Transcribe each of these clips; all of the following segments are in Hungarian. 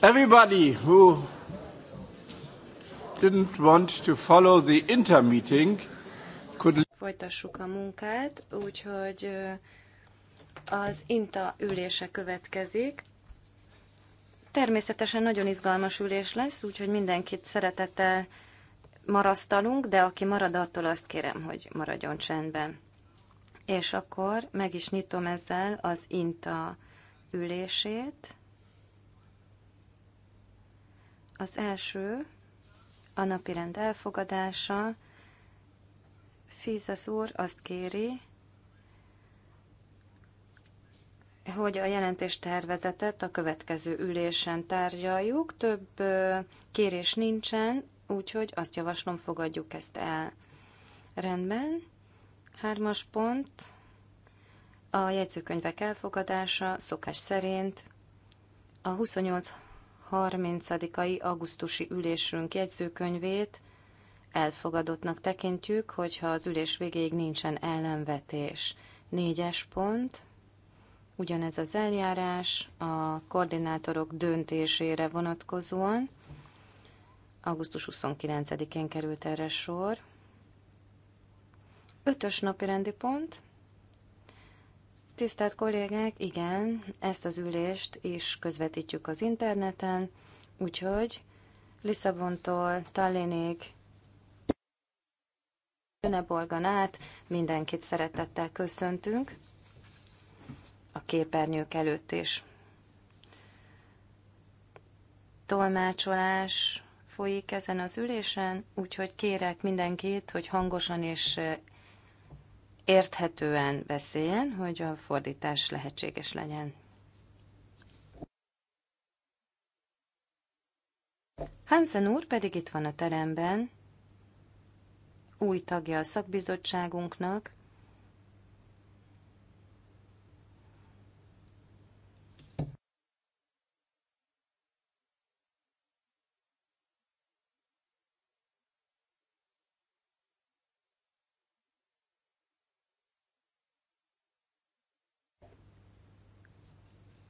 Everybody who didn't want to follow the intermeeting could... Folytassuk a munkát, úgyhogy az INTA ülése következik. Természetesen nagyon izgalmas ülés lesz, úgyhogy mindenkit szeretettel marasztalunk, de aki marad attól azt kérem, hogy maradjon csendben. És akkor meg is nyitom ezzel az INTA ülését. Az első a rend elfogadása. az úr azt kéri, hogy a jelentéstervezetet a következő ülésen tárgyaljuk. Több kérés nincsen, úgyhogy azt javaslom, fogadjuk ezt el. Rendben. Hármas pont. A jegyzőkönyvek elfogadása szokás szerint a 28 30-ai augusztusi ülésünk jegyzőkönyvét elfogadottnak tekintjük, hogyha az ülés végéig nincsen ellenvetés. Négyes pont, ugyanez az eljárás a koordinátorok döntésére vonatkozóan. Augusztus 29-én került erre sor. Ötös napi rendi pont, Tisztelt kollégák, igen, ezt az ülést is közvetítjük az interneten, úgyhogy Lisszabontól Tallinig Göneborgan át mindenkit szeretettel köszöntünk a képernyők előtt is. Tolmácsolás folyik ezen az ülésen, úgyhogy kérek mindenkit, hogy hangosan és érthetően beszéljen, hogy a fordítás lehetséges legyen. Hansen úr pedig itt van a teremben, új tagja a szakbizottságunknak,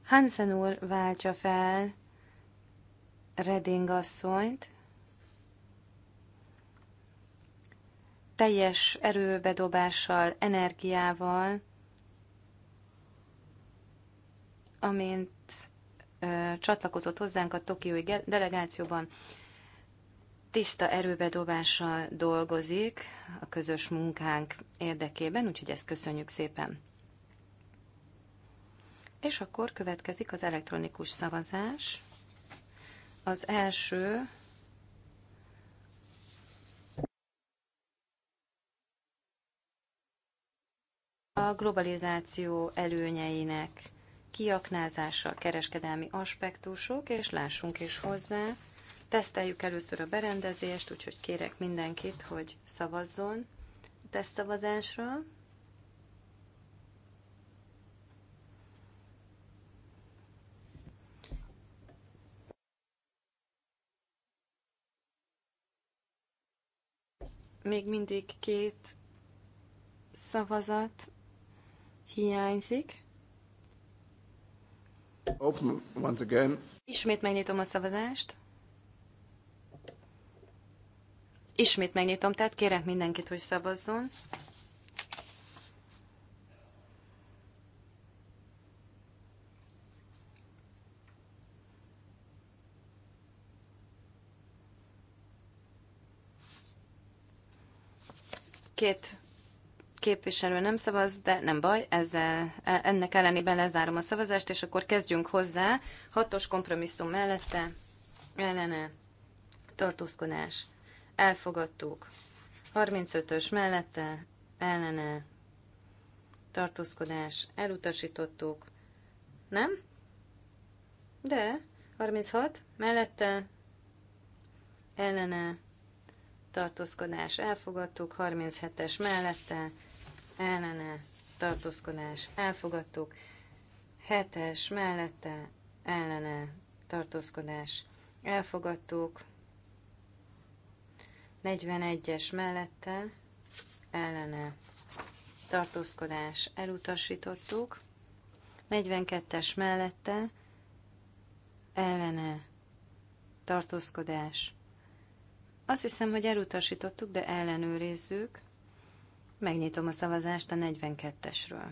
Hansen úr váltsa fel Reding asszonyt, teljes erőbedobással, energiával, amint ö, csatlakozott hozzánk a tokiói delegációban, tiszta erőbedobással dolgozik a közös munkánk érdekében, úgyhogy ezt köszönjük szépen. És akkor következik az elektronikus szavazás. Az első a globalizáció előnyeinek kiaknázása, kereskedelmi aspektusok, és lássunk is hozzá. Teszteljük először a berendezést, úgyhogy kérek mindenkit, hogy szavazzon tesztszavazásra. szavazásra. még mindig két szavazat hiányzik. Open once again. Ismét megnyitom a szavazást. Ismét megnyitom, tehát kérek mindenkit, hogy szavazzon. Két képviselő nem szavaz, de nem baj, ezzel, e, ennek ellenében lezárom a szavazást, és akkor kezdjünk hozzá. Hatos kompromisszum mellette, ellene, tartózkodás, elfogadtuk. 35-ös mellette, ellene, tartózkodás, elutasítottuk. Nem? De, 36, mellette, ellene, tartózkodás elfogadtuk, 37-es mellette, ellene, tartózkodás elfogadtuk, 7-es mellette, ellene, tartózkodás elfogadtuk, 41-es mellette, ellene, tartózkodás elutasítottuk, 42-es mellette, ellene, tartózkodás azt hiszem, hogy elutasítottuk, de ellenőrizzük. Megnyitom a szavazást a 42-esről.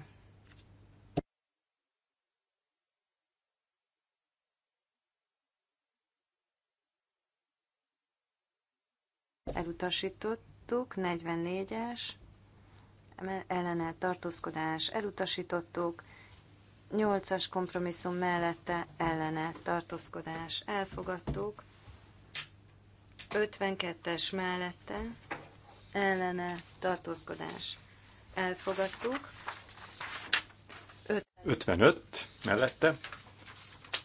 Elutasítottuk, 44-es, ellene tartózkodás elutasítottuk, 8-as kompromisszum mellette ellene tartózkodás elfogadtuk, 52-es mellette ellene tartózkodás elfogadtuk. 55 mellette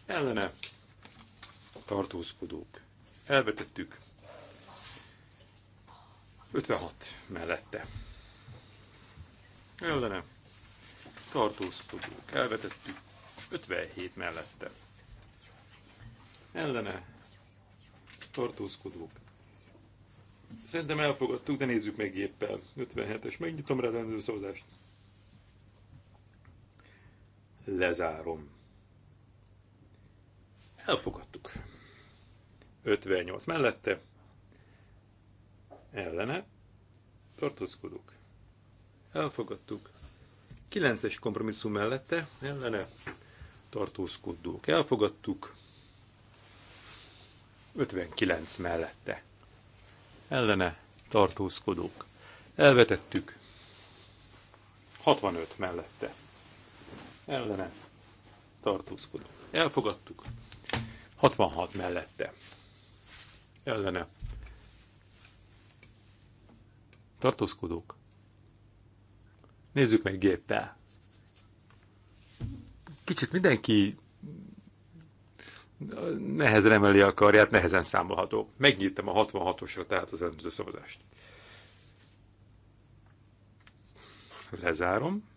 ellene tartózkodók elvetettük. 56 mellette ellene tartózkodók elvetettük. 57 mellette ellene tartózkodók. Szerintem elfogadtuk, de nézzük meg éppen. 57-es, megnyitom rá a szavazást. Lezárom. Elfogadtuk. 58 mellette, ellene, tartózkodók. Elfogadtuk. 9-es kompromisszum mellette, ellene, tartózkodók. Elfogadtuk. 59 mellette. Ellene tartózkodók. Elvetettük. 65 mellette. Ellene tartózkodók. Elfogadtuk. 66 mellette. Ellene tartózkodók. Nézzük meg géppel. Kicsit mindenki nehezen emeli a karját, nehezen számolható. Megnyittem a 66-osra, tehát az előző szavazást. Lezárom.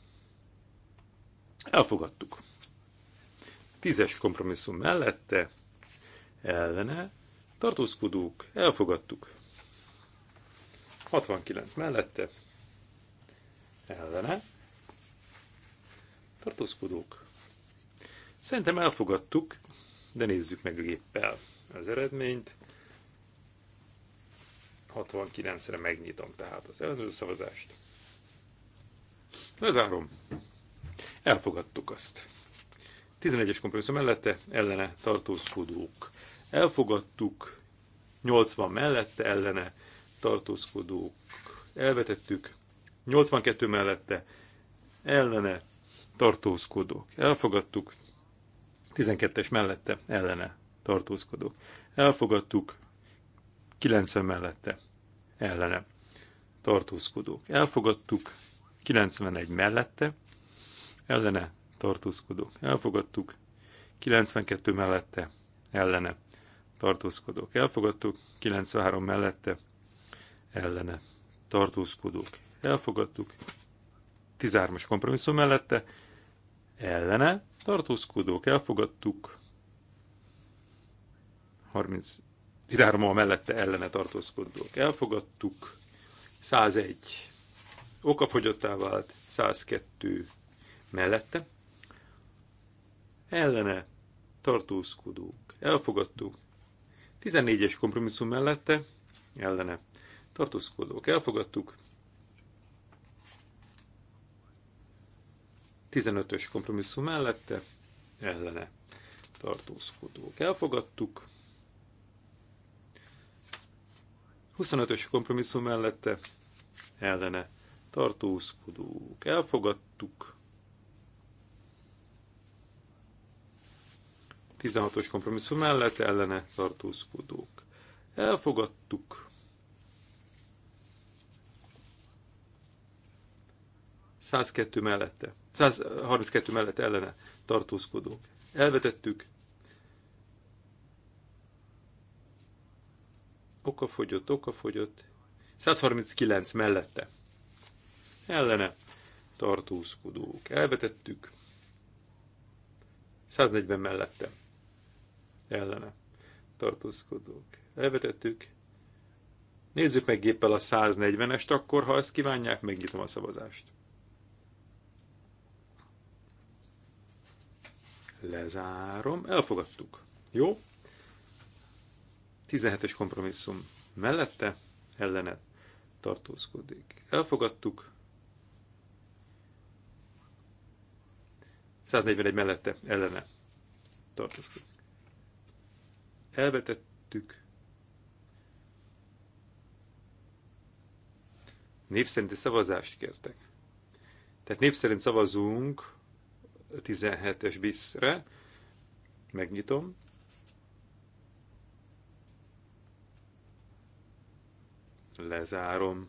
Elfogadtuk. Tízes kompromisszum mellette, ellene, tartózkodók, elfogadtuk. 69 mellette, ellene, tartózkodók. Szerintem elfogadtuk, de nézzük meg géppel az eredményt. 69-re megnyitom tehát az előző szavazást. Lezárom. Elfogadtuk azt. 11-es kompromisszum mellette ellene tartózkodók. Elfogadtuk 80 mellette ellene tartózkodók. Elvetettük 82 mellette ellene tartózkodók. Elfogadtuk 12-es mellette ellene tartózkodó. Elfogadtuk 90 mellette ellene tartózkodók. Elfogadtuk 91 mellette ellene tartózkodók. Elfogadtuk 92 mellette ellene tartózkodók. Elfogadtuk 93 mellette ellene tartózkodók. Elfogadtuk 13-as kompromisszum mellette ellene tartózkodók elfogadtuk, 30, 13 a mellette ellene tartózkodók elfogadtuk, 101 okafogyottá vált, 102 mellette, ellene tartózkodók elfogadtuk, 14-es kompromisszum mellette ellene tartózkodók elfogadtuk, 15-ös kompromisszum mellette ellene tartózkodók. Elfogadtuk. 25-ös kompromisszum mellette ellene tartózkodók. Elfogadtuk. 16-os kompromisszum mellett ellene tartózkodók. Elfogadtuk. 102 mellette 132 mellett ellene tartózkodók. Elvetettük. Okafogyott, okafogyott. 139 mellette. Ellene tartózkodók. Elvetettük. 140 mellette. Ellene tartózkodók. Elvetettük. Nézzük meg géppel a 140-est, akkor ha ezt kívánják, megnyitom a szavazást. lezárom, elfogadtuk. Jó? 17-es kompromisszum mellette, ellene tartózkodik. Elfogadtuk. 141 mellette, ellene tartózkodik. Elvetettük. Név szerinti szavazást kértek. Tehát név szerint szavazunk 17-es biszre. Megnyitom. Lezárom.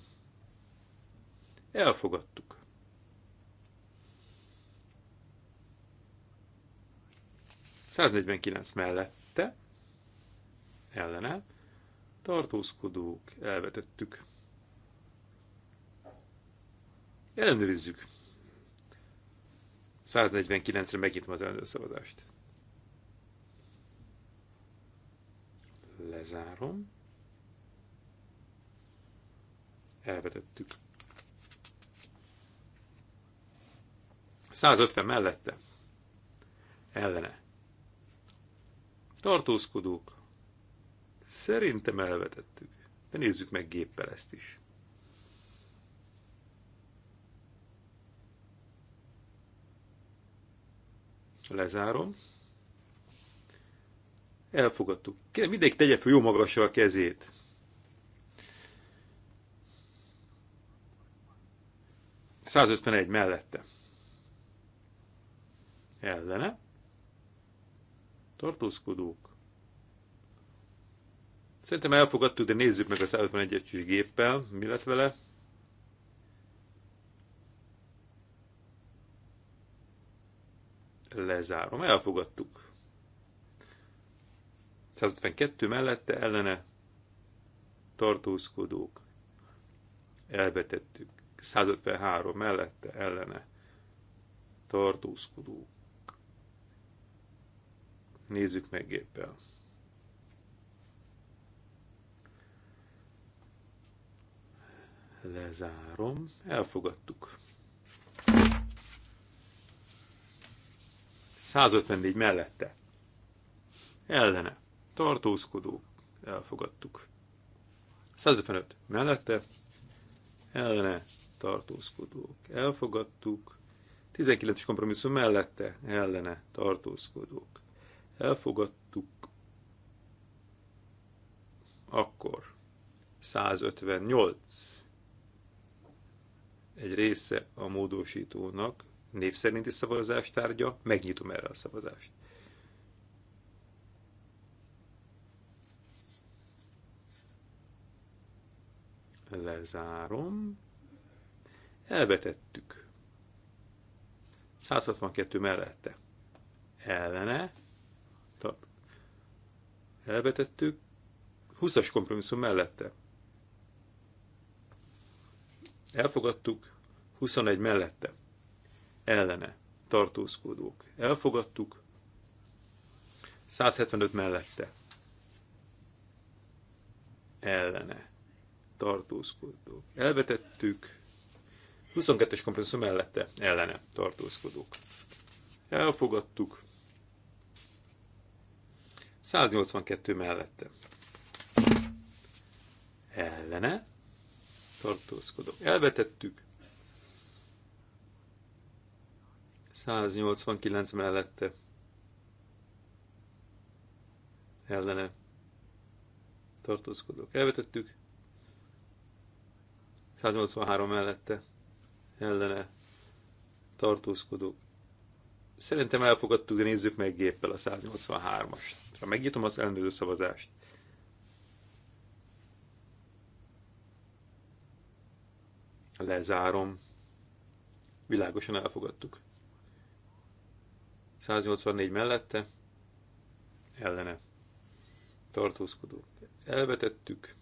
Elfogadtuk. Száznegyvenkilenc mellette, ellene, tartózkodók, elvetettük. Ellenőrizzük. 149-re megnyitom az előszavazást. Lezárom. Elvetettük. 150 mellette. Ellene. Tartózkodók. Szerintem elvetettük. De nézzük meg géppel ezt is. Lezárom. Elfogadtuk. Kérem, mindenki tegye fel jó magasra a kezét. egy mellette. Ellene. Tartózkodók. Szerintem elfogadtuk, de nézzük meg a 151-es géppel, mi lett vele. lezárom. Elfogadtuk. 152 mellette ellene tartózkodók. Elvetettük. 153 mellette ellene tartózkodók. Nézzük meg géppel. Lezárom. Elfogadtuk. 154 mellette. Ellene. Tartózkodó. Elfogadtuk. 155 mellette. Ellene. Tartózkodók. Elfogadtuk. 19-es kompromisszum mellette. Ellene. Tartózkodók. Elfogadtuk. Akkor 158 egy része a módosítónak név szerinti szavazás tárgya, megnyitom erre a szavazást. Lezárom. Elvetettük. 162 mellette. Ellene. Elvetettük. 20-as kompromisszum mellette. Elfogadtuk. 21 mellette ellene tartózkodók. Elfogadtuk. 175 mellette ellene tartózkodók. Elvetettük. 22-es kompromisszum mellette ellene tartózkodók. Elfogadtuk. 182 mellette. Ellene tartózkodók. Elvetettük. 189 mellette ellene tartózkodók elvetettük, 183 mellette ellene tartózkodók. Szerintem elfogadtuk, de nézzük meg géppel a 183-as. Ha megnyitom az ellenőrző szavazást. Lezárom. Világosan elfogadtuk. 184 mellette, ellene tartózkodó. Elvetettük.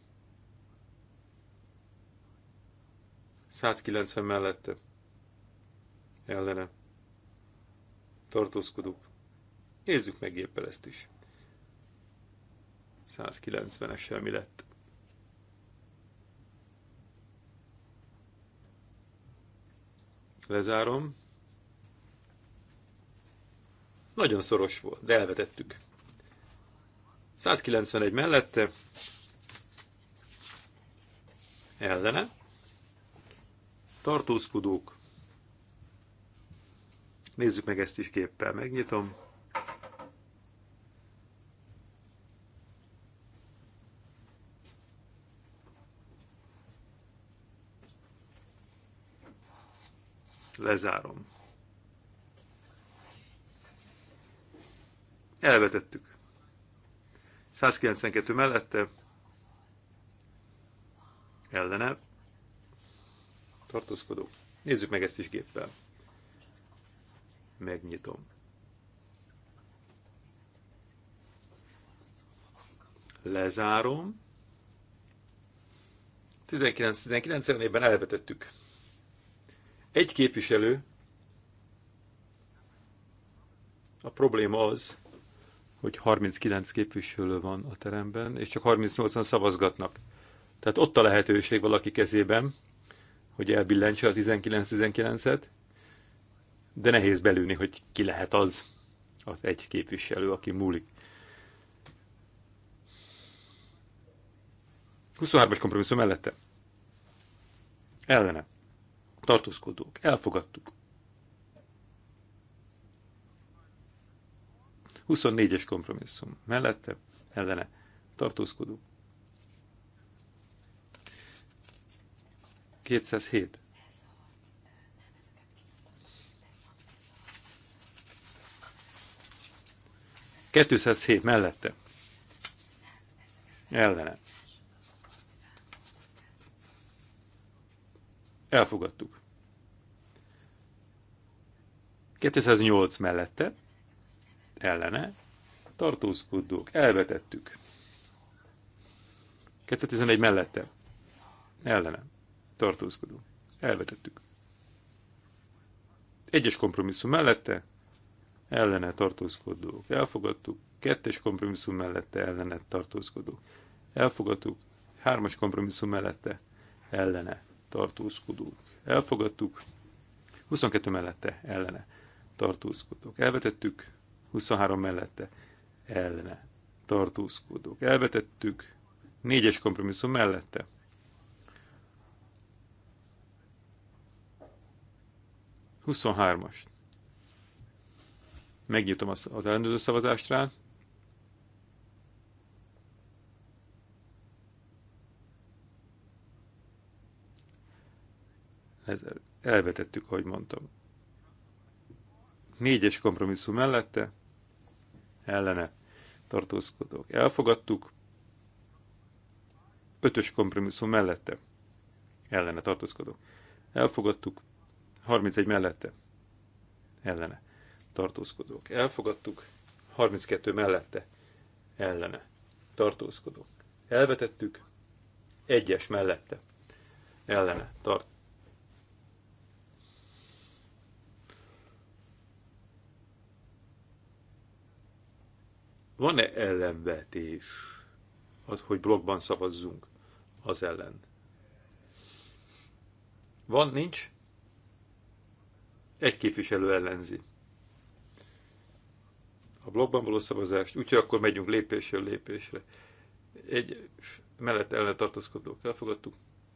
190 mellette, ellene tartózkodó. Nézzük meg éppen ezt is. 190-essel mi lett? Lezárom. Nagyon szoros volt, de elvetettük. 191 mellette ellene tartózkodók. Nézzük meg ezt is képpel, megnyitom. Lezárom. Elvetettük. 192 mellette ellene tartózkodó. Nézzük meg ezt is géppel. Megnyitom. Lezárom. 19-19 évben elvetettük. Egy képviselő, a probléma az, hogy 39 képviselő van a teremben, és csak 38-an szavazgatnak. Tehát ott a lehetőség valaki kezében, hogy elbillentse a 19-19-et, de nehéz belülni, hogy ki lehet az, az egy képviselő, aki múlik. 23-as kompromisszum mellette. Ellene. Tartózkodók. Elfogadtuk. 24-es kompromisszum. Mellette, ellene, tartózkodó. 207. hét mellette. Ellene. Elfogadtuk. 208 mellette ellene tartózkodók, elvetettük. 2011 mellette, ellene tartózkodó, elvetettük. Egyes kompromisszum mellette, ellene tartózkodók, elfogadtuk. Kettes kompromisszum mellette, ellene tartózkodók, elfogadtuk. Hármas kompromisszum mellette, ellene tartózkodók, elfogadtuk. 22 mellette, ellene tartózkodók, elvetettük. 23 mellette ellene tartózkodók. Elvetettük négyes kompromisszum mellette. Huszonhármast. Megnyitom az, az ellenőrző szavazást rá. Elvetettük, ahogy mondtam. Négyes kompromisszum mellette ellene tartózkodók elfogadtuk, ötös kompromisszum mellette ellene tartózkodók elfogadtuk, 31 mellette ellene tartózkodók elfogadtuk, 32 mellette ellene tartózkodók elvetettük, egyes mellette ellene tart Van-e ellenvetés az, hogy blogban szavazzunk az ellen? Van, nincs? Egy képviselő ellenzi. A blogban való szavazást, úgyhogy akkor megyünk lépésről lépésre. Egy mellett ellene tartózkodók elfogadtuk,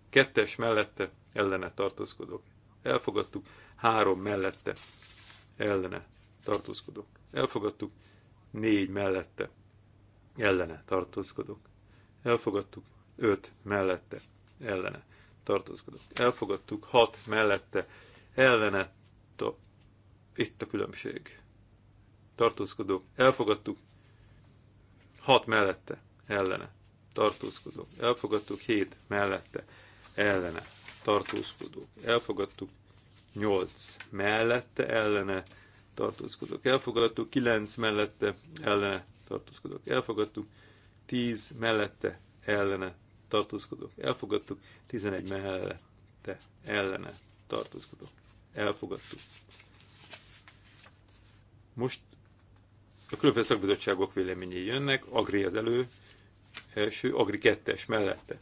kettes mellette ellene tartózkodók elfogadtuk, három mellette ellene tartózkodók elfogadtuk, négy mellette ellene tartózkodok. Elfogadtuk öt mellette ellene tartózkodok. Elfogadtuk hat mellette ellene ta- itt a különbség. Tartózkodok. Elfogadtuk hat mellette ellene tartózkodok. Elfogadtuk hét mellette ellene tartózkodok. Elfogadtuk nyolc mellette ellene tartózkodok. elfogadtuk, 9 mellette ellene tartózkodok. elfogadtuk, 10 mellette ellene tartózkodok. elfogadtuk, 11 mellette ellene tartózkodok. elfogadtuk. Most a különféle szakbizottságok véleményei jönnek, Agri az elő, első, Agri kettes mellette,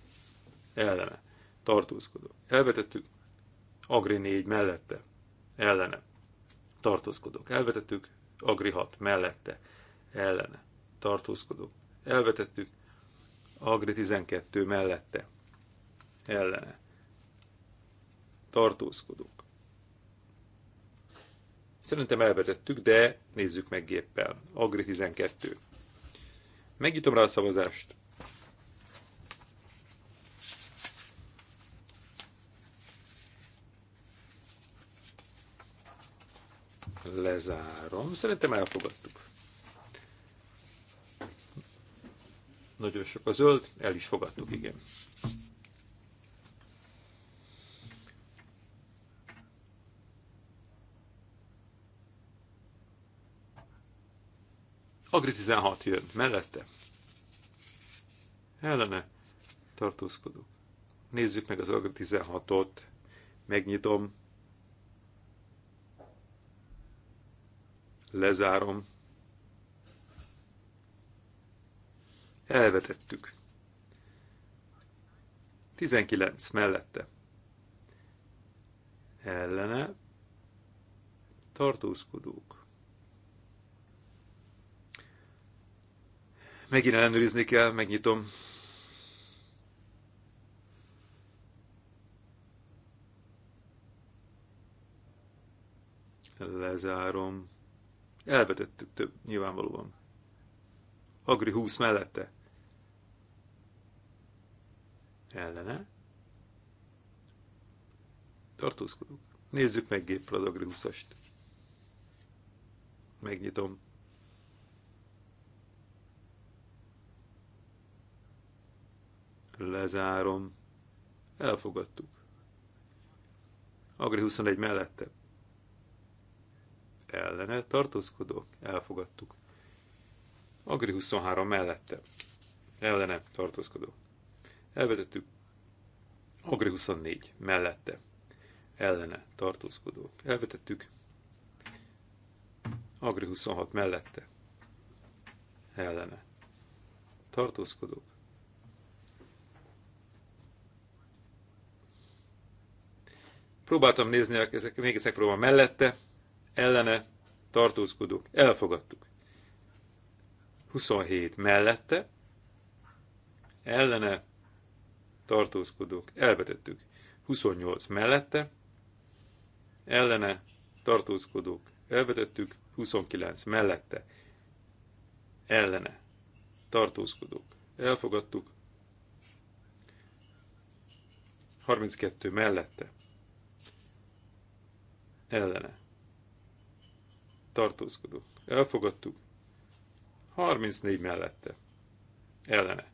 ellene, tartózkodok. Elvetettük, Agri 4 mellette, ellene, tartózkodok. elvetettük, Agri 6 mellette, ellene, tartózkodok. elvetettük, Agri 12 mellette, ellene, tartózkodok. Szerintem elvetettük, de nézzük meg géppel. Agri 12. Megnyitom rá a szavazást. lezárom. Szerintem elfogadtuk. Nagyon sok a zöld, el is fogadtuk, igen. Agri 16 jön, mellette. Ellene tartózkodok. Nézzük meg az Agri 16-ot. Megnyitom. Lezárom. Elvetettük. 19 mellette. Ellene tartózkodók. Megint ellenőrizni kell, megnyitom. Lezárom. Elvetettük több, nyilvánvalóan. Agri húsz mellette. Ellene. Tartózkodunk. Nézzük meg géppel az Agri 20-ast. Megnyitom. Lezárom. Elfogadtuk. Agri 21 mellette ellene tartózkodók elfogadtuk. Agri 23 mellette ellene tartózkodók. Elvetettük. Agri 24 mellette ellene tartózkodók. Elvetettük. Agri 26 mellette ellene tartózkodók. Próbáltam nézni, ezek, még ezek próbálom mellette, ellene tartózkodók elfogadtuk. 27 mellette ellene tartózkodók elvetettük. 28 mellette ellene tartózkodók elvetettük. 29 mellette ellene tartózkodók elfogadtuk. 32 mellette ellene tartózkodott. Elfogadtuk. 34 mellette. Ellene.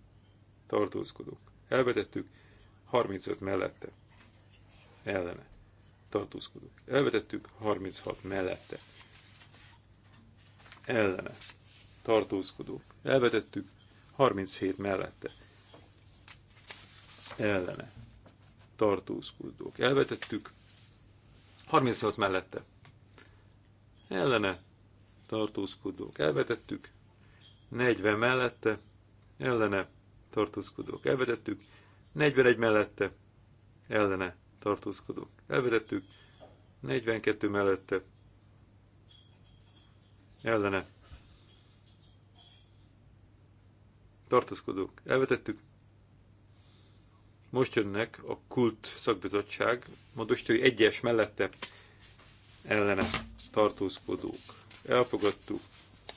Tartózkodók. Elvetettük. 35 mellette. Ellene. Tartózkodók. Elvetettük. 36 mellette. Ellene. Tartózkodók. Elvetettük. 37 mellette. Ellene. Tartózkodók. Elvetettük. 36 mellette ellene tartózkodók elvetettük, 40 mellette ellene tartózkodók elvetettük, 41 mellette ellene tartózkodók elvetettük, 42 mellette ellene tartózkodók elvetettük, most jönnek a kult szakbizottság, módosítói egyes mellette ellene tartózkodók. Elfogadtuk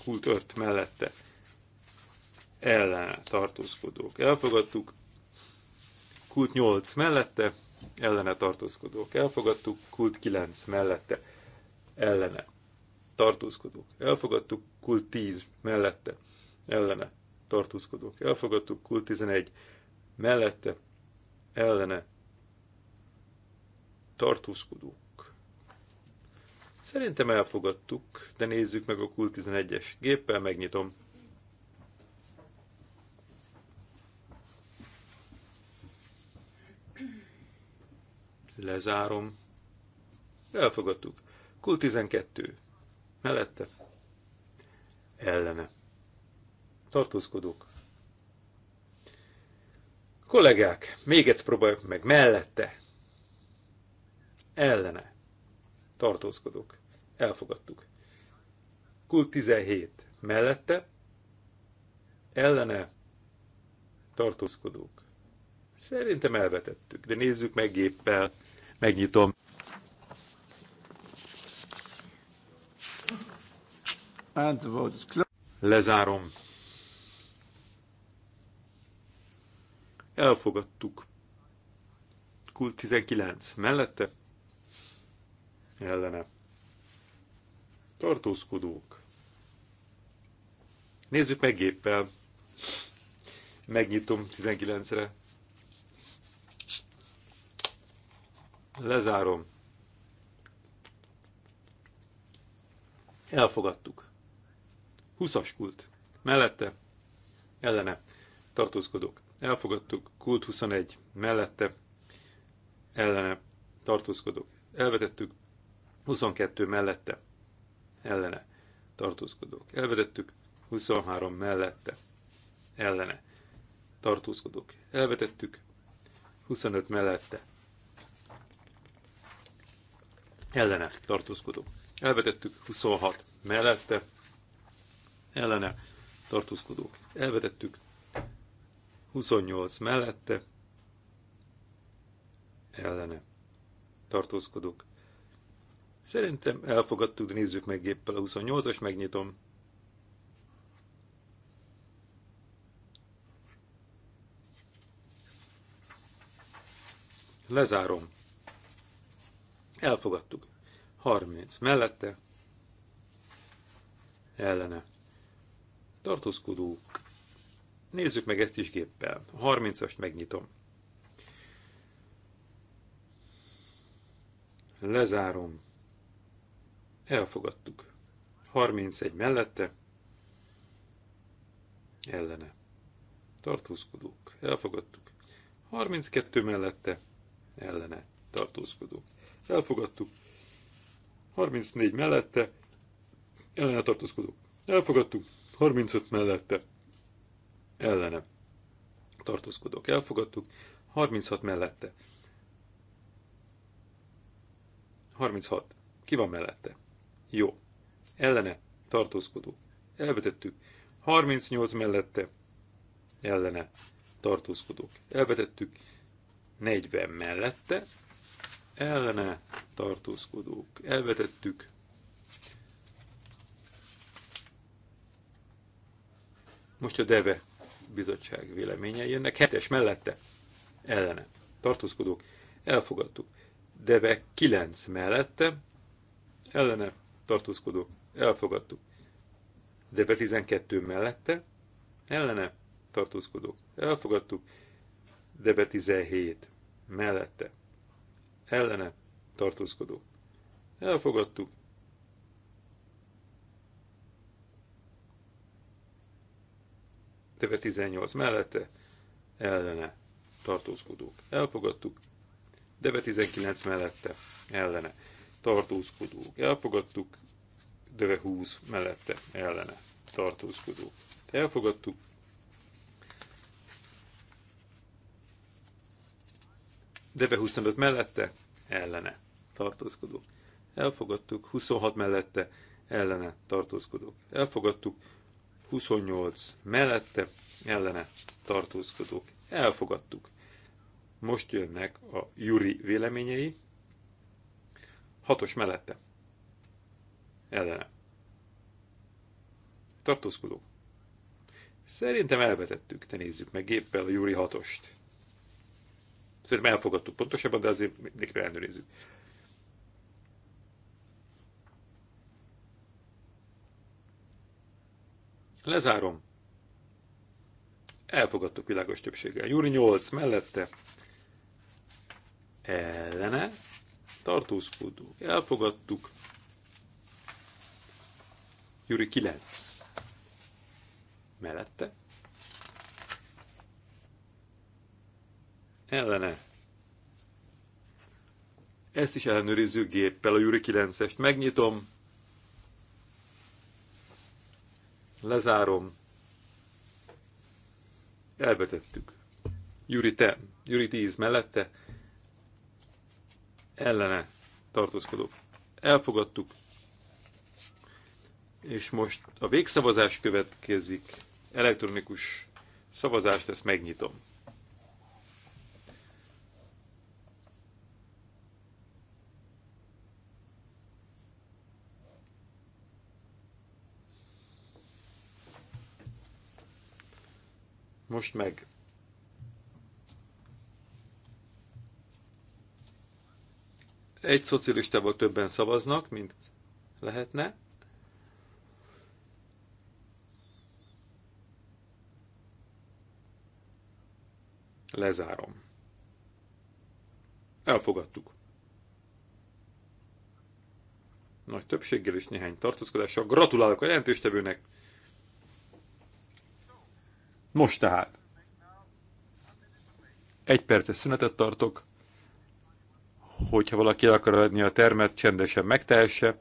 kult 5 mellette ellene tartózkodók. Elfogadtuk kult 8 mellette ellene tartózkodók. Elfogadtuk kult 9 mellette ellene tartózkodók. Elfogadtuk kult 10 mellette ellene tartózkodók. Elfogadtuk kult 11 mellette ellene tartózkodók Szerintem elfogadtuk, de nézzük meg a Kult 11-es géppel, megnyitom. Lezárom. Elfogadtuk. Kult 12. Mellette. Ellene. Tartózkodók. Kollégák, még egyszer próbáljuk meg. Mellette. Ellene tartózkodok. Elfogadtuk. Kult 17. Mellette ellene tartózkodók. Szerintem elvetettük, de nézzük meg géppel. Megnyitom. Lezárom. Elfogadtuk. Kult 19. Mellette ellene. Tartózkodók. Nézzük meg géppel. Megnyitom 19-re. Lezárom. Elfogadtuk. 20-as kult. Mellette, ellene. Tartózkodók. Elfogadtuk. Kult 21. Mellette, ellene. Tartózkodók. Elvetettük 22 mellette ellene tartózkodók elvetettük, 23 mellette ellene tartózkodók elvetettük, 25 mellette ellene tartózkodók elvetettük, 26 mellette ellene tartózkodók elvetettük, 28 mellette ellene tartózkodók Szerintem elfogadtuk, de nézzük meg géppel a 28-as, megnyitom. Lezárom. Elfogadtuk. 30 mellette. Ellene. Tartózkodó. Nézzük meg ezt is géppel. 30-ast megnyitom. Lezárom. Elfogadtuk. 31 mellette. Ellene. Tartózkodók. Elfogadtuk. 32 mellette. Ellene. Tartózkodók. Elfogadtuk. 34 mellette. Ellene tartózkodók. Elfogadtuk. 35 mellette. Ellene. Tartózkodók. Elfogadtuk. 36 mellette. 36. Ki van mellette? Jó. Ellene. Tartózkodó. Elvetettük. 38 mellette. Ellene. Tartózkodók. Elvetettük. 40 mellette. Ellene. Tartózkodók. Elvetettük. Most a DEVE bizottság véleménye jönnek. Hetes mellette. Ellene. Tartózkodók. Elfogadtuk. DEVE 9 mellette. Ellene tartózkodók, elfogadtuk. be 12 mellette, ellene, tartózkodók, elfogadtuk. be 17 mellette, ellene, tartózkodók, elfogadtuk. Deve 18 mellette, ellene, tartózkodók, elfogadtuk. Deve 19 mellette, ellene tartózkodók. Elfogadtuk, döve 20 mellette ellene tartózkodók. Elfogadtuk. Deve 25 mellette ellene tartózkodók. Elfogadtuk 26 mellette ellene tartózkodók. Elfogadtuk 28 mellette ellene tartózkodók. Elfogadtuk. Most jönnek a Juri véleményei. Hatos mellette. Ellene. Tartózkodó. Szerintem elvetettük, de nézzük meg géppel a Júri hatost. Szerintem elfogadtuk pontosabban, de azért mindig ellenőrizzük. Lezárom. Elfogadtuk világos többséggel. Júri 8 mellette. Ellene tartózkodók, elfogadtuk. Júri 9. Mellette. Ellene. Ezt is ellenőrizzük géppel a Júri 9-est. Megnyitom. Lezárom. Elvetettük. Júri, 10 mellette ellene tartózkodók. Elfogadtuk. És most a végszavazás következik. Elektronikus szavazást, ezt megnyitom. Most meg Egy szocialistából többen szavaznak, mint lehetne. Lezárom. Elfogadtuk. Nagy többséggel és néhány tartózkodással. Gratulálok a jelentéstevőnek! Most tehát. Egy percet szünetet tartok hogyha valaki el akar adni a termet, csendesen megtehesse.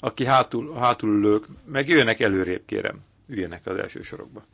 Aki hátul, hátul lők, meg jöjjenek előrébb, kérem. Üljenek az első sorokba.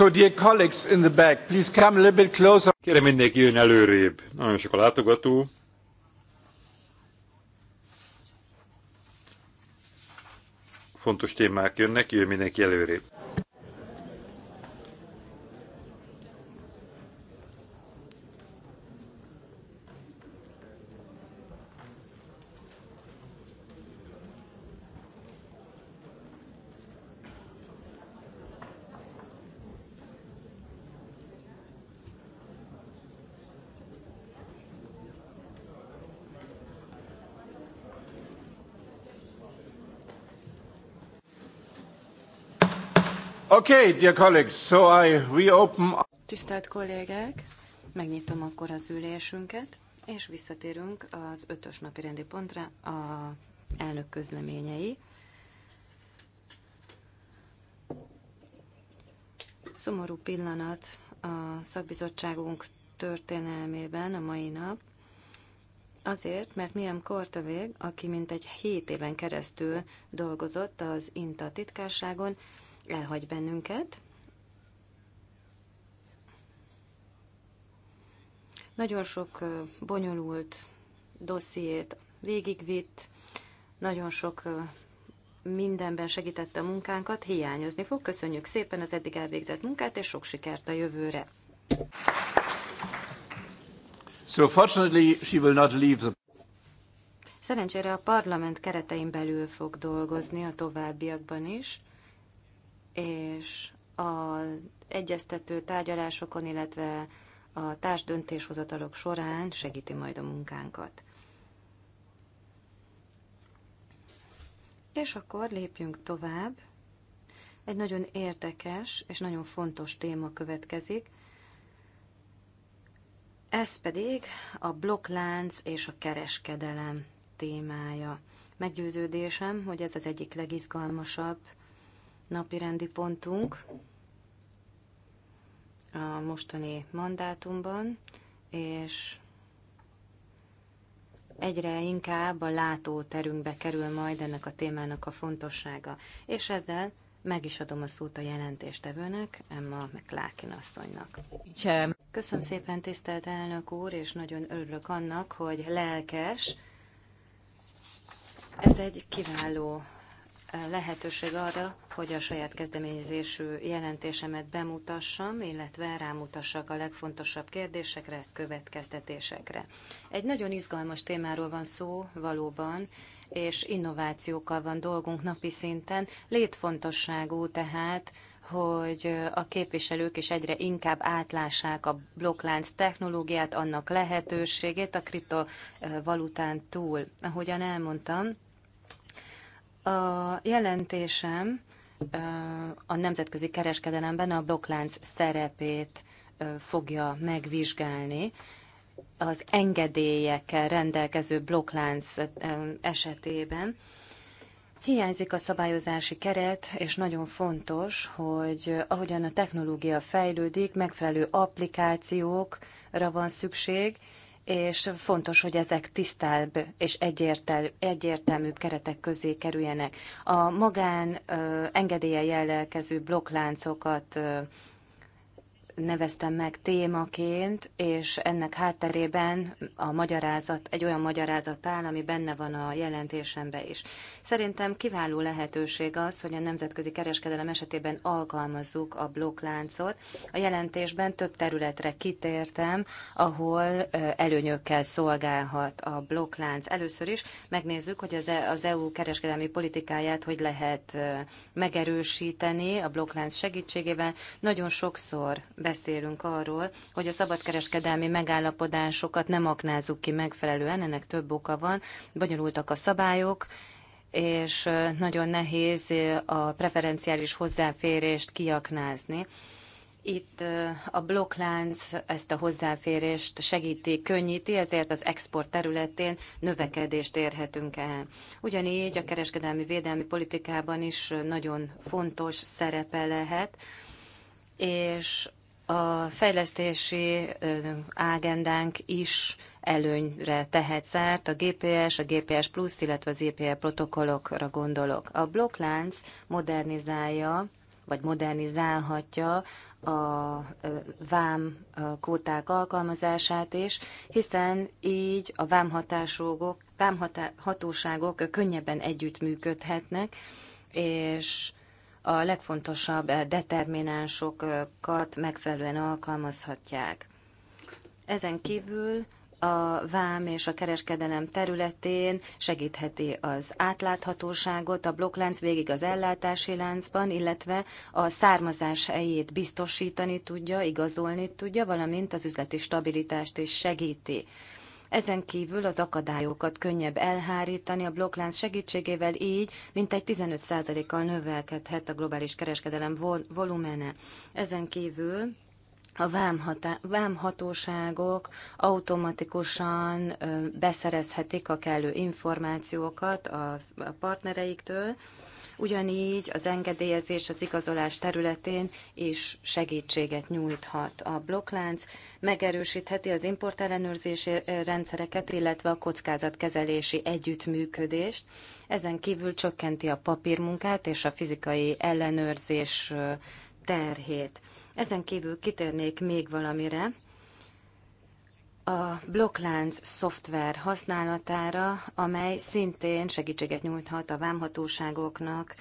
So dear colleagues in the back, please come a little bit closer. Kérem mindenki jön előrébb. Nagyon sok a látogató. Fontos témák jönnek, jön mindenki előrébb. Okay, dear colleagues, so I reopen... Tisztelt kollégák, megnyitom akkor az ülésünket, és visszatérünk az ötös napi rendi pontra a elnök közleményei. Szomorú pillanat a szakbizottságunk történelmében a mai nap, Azért, mert Miriam Kortavég, aki mintegy hét éven keresztül dolgozott az INTA titkárságon, elhagy bennünket. Nagyon sok bonyolult dossziét végigvitt, nagyon sok mindenben segítette a munkánkat, hiányozni fog. Köszönjük szépen az eddig elvégzett munkát, és sok sikert a jövőre. So fortunately, she will not leave the... Szerencsére a parlament keretein belül fog dolgozni a továbbiakban is és az egyeztető tárgyalásokon, illetve a társ döntéshozatalok során segíti majd a munkánkat. És akkor lépjünk tovább. Egy nagyon érdekes és nagyon fontos téma következik. Ez pedig a blokklánc és a kereskedelem témája. Meggyőződésem, hogy ez az egyik legizgalmasabb napirendi pontunk a mostani mandátumban, és egyre inkább a látóterünkbe kerül majd ennek a témának a fontossága. És ezzel meg is adom a szót a jelentéstevőnek, Emma McLákin asszonynak. Köszönöm szépen, tisztelt elnök úr, és nagyon örülök annak, hogy lelkes. Ez egy kiváló lehetőség arra, hogy a saját kezdeményezésű jelentésemet bemutassam, illetve rámutassak a legfontosabb kérdésekre, következtetésekre. Egy nagyon izgalmas témáról van szó valóban, és innovációkkal van dolgunk napi szinten. Létfontosságú tehát, hogy a képviselők is egyre inkább átlássák a blokklánc technológiát, annak lehetőségét a kriptovalután túl. Ahogyan elmondtam, a jelentésem a nemzetközi kereskedelemben a blokklánc szerepét fogja megvizsgálni. Az engedélyekkel rendelkező blokklánc esetében hiányzik a szabályozási keret, és nagyon fontos, hogy ahogyan a technológia fejlődik, megfelelő applikációkra van szükség, és fontos, hogy ezek tisztább és egyértel, egyértelműbb keretek közé kerüljenek. A magán ö, engedélye jellelkező blokkláncokat ö, neveztem meg témaként, és ennek hátterében a magyarázat, egy olyan magyarázat áll, ami benne van a jelentésemben is. Szerintem kiváló lehetőség az, hogy a nemzetközi kereskedelem esetében alkalmazzuk a blokkláncot. A jelentésben több területre kitértem, ahol előnyökkel szolgálhat a blokklánc. Először is megnézzük, hogy az EU e kereskedelmi politikáját hogy lehet megerősíteni a blokklánc segítségével. Nagyon sokszor beszélünk arról, hogy a szabadkereskedelmi megállapodásokat nem aknázzuk ki megfelelően, ennek több oka van, bonyolultak a szabályok, és nagyon nehéz a preferenciális hozzáférést kiaknázni. Itt a blokklánc ezt a hozzáférést segíti, könnyíti, ezért az export területén növekedést érhetünk el. Ugyanígy a kereskedelmi védelmi politikában is nagyon fontos szerepe lehet, és a fejlesztési ágendánk is előnyre tehet szert, a GPS, a GPS Plus, illetve az EPL protokollokra gondolok. A blokklánc modernizálja, vagy modernizálhatja a vám kóták alkalmazását is, hiszen így a Vám vámhatóságok könnyebben együttműködhetnek, és a legfontosabb determinánsokat megfelelően alkalmazhatják. Ezen kívül a vám és a kereskedelem területén segítheti az átláthatóságot a blokklánc végig az ellátási láncban, illetve a származás helyét biztosítani tudja, igazolni tudja, valamint az üzleti stabilitást is segíti. Ezen kívül az akadályokat könnyebb elhárítani a blokklánc segítségével, így mintegy 15%-kal növelkedhet a globális kereskedelem vol- volumene. Ezen kívül a vámhatóságok automatikusan beszerezhetik a kellő információkat a partnereiktől, ugyanígy az engedélyezés az igazolás területén is segítséget nyújthat a blokklánc, megerősítheti az importellenőrzési rendszereket, illetve a kockázatkezelési együttműködést, ezen kívül csökkenti a papírmunkát és a fizikai ellenőrzés terhét. Ezen kívül kitérnék még valamire, a blokklánc szoftver használatára, amely szintén segítséget nyújthat a vámhatóságoknak,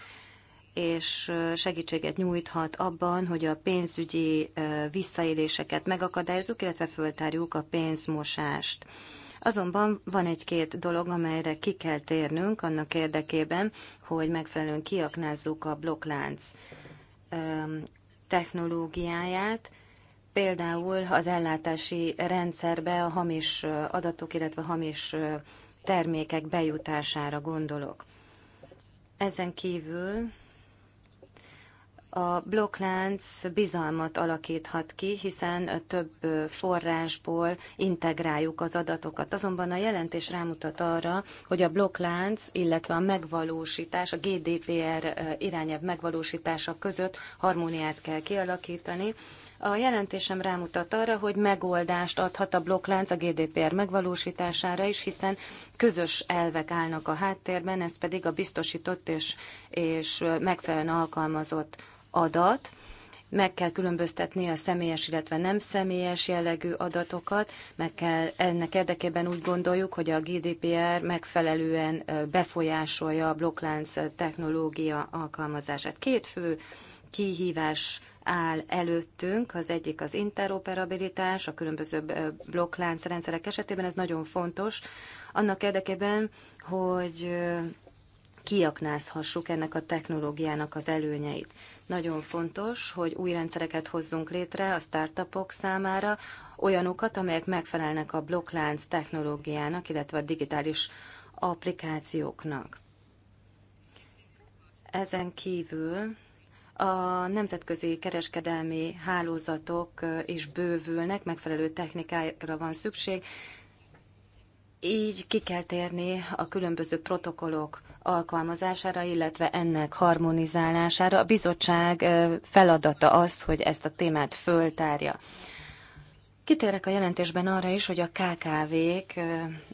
és segítséget nyújthat abban, hogy a pénzügyi visszaéléseket megakadályozzuk, illetve föltárjuk a pénzmosást. Azonban van egy-két dolog, amelyre ki kell térnünk annak érdekében, hogy megfelelően kiaknázzuk a blokklánc technológiáját, például az ellátási rendszerbe a hamis adatok, illetve hamis termékek bejutására gondolok. Ezen kívül a blokklánc bizalmat alakíthat ki, hiszen több forrásból integráljuk az adatokat. Azonban a jelentés rámutat arra, hogy a blokklánc, illetve a megvalósítás, a GDPR eh, irányelv megvalósítása között harmóniát kell kialakítani, a jelentésem rámutat arra, hogy megoldást adhat a blokklánc a GDPR megvalósítására is, hiszen közös elvek állnak a háttérben, ez pedig a biztosított és, és megfelelően alkalmazott adat meg kell különböztetni a személyes, illetve nem személyes jellegű adatokat, meg kell ennek érdekében úgy gondoljuk, hogy a GDPR megfelelően befolyásolja a blokklánc technológia alkalmazását. Két fő kihívás áll előttünk, az egyik az interoperabilitás, a különböző blokklánc rendszerek esetében, ez nagyon fontos, annak érdekében, hogy kiaknázhassuk ennek a technológiának az előnyeit. Nagyon fontos, hogy új rendszereket hozzunk létre a startupok számára, olyanokat, amelyek megfelelnek a blokklánc technológiának, illetve a digitális applikációknak. Ezen kívül a nemzetközi kereskedelmi hálózatok is bővülnek, megfelelő technikára van szükség, így ki kell térni a különböző protokollok alkalmazására, illetve ennek harmonizálására. A bizottság feladata az, hogy ezt a témát föltárja. Kitérek a jelentésben arra is, hogy a KKV-k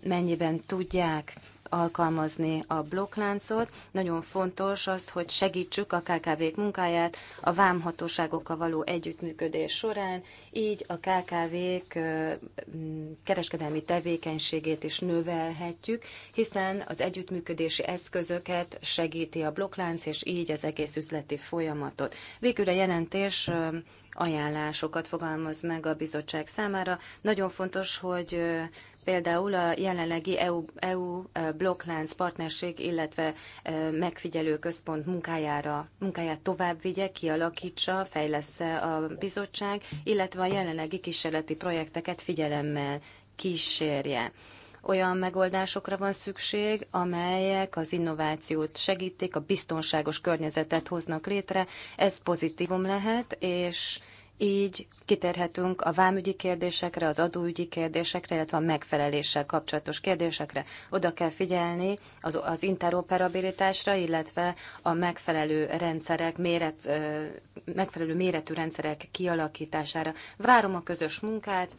mennyiben tudják alkalmazni a blokkláncot. Nagyon fontos az, hogy segítsük a KKV-k munkáját a vámhatóságokkal való együttműködés során, így a KKV-k kereskedelmi tevékenységét is növelhetjük, hiszen az együttműködési eszközöket segíti a blokklánc, és így az egész üzleti folyamatot. Végül a jelentés ajánlásokat fogalmaz meg a bizottság számára. Nagyon fontos, hogy például a jelenlegi EU, EU e, blokklánc partnerség, illetve e, megfigyelő központ munkájára, munkáját tovább vigye, kialakítsa, fejlesz-e a bizottság, illetve a jelenlegi kísérleti projekteket figyelemmel kísérje olyan megoldásokra van szükség, amelyek az innovációt segítik, a biztonságos környezetet hoznak létre. Ez pozitívum lehet, és így kiterhetünk a vámügyi kérdésekre, az adóügyi kérdésekre, illetve a megfeleléssel kapcsolatos kérdésekre. Oda kell figyelni az, az interoperabilitásra, illetve a megfelelő rendszerek, méret, megfelelő méretű rendszerek kialakítására. Várom a közös munkát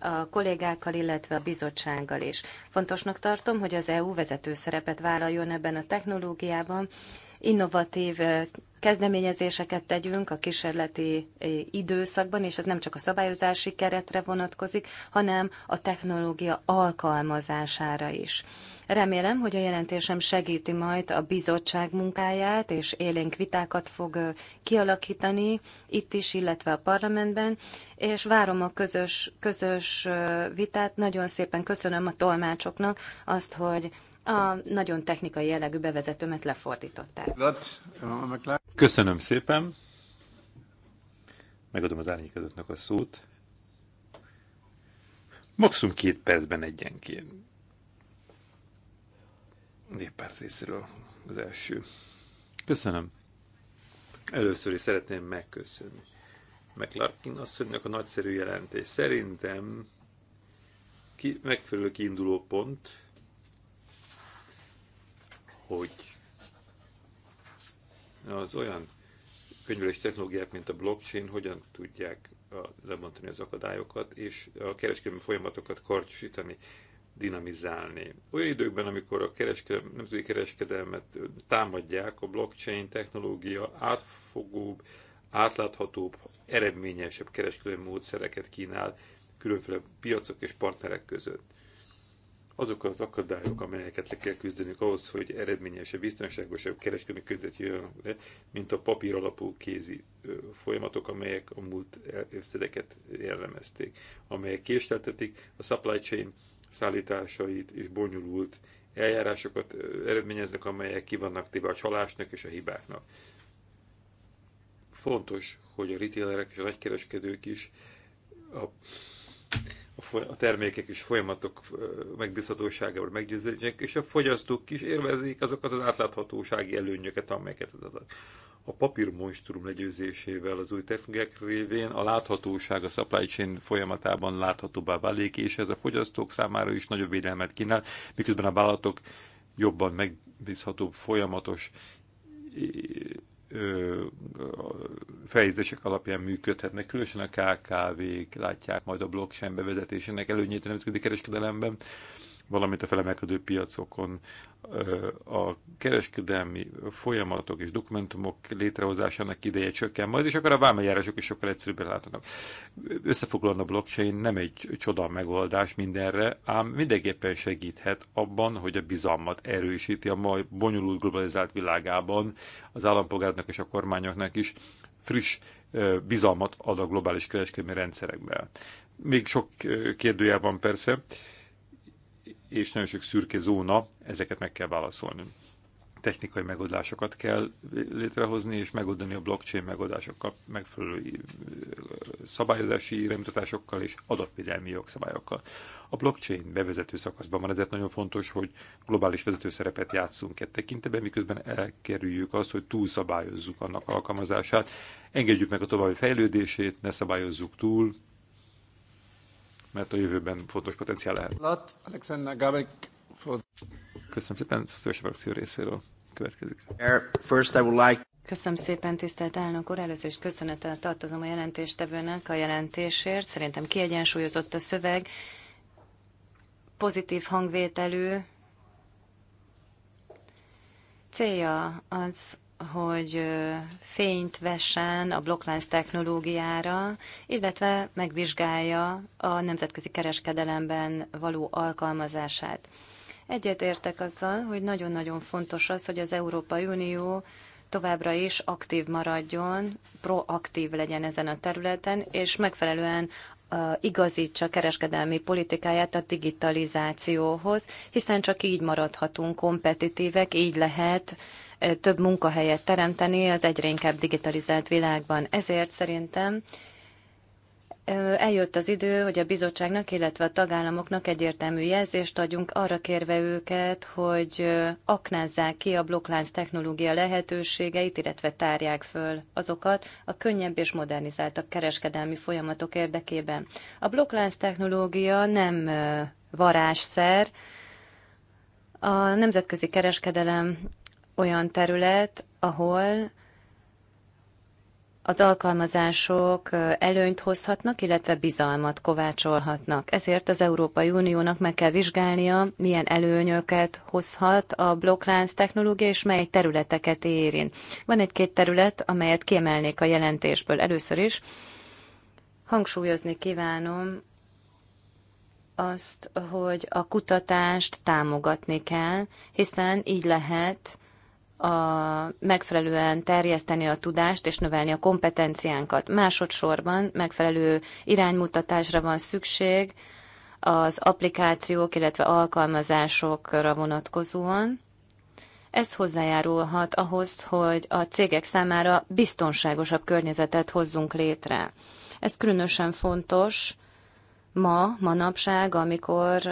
a kollégákkal, illetve a bizottsággal is. Fontosnak tartom, hogy az EU vezető szerepet vállaljon ebben a technológiában, innovatív kezdeményezéseket tegyünk a kísérleti eh, időszakban, és ez nem csak a szabályozási keretre vonatkozik, hanem a technológia alkalmazására is. Remélem, hogy a jelentésem segíti majd a bizottság munkáját, és élénk vitákat fog eh, kialakítani itt is, illetve a parlamentben, és várom a közös, közös eh, vitát. Nagyon szépen köszönöm a tolmácsoknak azt, hogy a nagyon technikai jellegű bevezetőmet lefordították. Köszönöm szépen. Megadom az árnyékazatnak a szót. Maximum két percben egyenként. perc részéről az első. Köszönöm. Először is szeretném megköszönni. McLarkin asszonynak a nagyszerű jelentés. Szerintem ki, megfelelő kiinduló pont, hogy az olyan könyvelés technológiák, mint a blockchain, hogyan tudják lebontani az akadályokat, és a kereskedelmi folyamatokat karcsítani, dinamizálni. Olyan időkben, amikor a kereskedelem, nemzeti kereskedelmet támadják, a blockchain technológia átfogóbb, átláthatóbb, eredményesebb kereskedelmi módszereket kínál különféle piacok és partnerek között azok az akadályok, amelyeket le kell küzdenünk ahhoz, hogy eredményesebb, biztonságosabb kereskedelmi között jön le, mint a papír alapú kézi folyamatok, amelyek a múlt évszedeket jellemezték, amelyek késleltetik a supply chain szállításait és bonyolult eljárásokat eredményeznek, amelyek ki vannak téve a csalásnak és a hibáknak. Fontos, hogy a retailerek és a nagykereskedők is a a termékek és folyamatok megbízhatóságával meggyőződjenek, és a fogyasztók is élvezik azokat az átláthatósági előnyöket, amelyeket adnak. A papírmonstrum legyőzésével az új technikák révén a láthatóság a supply chain folyamatában láthatóbbá válik, és ez a fogyasztók számára is nagyobb védelmet kínál, miközben a vállalatok jobban megbízhatóbb, folyamatos fejezések alapján működhetnek, különösen a KKV-k látják majd a blockchain bevezetésének előnyét a nemzetközi kereskedelemben, valamint a felemelkedő piacokon a kereskedelmi folyamatok és dokumentumok létrehozásának ideje csökken majd, és akkor a vámajárások is sokkal egyszerűbben látnak. Összefoglalna a blockchain nem egy csoda megoldás mindenre, ám mindenképpen segíthet abban, hogy a bizalmat erősíti a mai bonyolult globalizált világában az állampolgárnak és a kormányoknak is friss bizalmat ad a globális kereskedelmi rendszerekben. Még sok kérdőjel van persze, és nagyon sok szürke zóna, ezeket meg kell válaszolni. Technikai megoldásokat kell létrehozni, és megoldani a blockchain megoldásokkal, megfelelő szabályozási iránymutatásokkal és adatvédelmi jogszabályokkal. A blockchain bevezető szakaszban van, ezért nagyon fontos, hogy globális vezető szerepet játszunk e tekintetben, miközben elkerüljük azt, hogy túlszabályozzuk annak alkalmazását, engedjük meg a további fejlődését, ne szabályozzuk túl, mert a jövőben fontos potenciál lehet. Alexander Gabek. Köszönöm szépen, szociális frakció részéről következik. First I would like Köszönöm szépen, tisztelt elnök úr! Először is köszönettel tartozom a jelentéstevőnek a jelentésért. Szerintem kiegyensúlyozott a szöveg, pozitív hangvételű. Célja az, hogy fényt vessen a blokklánc technológiára, illetve megvizsgálja a nemzetközi kereskedelemben való alkalmazását. Egyetértek azzal, hogy nagyon-nagyon fontos az, hogy az Európai Unió továbbra is aktív maradjon, proaktív legyen ezen a területen, és megfelelően igazítsa kereskedelmi politikáját a digitalizációhoz, hiszen csak így maradhatunk kompetitívek, így lehet uh, több munkahelyet teremteni az egyre inkább digitalizált világban. Ezért szerintem eljött az idő, hogy a bizottságnak, illetve a tagállamoknak egyértelmű jelzést adjunk, arra kérve őket, hogy aknázzák ki a blokklánc technológia lehetőségeit, illetve tárják föl azokat a könnyebb és modernizáltabb kereskedelmi folyamatok érdekében. A blokklánc technológia nem varázsszer, a nemzetközi kereskedelem olyan terület, ahol az alkalmazások előnyt hozhatnak, illetve bizalmat kovácsolhatnak. Ezért az Európai Uniónak meg kell vizsgálnia, milyen előnyöket hozhat a blokklánc technológia, és mely területeket érint. Van egy-két terület, amelyet kiemelnék a jelentésből. Először is hangsúlyozni kívánom azt, hogy a kutatást támogatni kell, hiszen így lehet a, megfelelően terjeszteni a tudást és növelni a kompetenciánkat. Másodszorban megfelelő iránymutatásra van szükség az applikációk, illetve alkalmazásokra vonatkozóan. Ez hozzájárulhat ahhoz, hogy a cégek számára biztonságosabb környezetet hozzunk létre. Ez különösen fontos ma, manapság, amikor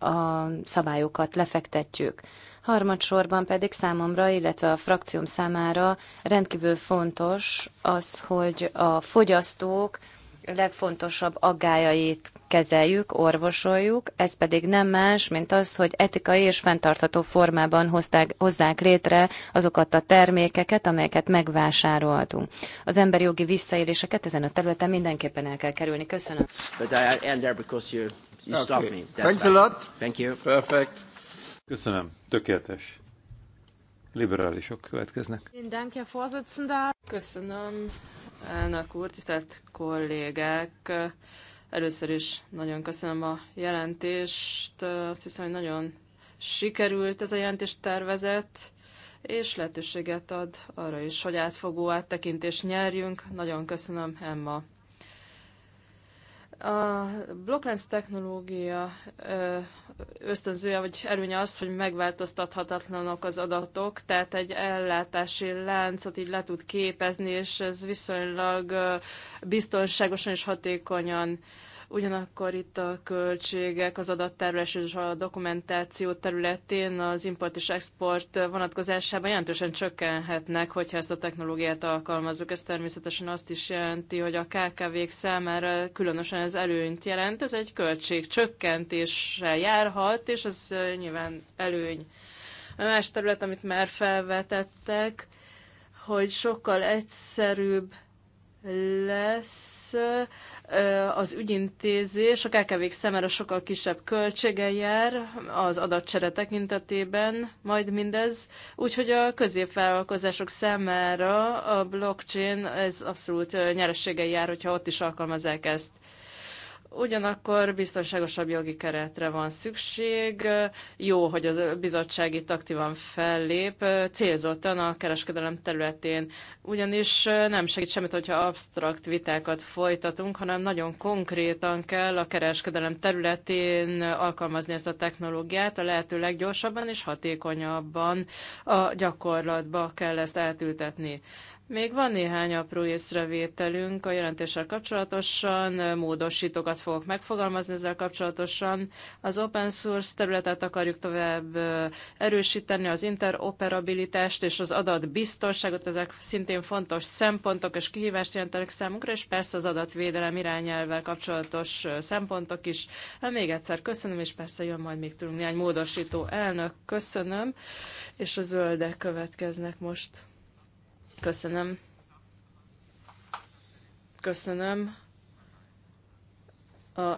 a szabályokat lefektetjük. Harmadsorban pedig számomra, illetve a frakcióm számára rendkívül fontos az, hogy a fogyasztók legfontosabb aggájait kezeljük, orvosoljuk, ez pedig nem más, mint az, hogy etikai és fenntartható formában hozták, hozzák létre azokat a termékeket, amelyeket megvásároltunk. Az emberi jogi visszaéléseket ezen a területen mindenképpen el kell kerülni. Köszönöm. But I end there because you, you okay. me. That's Thanks right. a lot. Thank you. Perfect. Köszönöm, tökéletes. Liberálisok következnek. Köszönöm, elnök úr, tisztelt kollégák. Először is nagyon köszönöm a jelentést. Azt hiszem, hogy nagyon sikerült ez a tervezet, és lehetőséget ad arra is, hogy átfogó áttekintést nyerjünk. Nagyon köszönöm, Emma. A blokklánc technológia ösztönzője vagy előnye az, hogy megváltoztathatatlanok az adatok, tehát egy ellátási láncot így le tud képezni, és ez viszonylag biztonságosan és hatékonyan Ugyanakkor itt a költségek az adattárolás és a dokumentáció területén az import és export vonatkozásában jelentősen csökkenhetnek, hogyha ezt a technológiát alkalmazzuk. Ez természetesen azt is jelenti, hogy a KKV-k számára különösen ez előnyt jelent. Ez egy költség csökkentéssel járhat, és ez nyilván előny. A más terület, amit már felvetettek, hogy sokkal egyszerűbb lesz az ügyintézés a KKV-k szemére sokkal kisebb költsége jár az adatcsere tekintetében, majd mindez, úgyhogy a középvállalkozások számára a blockchain ez abszolút nyerességgel jár, hogyha ott is alkalmazzák ezt. Ugyanakkor biztonságosabb jogi keretre van szükség. Jó, hogy a bizottság itt aktívan fellép, célzottan a kereskedelem területén. Ugyanis nem segít semmit, hogyha absztrakt vitákat folytatunk, hanem nagyon konkrétan kell a kereskedelem területén alkalmazni ezt a technológiát a lehető leggyorsabban és hatékonyabban a gyakorlatba kell ezt átültetni. Még van néhány apró észrevételünk a jelentéssel kapcsolatosan, módosítókat fogok megfogalmazni ezzel kapcsolatosan. Az open source területet akarjuk tovább erősíteni, az interoperabilitást és az adatbiztonságot, ezek szintén fontos szempontok és kihívást jelentenek számunkra, és persze az adatvédelem irányelvvel kapcsolatos szempontok is. Hát még egyszer köszönöm, és persze jön majd még tőlünk néhány módosító elnök. Köszönöm, és a zöldek következnek most. Köszönöm. Köszönöm a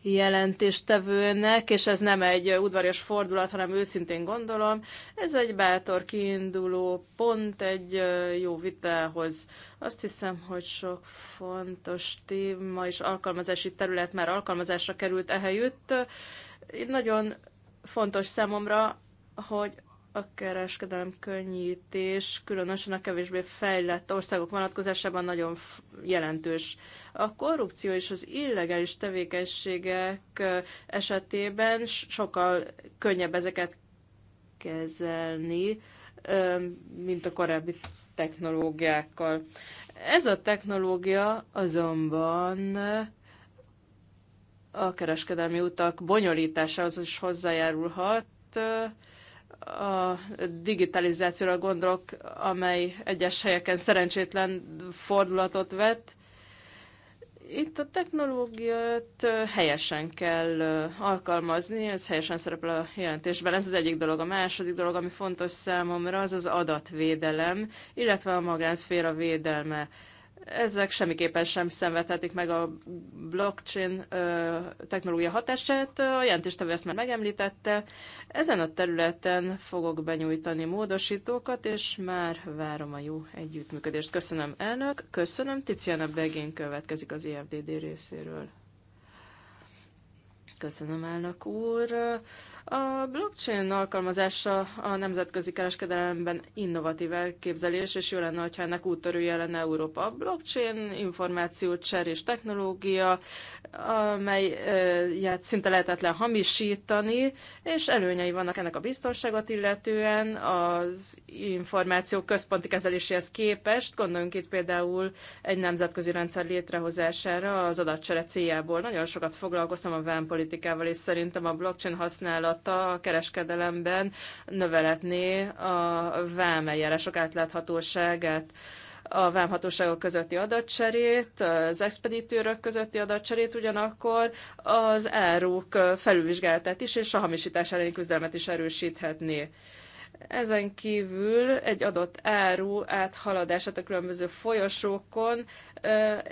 jelentéstevőnek, és ez nem egy udvarias fordulat, hanem őszintén gondolom, ez egy bátor kiinduló pont egy jó vitához. Azt hiszem, hogy sok fontos téma és alkalmazási terület már alkalmazásra került ehelyütt. Nagyon fontos számomra, hogy a kereskedelem könnyítés, különösen a kevésbé fejlett országok vonatkozásában nagyon jelentős. A korrupció és az illegális tevékenységek esetében sokkal könnyebb ezeket kezelni, mint a korábbi technológiákkal. Ez a technológia azonban a kereskedelmi utak bonyolításához is hozzájárulhat, a digitalizációra gondolok, amely egyes helyeken szerencsétlen fordulatot vett. Itt a technológiát helyesen kell alkalmazni, ez helyesen szerepel a jelentésben. Ez az egyik dolog. A második dolog, ami fontos számomra, az az adatvédelem, illetve a magánszféra védelme ezek semmiképpen sem szenvedhetik meg a blockchain ö, technológia hatását. A jelentéstevő ezt már megemlítette. Ezen a területen fogok benyújtani módosítókat, és már várom a jó együttműködést. Köszönöm, elnök. Köszönöm. Tiziana Begén következik az IFDD részéről. Köszönöm, elnök úr. A blockchain alkalmazása a nemzetközi kereskedelemben innovatív elképzelés, és jó lenne, hogyha ennek úttörője lenne Európa. A blockchain információ és technológia, amelyet szinte lehetetlen hamisítani, és előnyei vannak ennek a biztonságot illetően, az információ központi kezeléséhez képest, gondoljunk itt például egy nemzetközi rendszer létrehozására az adatcsere céljából. Nagyon sokat foglalkoztam a vámpolitikával, és szerintem a blockchain használat feladata a kereskedelemben növeletni a vámeljárások átláthatóságát a vámhatóságok közötti adatcserét, az expeditőrök közötti adatcserét, ugyanakkor az áruk felülvizsgálatát is és a hamisítás elleni küzdelmet is erősíthetné. Ezen kívül egy adott áru áthaladását a különböző folyosókon,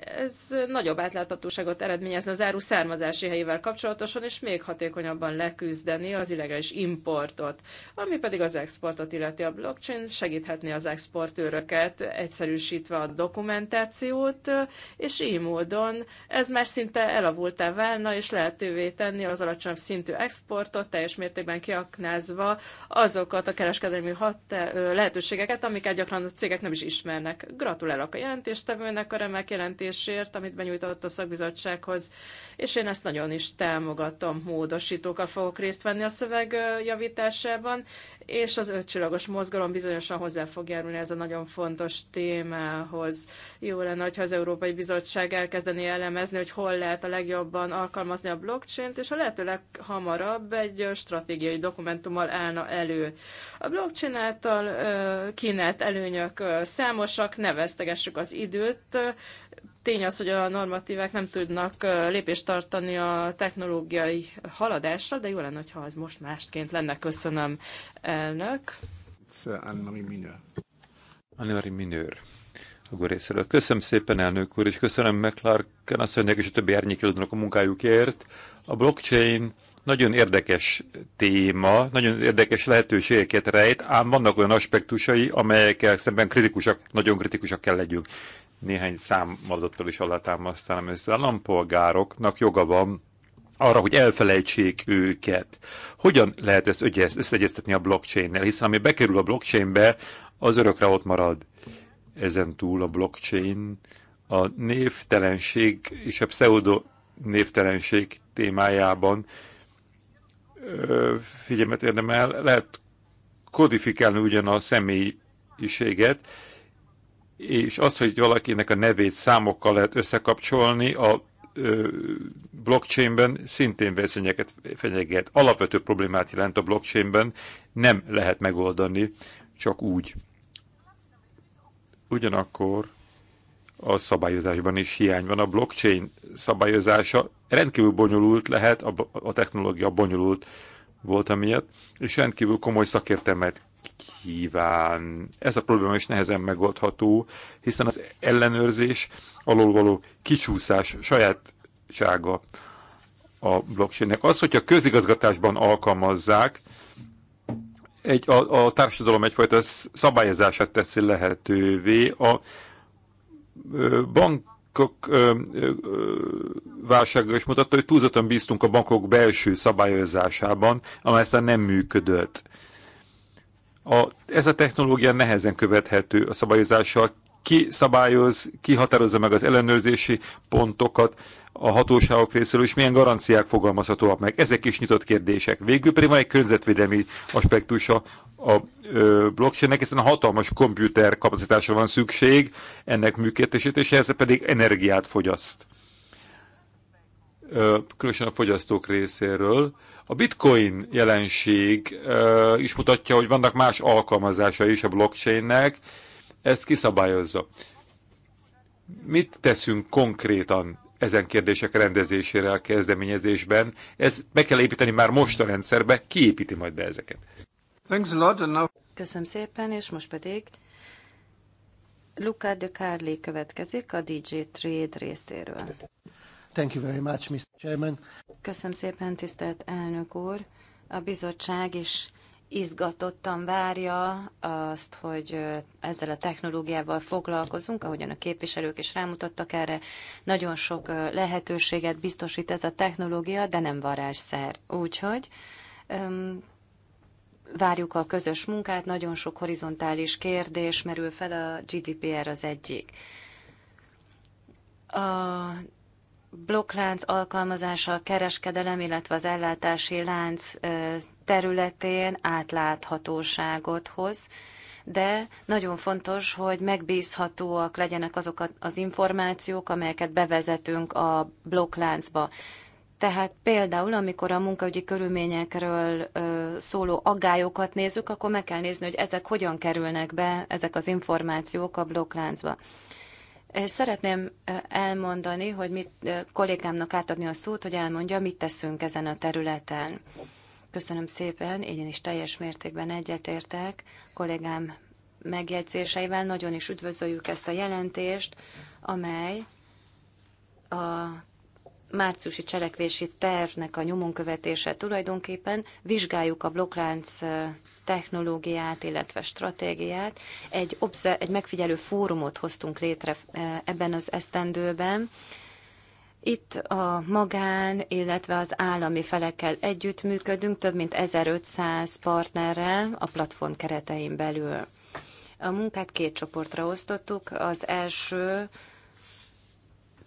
ez nagyobb átláthatóságot eredményezne az áru származási helyével kapcsolatosan, és még hatékonyabban leküzdeni az illegális importot, ami pedig az exportot illeti a blockchain, segíthetné az exportőröket, egyszerűsítve a dokumentációt, és így módon ez már szinte elavultá válna, és lehetővé tenni az alacsonyabb szintű exportot, teljes mértékben kiaknázva azokat a keres kereskedelmi hat, lehetőségeket, amiket gyakran a cégek nem is ismernek. Gratulálok a jelentéstevőnek a remek jelentésért, amit benyújtott a szakbizottsághoz, és én ezt nagyon is támogatom, módosítókkal fogok részt venni a szöveg javításában, és az ötcsillagos mozgalom bizonyosan hozzá fog járulni ez a nagyon fontos témához. Jó lenne, ha az Európai Bizottság elkezdeni elemezni, hogy hol lehet a legjobban alkalmazni a blockchain-t, és a lehető leghamarabb egy stratégiai dokumentummal állna elő. A blockchain által kínált előnyök számosak, ne vesztegessük az időt, tény az, hogy a normatívák nem tudnak lépést tartani a technológiai haladással, de jó lenne, ha ez most másként lenne. Köszönöm, elnök. Uh, Anne-Marie Minőr. Anne-Marie Minőr. A Köszönöm szépen, elnök úr, és köszönöm McClarken asszonynak és a többi árnyékelődnek a munkájukért. A blockchain nagyon érdekes téma, nagyon érdekes lehetőségeket rejt, ám vannak olyan aspektusai, amelyekkel szemben kritikusak, nagyon kritikusak kell legyünk néhány számadattal is alátámasztanám ezt. A lampolgároknak joga van arra, hogy elfelejtsék őket. Hogyan lehet ezt összeegyeztetni a blockchain-nel? Hiszen ami bekerül a blockchainbe, az örökre ott marad. Ezen túl a blockchain a névtelenség és a pseudo névtelenség témájában figyelmet érdemel, lehet kodifikálni ugyan a személyiséget, és az, hogy valakinek a nevét számokkal lehet összekapcsolni, a blockchainben szintén veszélyeket fenyeget. Alapvető problémát jelent a blockchainben, nem lehet megoldani csak úgy. Ugyanakkor a szabályozásban is hiány van. A blockchain szabályozása rendkívül bonyolult lehet, a, technológia bonyolult volt amiatt, és rendkívül komoly szakértelmet kíván. Ez a probléma is nehezen megoldható, hiszen az ellenőrzés alól való kicsúszás sajátsága a blockchainnek. Az, hogyha közigazgatásban alkalmazzák, egy, a, a társadalom egyfajta szabályozását teszi lehetővé. A bankok válsága is mutatta, hogy túlzottan bíztunk a bankok belső szabályozásában, amely aztán nem működött. A, ez a technológia nehezen követhető a szabályozással. Ki szabályoz, ki határozza meg az ellenőrzési pontokat a hatóságok részéről, és milyen garanciák fogalmazhatóak meg. Ezek is nyitott kérdések. Végül pedig van egy környezetvédelmi aspektusa a blockchainnek, hiszen a hatalmas kompjúter kapacitásra van szükség ennek működését, és ez pedig energiát fogyaszt különösen a fogyasztók részéről. A bitcoin jelenség is mutatja, hogy vannak más alkalmazásai is a blockchainnek, ezt kiszabályozza. Mit teszünk konkrétan ezen kérdések rendezésére a kezdeményezésben? Ez meg kell építeni már most a rendszerbe, ki építi majd be ezeket? Köszönöm szépen, és most pedig Luca de Carli következik a DJ Trade részéről. Thank you very much, Mr. Chairman. Köszönöm szépen, tisztelt elnök úr. A bizottság is izgatottan várja azt, hogy ezzel a technológiával foglalkozunk, ahogyan a képviselők is rámutattak erre. Nagyon sok lehetőséget biztosít ez a technológia, de nem varázsszer. Úgyhogy um, várjuk a közös munkát, nagyon sok horizontális kérdés merül fel, a GDPR az egyik. A blokklánc alkalmazása a kereskedelem, illetve az ellátási lánc területén átláthatóságot hoz, de nagyon fontos, hogy megbízhatóak legyenek azok az információk, amelyeket bevezetünk a blokkláncba. Tehát például, amikor a munkaügyi körülményekről ö, szóló aggályokat nézzük, akkor meg kell nézni, hogy ezek hogyan kerülnek be, ezek az információk a blokkláncba. Szeretném elmondani, hogy mit kollégámnak átadni a szót, hogy elmondja, mit teszünk ezen a területen. Köszönöm szépen, én is teljes mértékben egyetértek kollégám megjegyzéseivel. Nagyon is üdvözöljük ezt a jelentést, amely a márciusi cselekvési tervnek a nyomonkövetése tulajdonképpen. Vizsgáljuk a blokklánc technológiát, illetve stratégiát. Egy, obze- egy megfigyelő fórumot hoztunk létre eh, ebben az esztendőben. Itt a magán, illetve az állami felekkel együttműködünk, több mint 1500 partnerrel a platform keretein belül. A munkát két csoportra osztottuk. Az első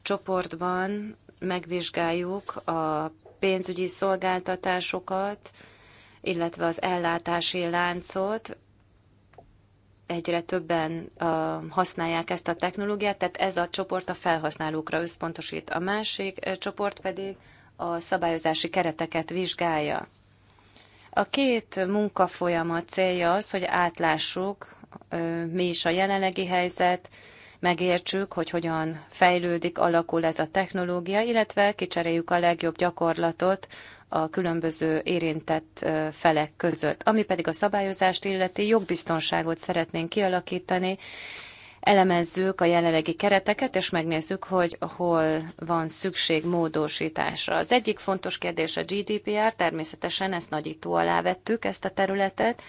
csoportban megvizsgáljuk a pénzügyi szolgáltatásokat, illetve az ellátási láncot. Egyre többen uh, használják ezt a technológiát, tehát ez a csoport a felhasználókra összpontosít, a másik uh, csoport pedig a szabályozási kereteket vizsgálja. A két munkafolyamat célja az, hogy átlássuk, uh, mi is a jelenlegi helyzet, megértsük, hogy hogyan fejlődik, alakul ez a technológia, illetve kicseréljük a legjobb gyakorlatot a különböző érintett felek között. Ami pedig a szabályozást illeti, jogbiztonságot szeretnénk kialakítani, elemezzük a jelenlegi kereteket, és megnézzük, hogy hol van szükség módosításra. Az egyik fontos kérdés a GDPR, természetesen ezt nagyító alá vettük, ezt a területet,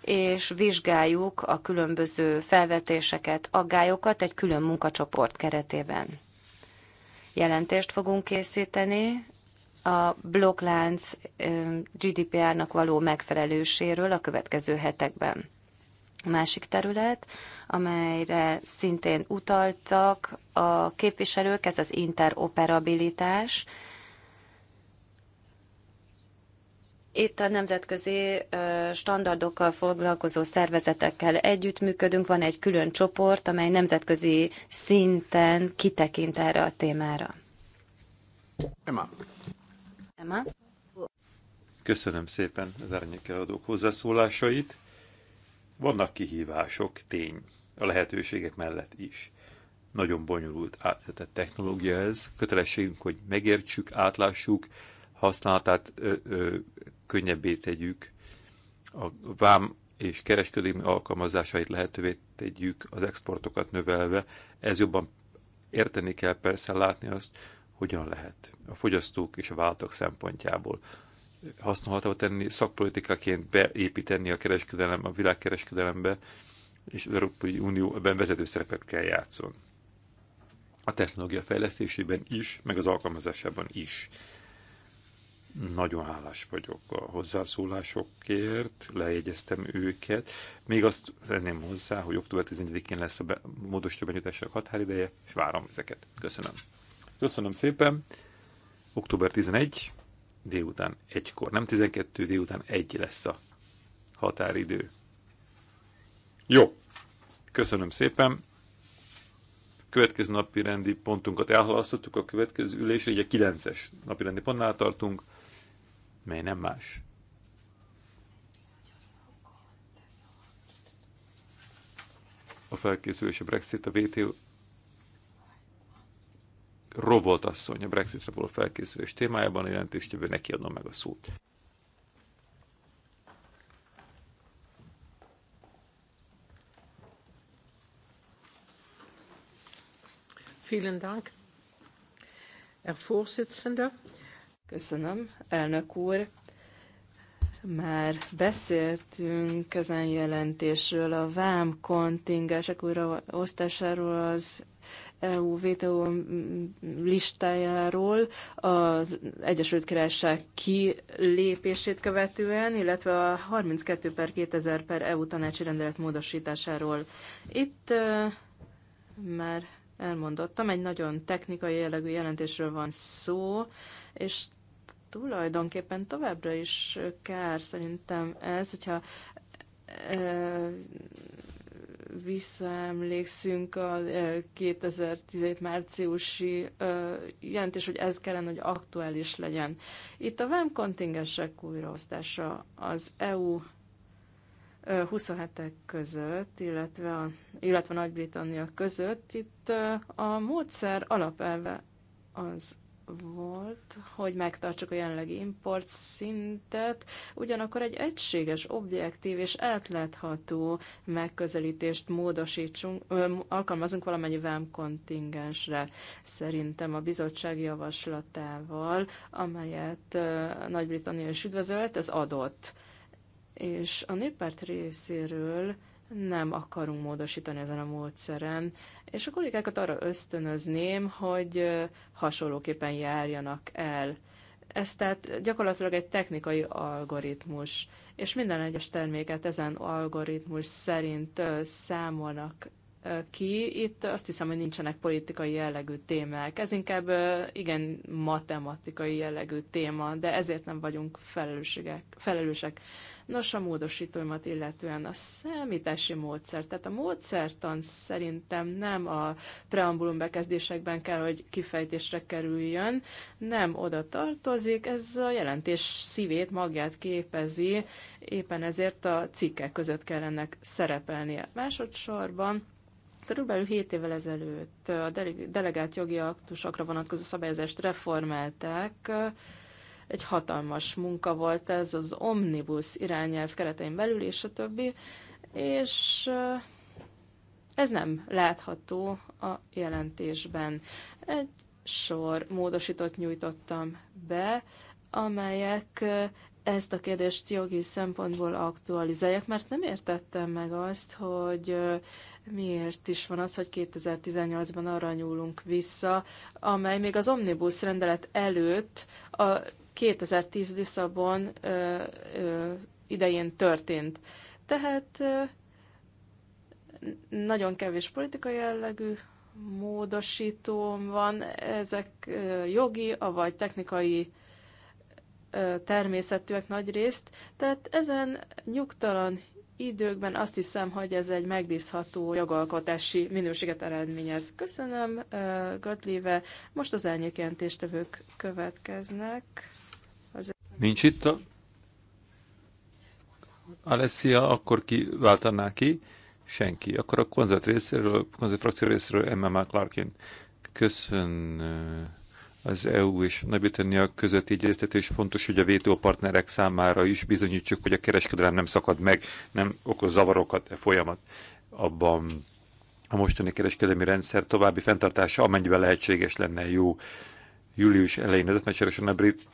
és vizsgáljuk a különböző felvetéseket, aggályokat egy külön munkacsoport keretében. Jelentést fogunk készíteni a blokklánc GDPR-nak való megfelelőséről a következő hetekben. A másik terület, amelyre szintén utaltak a képviselők, ez az interoperabilitás. Itt a nemzetközi standardokkal foglalkozó szervezetekkel együttműködünk, van egy külön csoport, amely nemzetközi szinten kitekint erre a témára. Emma. Köszönöm szépen az árnyékeladók hozzászólásait. Vannak kihívások, tény, a lehetőségek mellett is. Nagyon bonyolult átvetett technológia ez. Kötelességünk, hogy megértsük, átlássuk, használatát ö, ö, könnyebbé tegyük, a vám és kereskedelmi alkalmazásait lehetővé tegyük, az exportokat növelve. Ez jobban érteni kell persze látni azt, hogyan lehet a fogyasztók és a váltok szempontjából használható tenni, szakpolitikaként beépíteni a kereskedelem, a világkereskedelembe, és az Európai Unió ebben vezető szerepet kell játszon. A technológia fejlesztésében is, meg az alkalmazásában is. Nagyon hálás vagyok a hozzászólásokért, lejegyeztem őket. Még azt tenném hozzá, hogy október 14-én lesz a módosító benyújtások határideje, és várom ezeket. Köszönöm. Köszönöm szépen. Október 11, délután egykor, nem 12, délután egy lesz a határidő. Jó, köszönöm szépen. Következő napi rendi pontunkat elhalasztottuk a következő ülésre, ugye 9-es napi rendi pontnál tartunk, mely nem más, a felkészülés a Brexit, a WTO Rovolt asszony a Brexitre való felkészülés témájában, a jelentéstevő neki adom meg a szót. Vielen Dank, Herr Vorsitzender. Köszönöm, elnök úr. Már beszéltünk ezen jelentésről, a vám kontingensek újraosztásáról az EU-VTO listájáról az Egyesült Királyság kilépését követően, illetve a 32 per 2000 per EU tanácsi rendelet módosításáról. Itt e, már elmondottam, egy nagyon technikai jellegű jelentésről van szó, és tulajdonképpen továbbra is kár szerintem ez, hogyha e, visszaemlékszünk a 2017 márciusi jelentés, hogy ez kellene, hogy aktuális legyen. Itt a VEM kontingensek újraosztása az EU 27-ek között, illetve, a, illetve Nagy-Britannia között, itt a módszer alapelve az volt, hogy megtartsuk a jelenlegi import szintet, ugyanakkor egy egységes, objektív és átlátható megközelítést módosítsunk, ö, alkalmazunk valamennyi vám kontingensre szerintem a bizottság javaslatával, amelyet Nagy-Britannia is üdvözölt, ez adott. És a néppárt részéről nem akarunk módosítani ezen a módszeren, és a kollégákat arra ösztönözném, hogy hasonlóképpen járjanak el. Ez tehát gyakorlatilag egy technikai algoritmus, és minden egyes terméket ezen algoritmus szerint számolnak ki. Itt azt hiszem, hogy nincsenek politikai jellegű témák. Ez inkább igen matematikai jellegű téma, de ezért nem vagyunk felelősek. Nos, a módosítóimat illetően a számítási módszer, tehát a módszertan szerintem nem a preambulum bekezdésekben kell, hogy kifejtésre kerüljön, nem oda tartozik, ez a jelentés szívét, magját képezi, éppen ezért a cikkek között kell ennek szerepelnie. Másodszorban Körülbelül 7 évvel ezelőtt a delegált jogi aktusokra vonatkozó szabályozást reformálták. Egy hatalmas munka volt ez az Omnibus irányelv keretein belül, és a többi. És eh, ez nem látható a jelentésben. Egy sor módosított nyújtottam be, amelyek eh, ezt a kérdést jogi szempontból aktualizálják, mert nem értettem meg azt, hogy miért is van az, hogy 2018-ban arra nyúlunk vissza, amely még az Omnibus rendelet előtt a 2010 Lisszabon idején történt. Tehát nagyon kevés politikai jellegű módosítóm van, ezek jogi, avagy technikai természetűek nagy részt, tehát ezen nyugtalan időkben azt hiszem, hogy ez egy megbízható jogalkotási minőséget eredményez. Köszönöm, Götléve. Most az elnyékjelentéstevők következnek. Az... Nincs itt a... Alessia, akkor ki váltaná ki? Senki. Akkor a konzert részéről, konzert frakció részéről Emma McClarkin. Köszönöm az EU és Nagy-Britannia közötti egyeztetés fontos, hogy a WTO partnerek számára is bizonyítsuk, hogy a kereskedelem nem szakad meg, nem okoz zavarokat e folyamat. Abban a mostani kereskedelmi rendszer további fenntartása, amennyiben lehetséges lenne jó. Július elején mert a brit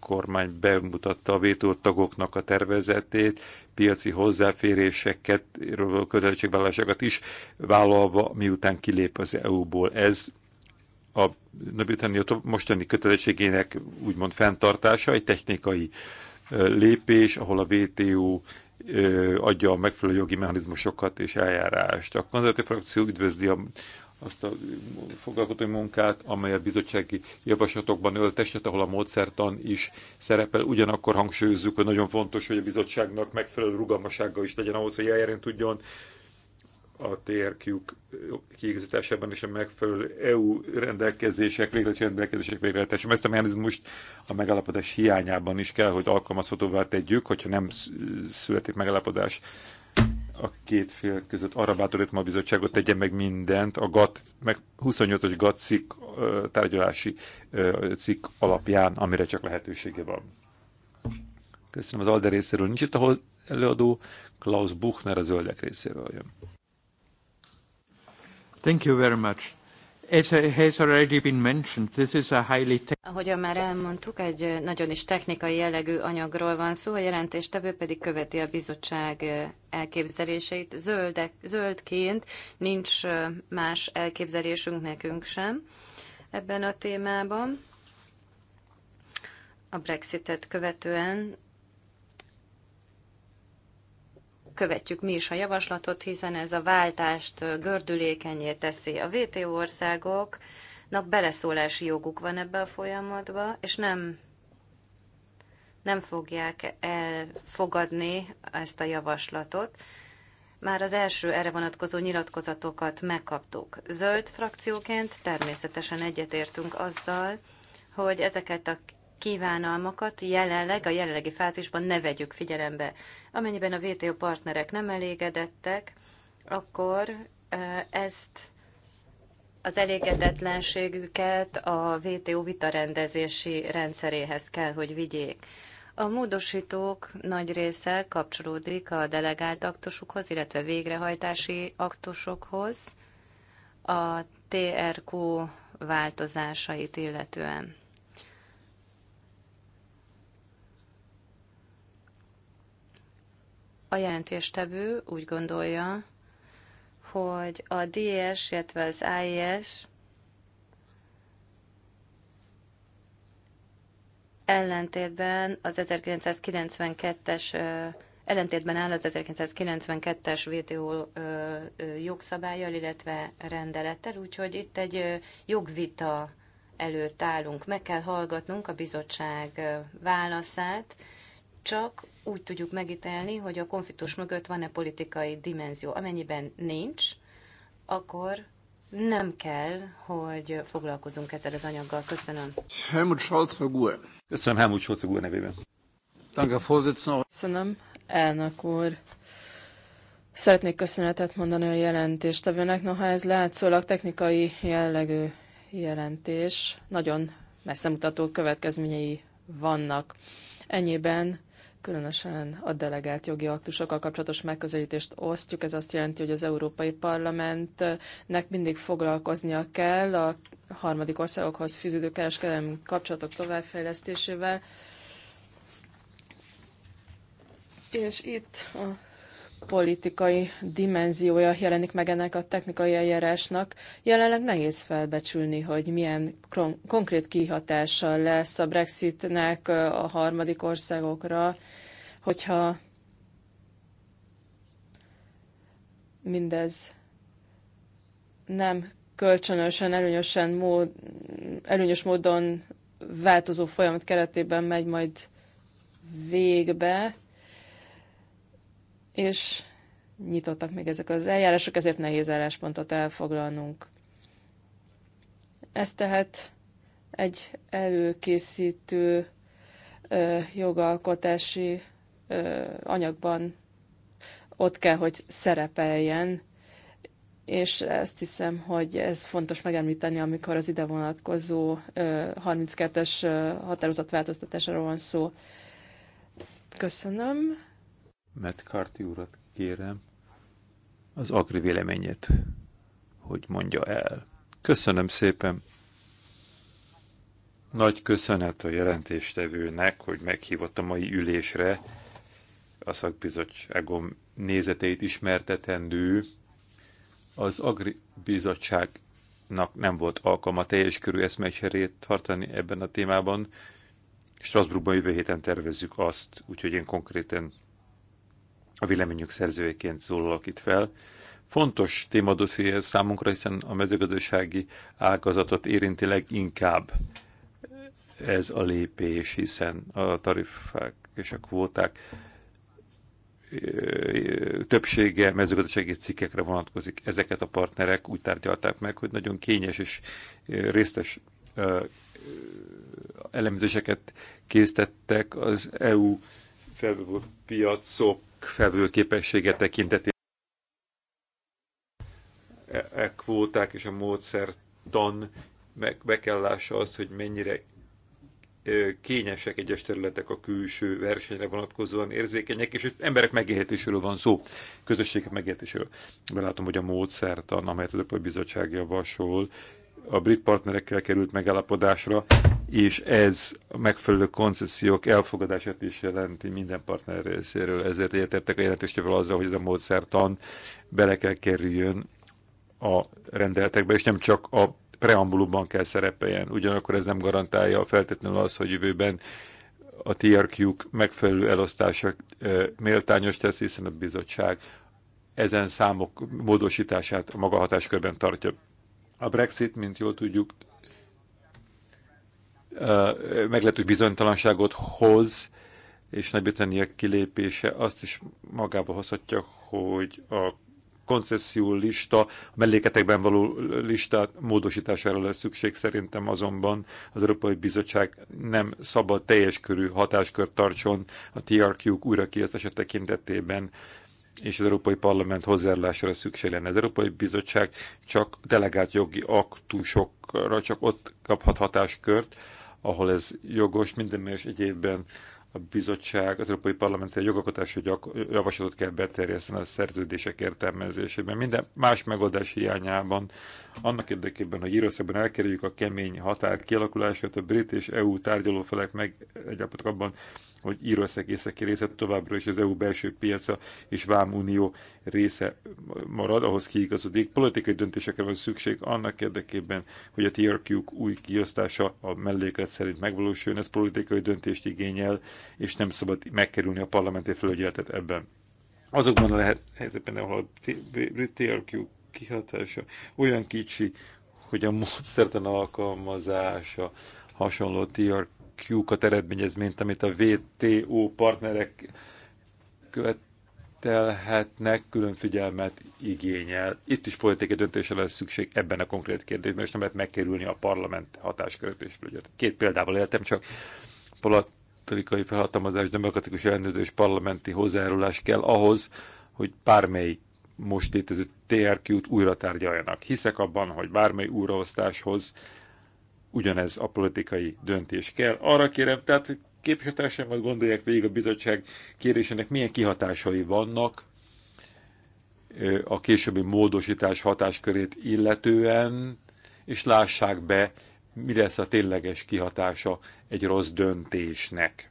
kormány bemutatta a vétót tagoknak a tervezetét, piaci hozzáféréseket, kötelezettségvállalásokat is vállalva, miután kilép az EU-ból. Ez a Nagy-Britannia mostani kötelezettségének úgymond fenntartása egy technikai lépés, ahol a WTO adja a megfelelő jogi mechanizmusokat és eljárást. A konzervatív frakció üdvözli a, azt a foglalkozói munkát, amely a bizottsági javaslatokban öltesett, ahol a módszertan is szerepel. Ugyanakkor hangsúlyozzuk, hogy nagyon fontos, hogy a bizottságnak megfelelő rugalmassága is legyen ahhoz, hogy eljárni tudjon a TRQ kiegészítésében és a megfelelő EU rendelkezések, végletes rendelkezések végletesében. Ezt a mechanizmust a megállapodás hiányában is kell, hogy alkalmazhatóvá tegyük, hogyha nem születik megállapodás a két fél között. Arra bátorítom a bizottságot, tegye meg mindent a gat, meg 28-os GAT cikk, tárgyalási cikk alapján, amire csak lehetősége van. Köszönöm az Alder részéről. Nincs itt, ahol előadó Klaus Buchner a zöldek részéről jön. Thank you very much. As has already been mentioned, this is a highly már elmondtuk, egy nagyon is technikai jellegű anyagról van szó, a jelentéstevő pedig követi a bizottság elképzeléseit. Zöldek, zöldként nincs más elképzelésünk nekünk sem ebben a témában. A Brexitet követően követjük mi is a javaslatot, hiszen ez a váltást gördülékenyé teszi. A VTO országoknak beleszólási joguk van ebbe a folyamatba, és nem, nem fogják elfogadni ezt a javaslatot. Már az első erre vonatkozó nyilatkozatokat megkaptuk. Zöld frakcióként természetesen egyetértünk azzal, hogy ezeket a kívánalmakat jelenleg, a jelenlegi fázisban ne vegyük figyelembe. Amennyiben a VTO partnerek nem elégedettek, akkor ezt az elégedetlenségüket a VTO vitarendezési rendszeréhez kell, hogy vigyék. A módosítók nagy része kapcsolódik a delegált aktusokhoz, illetve végrehajtási aktusokhoz, a TRQ változásait illetően. A jelentéstevő úgy gondolja, hogy a DS, illetve az AIS ellentétben az 1992-es ellentétben áll az 1992-es WTO jogszabályjal, illetve rendelettel, úgyhogy itt egy jogvita előtt állunk. Meg kell hallgatnunk a bizottság válaszát, csak úgy tudjuk megítélni, hogy a konfliktus mögött van-e politikai dimenzió. Amennyiben nincs, akkor nem kell, hogy foglalkozunk ezzel az anyaggal. Köszönöm. Helmut Scholz Gur. Köszönöm Helmut Scholz Gur nevében. Köszönöm, elnök úr. Szeretnék köszönetet mondani a jelentéstevőnek, noha ez látszólag technikai jellegű jelentés, nagyon messzemutató következményei vannak. Ennyiben különösen a delegált jogi aktusokkal kapcsolatos megközelítést osztjuk. Ez azt jelenti, hogy az Európai Parlamentnek mindig foglalkoznia kell a harmadik országokhoz fűződő kereskedelmi kapcsolatok továbbfejlesztésével. És itt a politikai dimenziója jelenik meg ennek a technikai eljárásnak. Jelenleg nehéz felbecsülni, hogy milyen konkrét kihatása lesz a Brexitnek a harmadik országokra, hogyha mindez nem kölcsönösen, előnyösen mód, előnyös módon változó folyamat keretében megy majd végbe, és nyitottak még ezek az eljárások, ezért nehéz álláspontot elfoglalnunk. Ez tehát egy előkészítő ö, jogalkotási ö, anyagban ott kell, hogy szerepeljen, és ezt hiszem, hogy ez fontos megemlíteni, amikor az ide vonatkozó 32-es határozatváltoztatásáról van szó. Köszönöm. McCarthy urat kérem az agri véleményét, hogy mondja el. Köszönöm szépen! Nagy köszönet a jelentéstevőnek, hogy meghívott a mai ülésre a szakbizottságom nézeteit ismertetendő. Az Agri Bizottságnak nem volt alkalma teljes körű eszmecserét tartani ebben a témában. Strasbourgban jövő héten tervezzük azt, úgyhogy én konkrétan a véleményük szerzőjeként szólalok itt fel. Fontos témadoszi ez számunkra, hiszen a mezőgazdasági ágazatot érinti leginkább ez a lépés, hiszen a tarifák és a kvóták többsége mezőgazdasági cikkekre vonatkozik. Ezeket a partnerek úgy tárgyalták meg, hogy nagyon kényes és résztes elemzéseket készítettek az EU felvevő piacok képessége tekintetében e, e kvóták és a módszertan meg, be kell lássa azt, hogy mennyire kényesek egyes területek a külső versenyre vonatkozóan érzékenyek, és itt emberek megélhetéséről van szó, közösségek megélhetéséről. Belátom, hogy a módszertan, amelyet az Európai Bizottság javasol, a brit partnerekkel került megállapodásra, és ez a megfelelő koncesziók elfogadását is jelenti minden partner részéről. Ezért egyetértek a jelentőstével azzal, hogy ez a módszertan bele kell kerüljön a rendeletekbe, és nem csak a preambulumban kell szerepeljen. Ugyanakkor ez nem garantálja feltétlenül az, hogy jövőben a TRQ-k megfelelő elosztása méltányos tesz, hiszen a bizottság ezen számok módosítását a maga hatáskörben tartja. A Brexit, mint jól tudjuk, meglehetős bizonytalanságot hoz, és Nagy-Britannia kilépése azt is magába hozhatja, hogy a koncesszió lista, a melléketekben való listát módosítására lesz szükség szerintem azonban az Európai Bizottság nem szabad teljes körű hatáskört tartson a TRQ-k újrakiasztása tekintetében, és az Európai Parlament hozzájárulására szükség lenne. Az Európai Bizottság csak delegált jogi aktusokra, csak ott kaphat hatáskört, ahol ez jogos, minden más egyébben a bizottság, az Európai Parlament egy jogalkotási javaslatot kell beterjeszteni a szerződések értelmezésében, minden más megoldás hiányában, annak érdekében, hogy Írországban elkerüljük a kemény határ kialakulását, a brit és EU tárgyalófelek meg egyáltalán abban hogy Írország északi része továbbra is az EU belső piaca és Vámunió része marad, ahhoz kiigazodik. Politikai döntésekre van szükség annak érdekében, hogy a trq új kiosztása a melléklet szerint megvalósuljon. Ez politikai döntést igényel, és nem szabad megkerülni a parlamenti felügyeletet ebben. Azokban a lehet helyzetben, ahol a TRQ kihatása olyan kicsi, hogy a módszertan alkalmazása hasonló TRQ kiúkat eredményez, mint amit a VTO partnerek követelhetnek, külön figyelmet igényel. Itt is politikai döntésre lesz szükség ebben a konkrét kérdésben, és nem lehet megkerülni a parlament hatáskörét és felügyet. Két példával éltem, csak politikai felhatalmazás, demokratikus ellenőrzés, parlamenti hozzájárulás kell ahhoz, hogy bármely most létező TRQ-t újra tárgyaljanak. Hiszek abban, hogy bármely újraosztáshoz ugyanez a politikai döntés kell. Arra kérem, tehát képviselőtársamat gondolják végig a bizottság kérésének milyen kihatásai vannak a későbbi módosítás hatáskörét illetően, és lássák be, mi lesz a tényleges kihatása egy rossz döntésnek.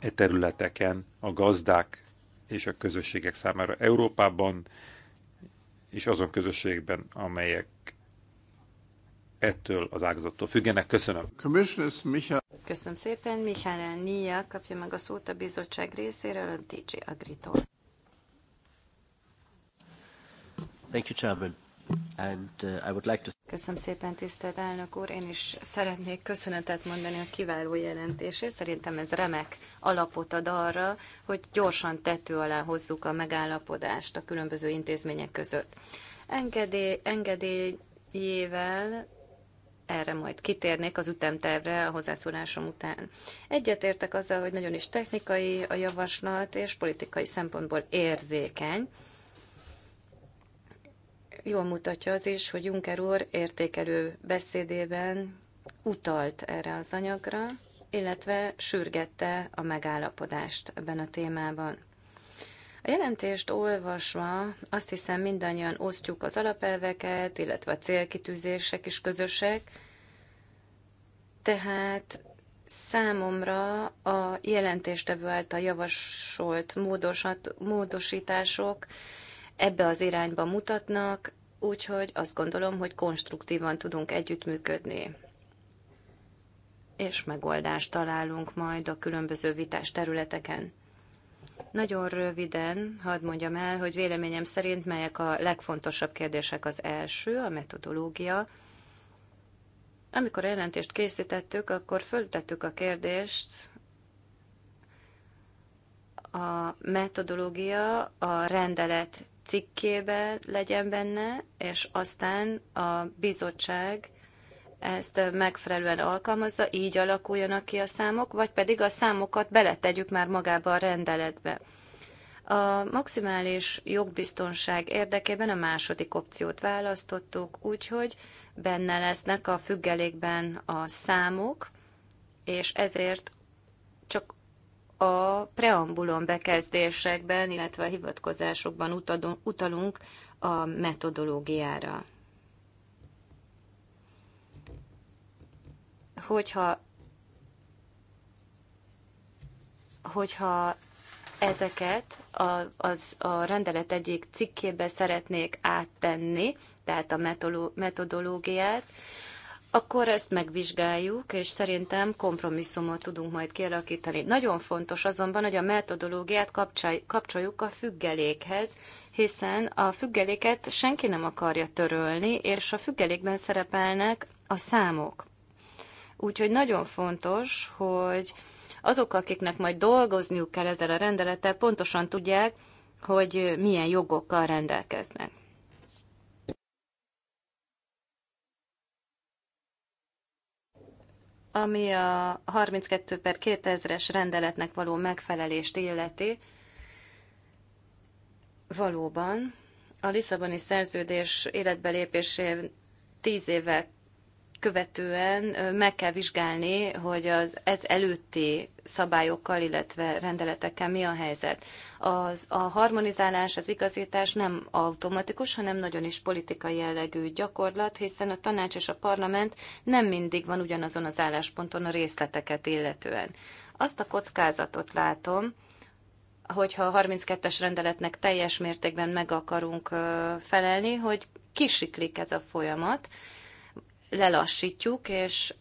E területeken a gazdák és a közösségek számára Európában és azon közösségben, amelyek ettől az ágazattól függenek. Köszönöm. Köszönöm szépen. Mihály Nia kapja meg a szót a bizottság részéről, a DJ Agritól. Thank you, Chairman. And, uh, I would like to... Köszönöm szépen, tisztelt elnök úr. Én is szeretnék köszönetet mondani a kiváló jelentését. Szerintem ez remek alapot ad arra, hogy gyorsan tető alá hozzuk a megállapodást a különböző intézmények között. Engedély, engedélyével erre majd kitérnék az ütemtervre a hozzászólásom után. Egyetértek azzal, hogy nagyon is technikai a javaslat, és politikai szempontból érzékeny. Jól mutatja az is, hogy Juncker úr értékelő beszédében utalt erre az anyagra, illetve sürgette a megállapodást ebben a témában. A jelentést olvasva azt hiszem mindannyian osztjuk az alapelveket, illetve a célkitűzések is közösek, tehát számomra a jelentéstevő által javasolt módosat, módosítások ebbe az irányba mutatnak, úgyhogy azt gondolom, hogy konstruktívan tudunk együttműködni és megoldást találunk majd a különböző vitás területeken. Nagyon röviden hadd mondjam el, hogy véleményem szerint melyek a legfontosabb kérdések. Az első, a metodológia. Amikor a jelentést készítettük, akkor föltettük a kérdést, a metodológia a rendelet cikkében legyen benne, és aztán a bizottság ezt megfelelően alkalmazza, így alakuljanak ki a számok, vagy pedig a számokat beletegyük már magába a rendeletbe. A maximális jogbiztonság érdekében a második opciót választottuk, úgyhogy benne lesznek a függelékben a számok, és ezért csak a preambulon bekezdésekben, illetve a hivatkozásokban utalunk a metodológiára. hogyha, hogyha ezeket a, az, a rendelet egyik cikkébe szeretnék áttenni, tehát a metodológiát, akkor ezt megvizsgáljuk, és szerintem kompromisszumot tudunk majd kialakítani. Nagyon fontos azonban, hogy a metodológiát kapcsoljuk a függelékhez, hiszen a függeléket senki nem akarja törölni, és a függelékben szerepelnek a számok. Úgyhogy nagyon fontos, hogy azok, akiknek majd dolgozniuk kell ezzel a rendelettel, pontosan tudják, hogy milyen jogokkal rendelkeznek. Ami a 32 per 2000-es rendeletnek való megfelelést illeti, valóban a Lisszaboni szerződés életbelépésén 10 évvel követően meg kell vizsgálni, hogy az ez előtti szabályokkal, illetve rendeletekkel mi a helyzet. Az, a harmonizálás, az igazítás nem automatikus, hanem nagyon is politikai jellegű gyakorlat, hiszen a tanács és a parlament nem mindig van ugyanazon az állásponton a részleteket illetően. Azt a kockázatot látom, hogyha a 32-es rendeletnek teljes mértékben meg akarunk felelni, hogy kisiklik ez a folyamat, lelassítjuk, és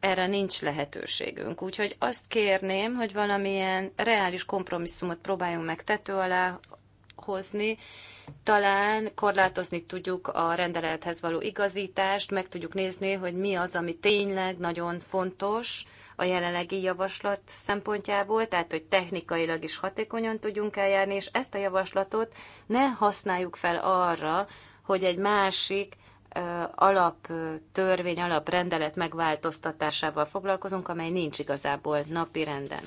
erre nincs lehetőségünk. Úgyhogy azt kérném, hogy valamilyen reális kompromisszumot próbáljunk meg tető alá hozni, talán korlátozni tudjuk a rendelethez való igazítást, meg tudjuk nézni, hogy mi az, ami tényleg nagyon fontos a jelenlegi javaslat szempontjából, tehát hogy technikailag is hatékonyan tudjunk eljárni, és ezt a javaslatot ne használjuk fel arra, hogy egy másik alaptörvény, alaprendelet megváltoztatásával foglalkozunk, amely nincs igazából napi renden.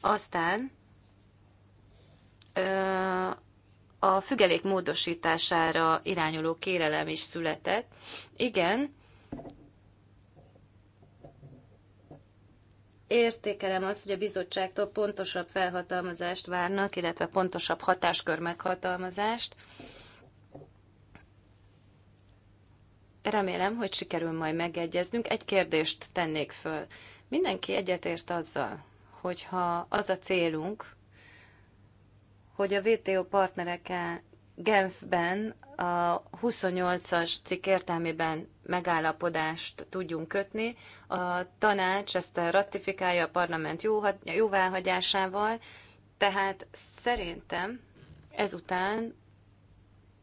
Aztán a fügelék módosítására irányuló kérelem is született. Igen, értékelem azt, hogy a bizottságtól pontosabb felhatalmazást várnak, illetve pontosabb hatáskör meghatalmazást. Remélem, hogy sikerül majd megegyeznünk. Egy kérdést tennék föl. Mindenki egyetért azzal, hogyha az a célunk, hogy a WTO partnereke Genfben a 28-as cikk értelmében megállapodást tudjunk kötni. A tanács ezt ratifikálja a parlament jóváhagyásával, tehát szerintem ezután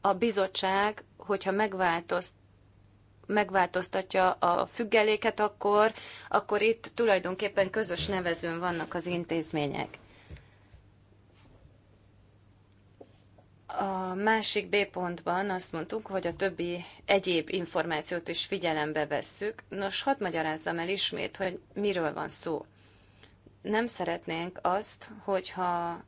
a bizottság, hogyha megváltoz megváltoztatja a függeléket, akkor, akkor itt tulajdonképpen közös nevezőn vannak az intézmények. A másik B pontban azt mondtuk, hogy a többi egyéb információt is figyelembe vesszük. Nos, hadd magyarázzam el ismét, hogy miről van szó. Nem szeretnénk azt, hogyha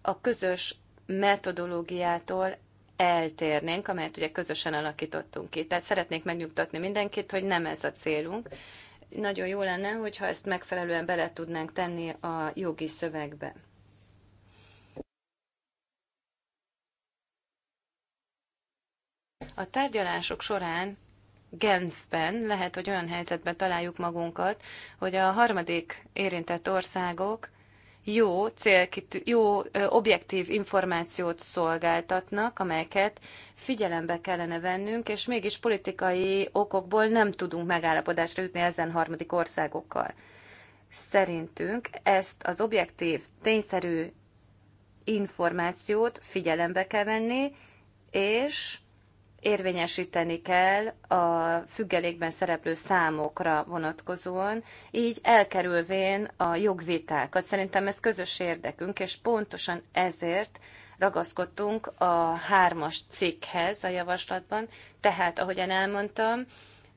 a közös metodológiától eltérnénk, amelyet ugye közösen alakítottunk ki. Tehát szeretnék megnyugtatni mindenkit, hogy nem ez a célunk. Nagyon jó lenne, hogyha ezt megfelelően bele tudnánk tenni a jogi szövegbe. A tárgyalások során Genfben lehet, hogy olyan helyzetben találjuk magunkat, hogy a harmadik érintett országok jó, célkitű, jó objektív információt szolgáltatnak, amelyeket figyelembe kellene vennünk, és mégis politikai okokból nem tudunk megállapodásra jutni ezen harmadik országokkal. Szerintünk ezt az objektív, tényszerű információt figyelembe kell venni, és érvényesíteni kell a függelékben szereplő számokra vonatkozóan, így elkerülvén a jogvitákat. Szerintem ez közös érdekünk, és pontosan ezért ragaszkodtunk a hármas cikkhez a javaslatban, tehát, ahogyan elmondtam,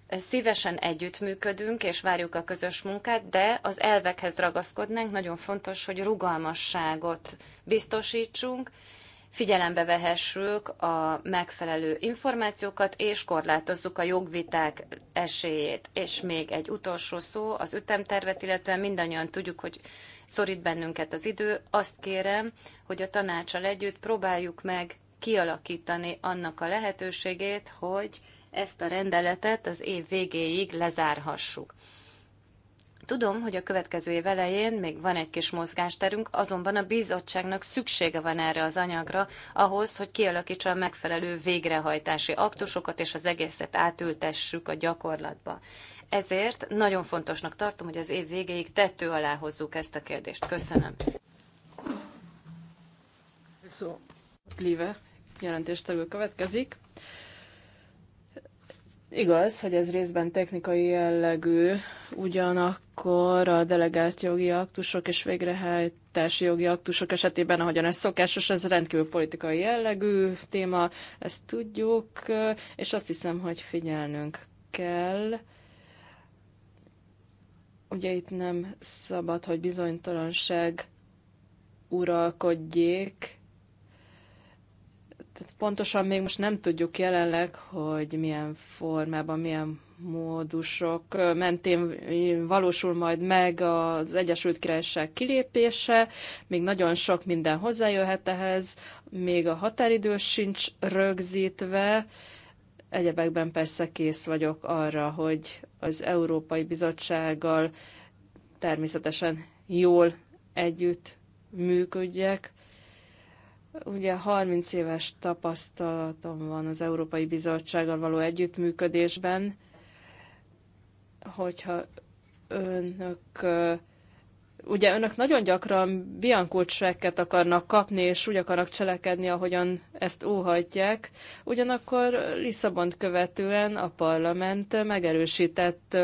szívesen együttműködünk, és várjuk a közös munkát, de az elvekhez ragaszkodnánk, nagyon fontos, hogy rugalmasságot biztosítsunk, figyelembe vehessük a megfelelő információkat, és korlátozzuk a jogviták esélyét. És még egy utolsó szó az ütemtervet, illetően mindannyian tudjuk, hogy szorít bennünket az idő. Azt kérem, hogy a tanácsal együtt próbáljuk meg kialakítani annak a lehetőségét, hogy ezt a rendeletet az év végéig lezárhassuk. Tudom, hogy a következő év elején még van egy kis mozgásterünk, azonban a bizottságnak szüksége van erre az anyagra ahhoz, hogy kialakítsa a megfelelő végrehajtási aktusokat, és az egészet átültessük a gyakorlatba. Ezért nagyon fontosnak tartom, hogy az év végéig tettő alá hozzuk ezt a kérdést. Köszönöm. Szó. Léve jelentéstevő következik. Igaz, hogy ez részben technikai jellegű, ugyanakkor a delegált jogi aktusok és végrehajtási jogi aktusok esetében, ahogyan ez szokásos, ez rendkívül politikai jellegű téma, ezt tudjuk, és azt hiszem, hogy figyelnünk kell. Ugye itt nem szabad, hogy bizonytalanság uralkodjék, tehát pontosan még most nem tudjuk jelenleg, hogy milyen formában, milyen módusok mentén valósul majd meg az Egyesült Királyság kilépése, még nagyon sok minden hozzájöhet ehhez, még a határidő sincs rögzítve, egyebekben persze kész vagyok arra, hogy az Európai Bizottsággal természetesen jól együtt működjek, Ugye 30 éves tapasztalatom van az Európai Bizottsággal való együttműködésben, hogyha önök ugye önök nagyon gyakran biankócsekket akarnak kapni, és úgy akarnak cselekedni, ahogyan ezt óhatják. Ugyanakkor Lisszabont követően a parlament megerősített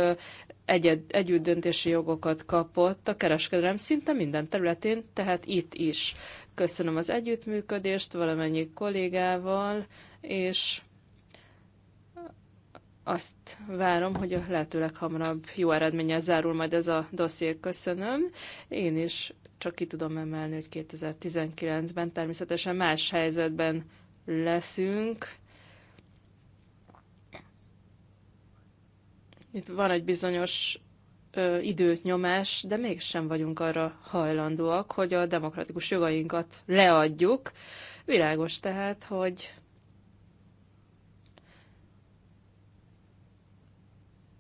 egyed, együttdöntési jogokat kapott a kereskedelem szinte minden területén, tehát itt is. Köszönöm az együttműködést valamennyi kollégával, és azt várom, hogy a lehetőleg hamarabb jó eredménnyel zárul majd ez a dosszié. Köszönöm. Én is csak ki tudom emelni, hogy 2019-ben természetesen más helyzetben leszünk. Itt van egy bizonyos ö, időt, nyomás, de mégsem vagyunk arra hajlandóak, hogy a demokratikus jogainkat leadjuk. Világos tehát, hogy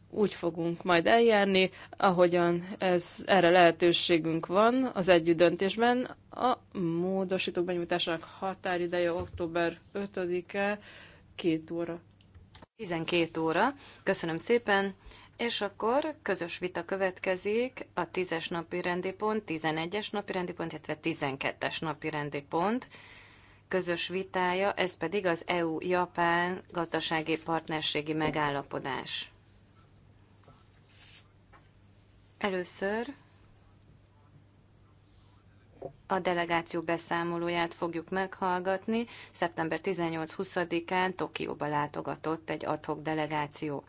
úgy fogunk majd eljárni, ahogyan ez, erre lehetőségünk van az döntésben. A módosítók benyújtásának határideje október 5-e, két óra. 12 óra. Köszönöm szépen. És akkor közös vita következik a 10-es napi rendi pont, 11-es napi rendi pont, illetve 12-es napi rendi pont közös vitája, ez pedig az EU-Japán gazdasági partnerségi megállapodás. Először a delegáció beszámolóját fogjuk meghallgatni. Szeptember 18-20-án Tokióba látogatott egy adhok delegáció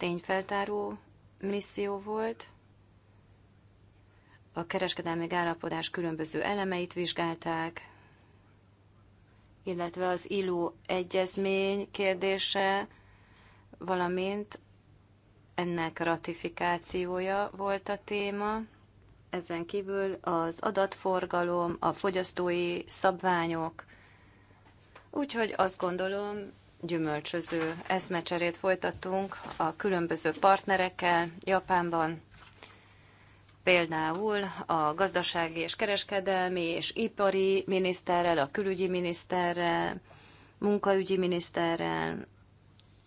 tényfeltáró misszió volt. A kereskedelmi állapodás különböző elemeit vizsgálták, illetve az ILO egyezmény kérdése, valamint ennek ratifikációja volt a téma. Ezen kívül az adatforgalom, a fogyasztói szabványok. Úgyhogy azt gondolom, gyümölcsöző eszmecserét folytatunk a különböző partnerekkel Japánban, például a gazdasági és kereskedelmi és ipari miniszterrel, a külügyi miniszterrel, munkaügyi miniszterrel,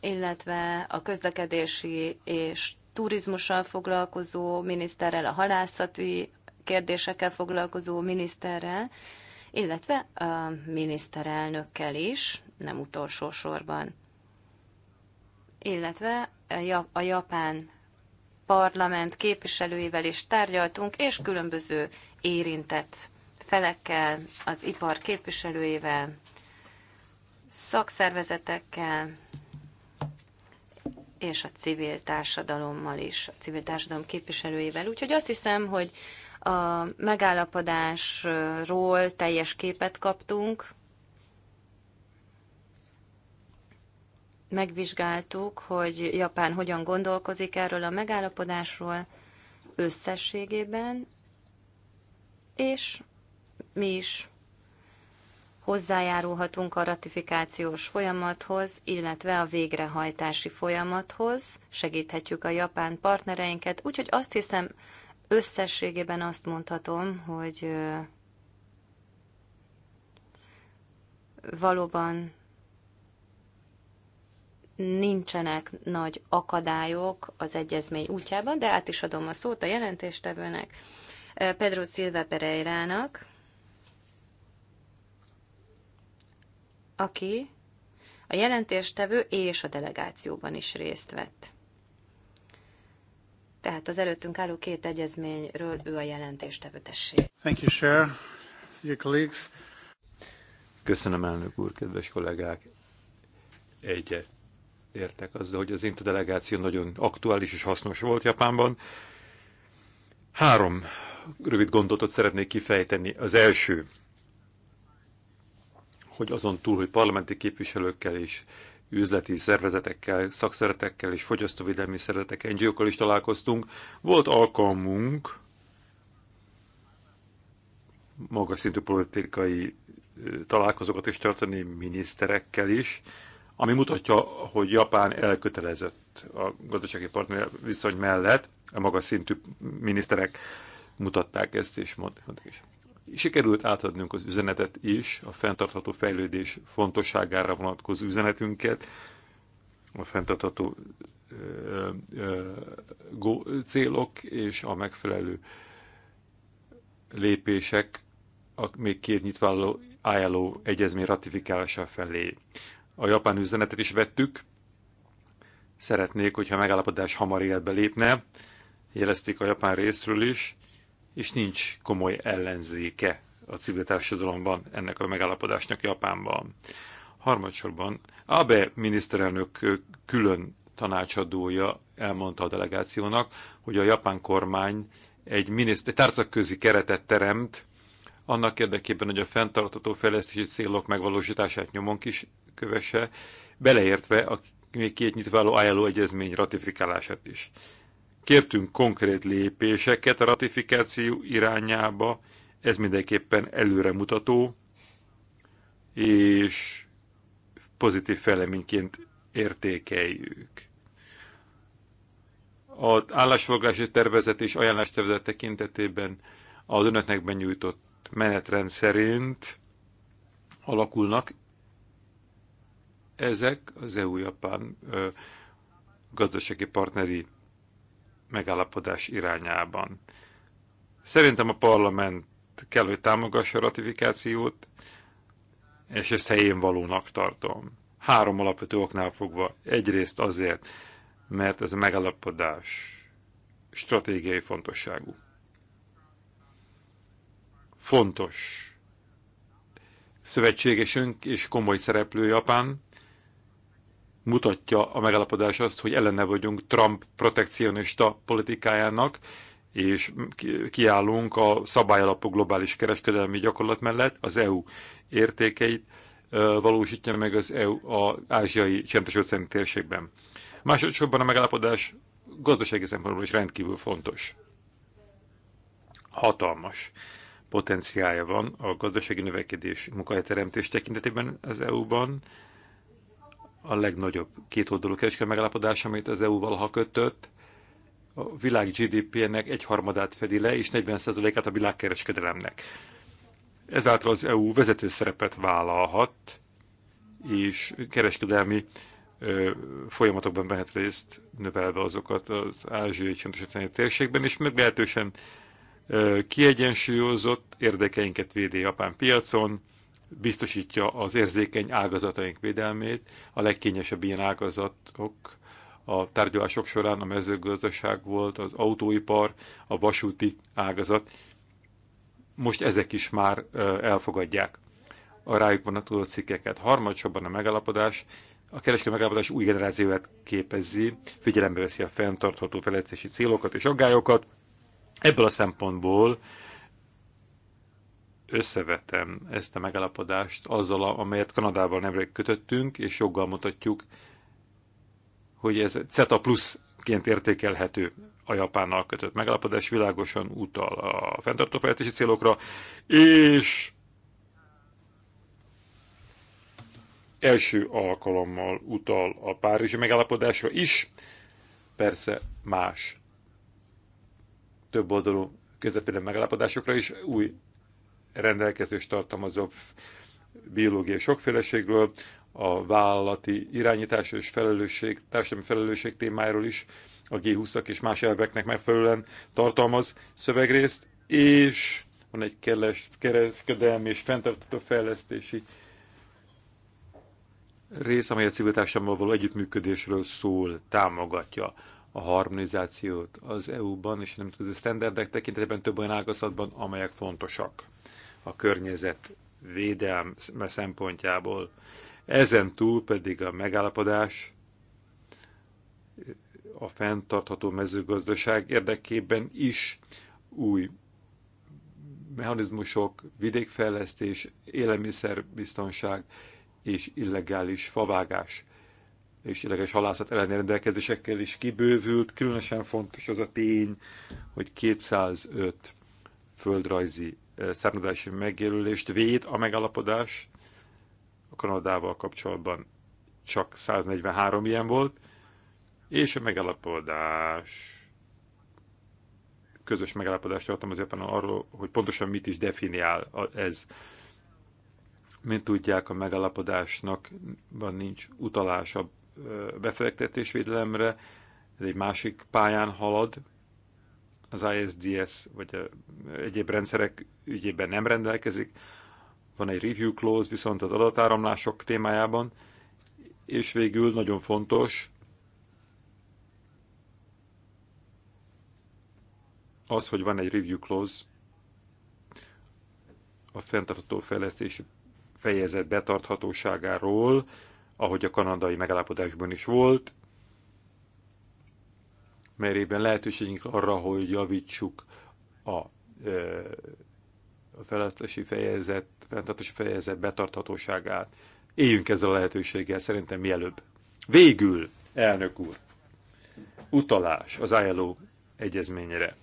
illetve a közlekedési és turizmussal foglalkozó miniszterrel, a halászati kérdésekkel foglalkozó miniszterrel, illetve a miniszterelnökkel is, nem utolsó sorban. Illetve a japán parlament képviselőivel is tárgyaltunk, és különböző érintett felekkel, az ipar képviselőivel, szakszervezetekkel, és a civil társadalommal is, a civil társadalom képviselőivel. Úgyhogy azt hiszem, hogy a megállapodásról teljes képet kaptunk, megvizsgáltuk, hogy Japán hogyan gondolkozik erről a megállapodásról összességében, és mi is hozzájárulhatunk a ratifikációs folyamathoz, illetve a végrehajtási folyamathoz, segíthetjük a japán partnereinket, úgyhogy azt hiszem, összességében azt mondhatom, hogy valóban nincsenek nagy akadályok az egyezmény útjában, de át is adom a szót a jelentéstevőnek, eh, Pedro Silva Pereirának, aki a jelentéstevő és a delegációban is részt vett. Tehát az előttünk álló két egyezményről ő a jelentéstevő tessék. Thank you, Chair. Your colleagues. Köszönöm, elnök úr, kedves kollégák. Egyet értek azzal, hogy az INTA delegáció nagyon aktuális és hasznos volt Japánban. Három rövid gondotot szeretnék kifejteni. Az első, hogy azon túl, hogy parlamenti képviselőkkel és üzleti szervezetekkel, szakszeretekkel és fogyasztóvédelmi szervezetek, ngo is találkoztunk, volt alkalmunk magas szintű politikai találkozókat is tartani miniszterekkel is, ami mutatja, hogy Japán elkötelezett a gazdasági partner viszony mellett, a magas szintű miniszterek mutatták ezt, és mondták is. Sikerült átadnunk az üzenetet is, a fenntartható fejlődés fontosságára vonatkozó üzenetünket, a fenntartható ö, ö, célok és a megfelelő lépések a még két nyitváló álló egyezmény ratifikálása felé a japán üzenetet is vettük. Szeretnék, hogyha a megállapodás hamar életbe lépne, jelezték a japán részről is, és nincs komoly ellenzéke a civil társadalomban ennek a megállapodásnak Japánban. Harmadsorban Abe miniszterelnök külön tanácsadója elmondta a delegációnak, hogy a japán kormány egy, miniszt- egy tárcaközi keretet teremt annak érdekében, hogy a fenntartató fejlesztési célok megvalósítását nyomon kis kövese, beleértve a még két nyitváló álló egyezmény ratifikálását is. Kértünk konkrét lépéseket a ratifikáció irányába, ez mindenképpen előremutató, és pozitív feleményként értékeljük. Az állásfoglalási tervezet és tervezet tekintetében az önöknek benyújtott menetrend szerint alakulnak ezek az EU-Japán gazdasági partneri megállapodás irányában. Szerintem a parlament kell, hogy támogassa a ratifikációt, és ezt helyén valónak tartom. Három alapvető oknál fogva. Egyrészt azért, mert ez a megállapodás stratégiai fontosságú. Fontos szövetségesünk és komoly szereplő Japán, mutatja a megállapodás azt, hogy ellene vagyunk Trump protekcionista politikájának, és kiállunk a szabályalapú globális kereskedelmi gyakorlat mellett, az EU értékeit valósítja meg az EU az ázsiai csendes ötszeni térségben. Másodszorban a megállapodás gazdasági szempontból is rendkívül fontos. Hatalmas potenciája van a gazdasági növekedés munkahelyteremtés tekintetében az EU-ban, a legnagyobb kétoldalú kereskedelmi megállapodás, amit az EU valaha kötött. A világ GDP-nek egy harmadát fedi le, és 40%-át a világkereskedelemnek. Ezáltal az EU vezető szerepet vállalhat, és kereskedelmi ö, folyamatokban vehet részt, növelve azokat az ázsiai csendes térségben, és meglehetősen kiegyensúlyozott érdekeinket védi Japán piacon, biztosítja az érzékeny ágazataink védelmét, a legkényesebb ilyen ágazatok a tárgyalások során a mezőgazdaság volt, az autóipar, a vasúti ágazat. Most ezek is már elfogadják a rájuk vonatkozó cikkeket. Harmadsorban a megállapodás, a kereskedelmi megállapodás új generációját képezi, figyelembe veszi a fenntartható fejlesztési célokat és aggályokat. Ebből a szempontból összevetem ezt a megállapodást azzal, amelyet Kanadával nemrég kötöttünk, és joggal mutatjuk, hogy ez CETA pluszként értékelhető a Japánnal kötött megállapodás világosan utal a fenntartó fejlesztési célokra, és első alkalommal utal a Párizsi megállapodásra is, persze más több oldalú közepére megállapodásokra is új rendelkezést tartalmazó biológiai sokféleségről, a vállalati irányítás és felelősség, társadalmi felelősség témáról is, a G20-ak és más elveknek megfelelően tartalmaz szövegrészt, és van egy kereskedelmi és fenntartató fejlesztési rész, amely a civil társadalommal való együttműködésről szól, támogatja a harmonizációt az EU-ban és a nemzetközi sztenderdek tekintetében több olyan ágazatban, amelyek fontosak a környezet védelme szempontjából. Ezen túl pedig a megállapodás a fenntartható mezőgazdaság érdekében is új mechanizmusok, vidékfejlesztés, élelmiszerbiztonság és illegális favágás és illegális halászat elleni rendelkezésekkel is kibővült. Különösen fontos az a tény, hogy 205 földrajzi származási megjelölést véd a megalapodás. A Kanadával kapcsolatban csak 143 ilyen volt, és a megalapodás közös megállapodást tartom az japánon arról, hogy pontosan mit is definiál ez. Mint tudják, a megállapodásnak van nincs a befektetésvédelemre, ez egy másik pályán halad, az ISDS vagy a egyéb rendszerek ügyében nem rendelkezik. Van egy review clause viszont az adatáramlások témájában, és végül nagyon fontos az, hogy van egy review clause a fenntartható fejlesztési fejezet betarthatóságáról, ahogy a kanadai megállapodásban is volt, mérében lehetőségünk arra, hogy javítsuk a, a felhasználási fejezet, fenntartási fejezet betarthatóságát. Éljünk ezzel a lehetőséggel, szerintem mielőbb. Végül, elnök úr, utalás az ILO egyezményre.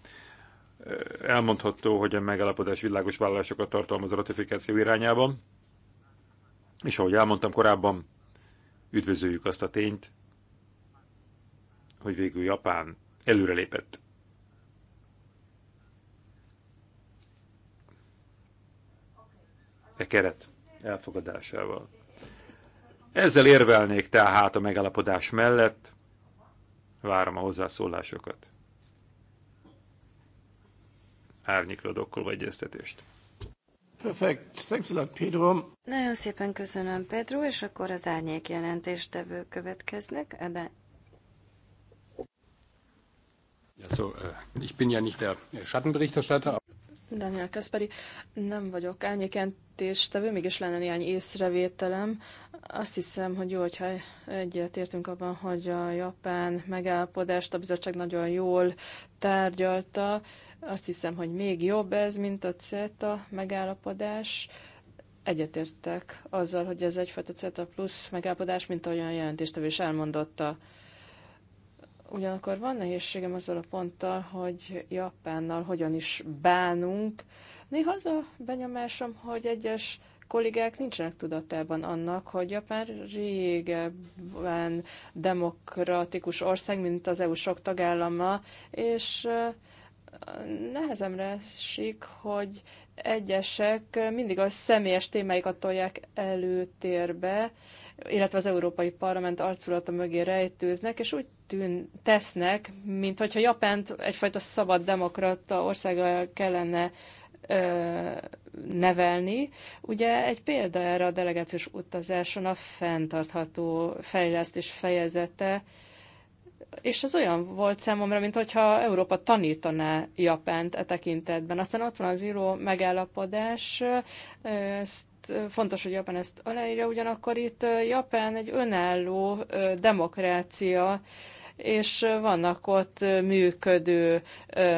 Elmondható, hogy a megállapodás világos vállalásokat tartalmaz a ratifikáció irányában, és ahogy elmondtam korábban, üdvözöljük azt a tényt, hogy végül Japán előrelépett. E keret elfogadásával. Ezzel érvelnék tehát a megalapodás mellett, várom a hozzászólásokat. Árnyékladókkal vagy egyeztetést. Perfect. Thanks a lot, Pedro. Nagyon szépen köszönöm, Pedro, és akkor az árnyék jelentéstevő következnek. ebben. Äh, Daniel Kaspari, nem vagyok tevő, mégis lenne néhány észrevételem. Azt hiszem, hogy jó, hogyha egyet értünk abban, hogy a japán megállapodást a bizottság nagyon jól tárgyalta. Azt hiszem, hogy még jobb ez, mint a CETA megállapodás. Egyetértek azzal, hogy ez egyfajta CETA plusz megállapodás, mint olyan a jelentéstevő is elmondotta. Ugyanakkor van nehézségem azzal a ponttal, hogy Japánnal hogyan is bánunk. Néha az a benyomásom, hogy egyes kollégák nincsenek tudatában annak, hogy Japán régebben demokratikus ország, mint az EU sok tagállama, és nehezemre esik, hogy egyesek mindig a személyes témáikat tolják előtérbe, illetve az Európai Parlament arculata mögé rejtőznek, és úgy tűn, tesznek, mint hogyha Japánt egyfajta szabad demokrata országa kellene ö, nevelni. Ugye egy példa erre a delegációs utazáson a fenntartható fejlesztés fejezete, és ez olyan volt számomra, mint hogyha Európa tanítaná Japánt e tekintetben. Aztán ott van az író megállapodás, ezt fontos, hogy Japán ezt aláírja, ugyanakkor itt Japán egy önálló demokrácia, és vannak ott működő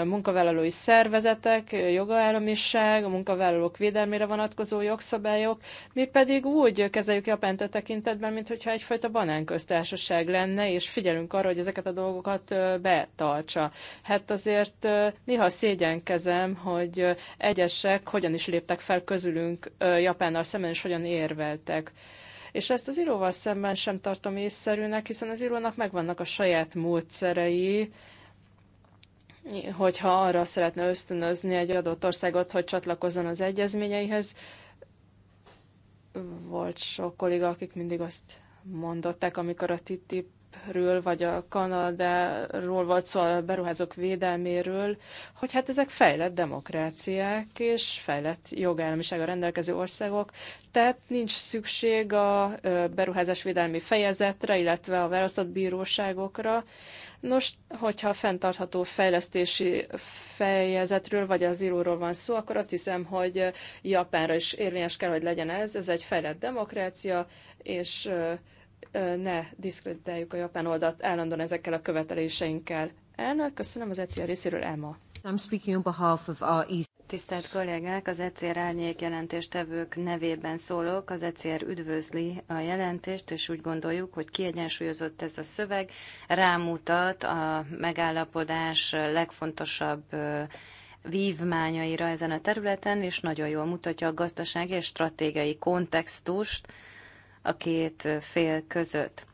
munkavállalói szervezetek, jogállamiság, a munkavállalók védelmére vonatkozó jogszabályok, mi pedig úgy kezeljük Japánt a e tekintetben, mintha egyfajta banánköztársaság lenne, és figyelünk arra, hogy ezeket a dolgokat betartsa. Hát azért néha szégyenkezem, hogy egyesek hogyan is léptek fel közülünk Japánnal szemben, és hogyan érveltek. És ezt az íróval szemben sem tartom észszerűnek, hiszen az írónak megvannak a saját módszerei, hogyha arra szeretne ösztönözni egy adott országot, hogy csatlakozzon az egyezményeihez. Volt sok kolléga, akik mindig azt mondották, amikor a TTIP ről vagy a Kanadáról volt szó a beruházók védelméről, hogy hát ezek fejlett demokráciák és fejlett jogállamisága rendelkező országok, tehát nincs szükség a beruházás védelmi fejezetre, illetve a választott bíróságokra. Nos, hogyha a fenntartható fejlesztési fejezetről vagy az íróról van szó, akkor azt hiszem, hogy Japánra is érvényes kell, hogy legyen ez. Ez egy fejlett demokrácia, és ne diszkreditáljuk a japán oldalt állandóan ezekkel a követeléseinkkel. Elnök, köszönöm az ECR részéről, Emma. I'm speaking on behalf of our East. Tisztelt kollégák, az ECR árnyék jelentéstevők nevében szólok. Az ECR üdvözli a jelentést, és úgy gondoljuk, hogy kiegyensúlyozott ez a szöveg, rámutat a megállapodás legfontosabb vívmányaira ezen a területen, és nagyon jól mutatja a gazdasági és stratégiai kontextust, a két fél között.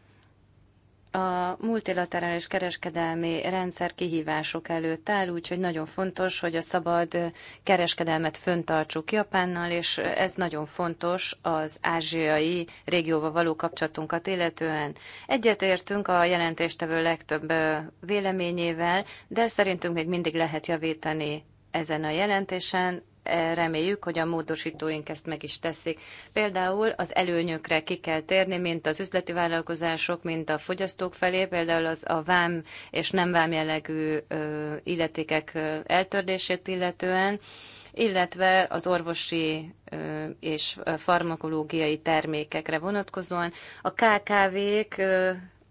A multilaterális kereskedelmi rendszer kihívások előtt áll, úgyhogy nagyon fontos, hogy a szabad kereskedelmet föntartsuk Japánnal, és ez nagyon fontos az ázsiai régióval való kapcsolatunkat illetően. Egyetértünk a jelentéstevő legtöbb véleményével, de szerintünk még mindig lehet javítani ezen a jelentésen, reméljük, hogy a módosítóink ezt meg is teszik. Például az előnyökre ki kell térni, mint az üzleti vállalkozások, mint a fogyasztók felé, például az a vám és nem vám jellegű illetékek eltörlését illetően, illetve az orvosi és farmakológiai termékekre vonatkozóan. A KKV-k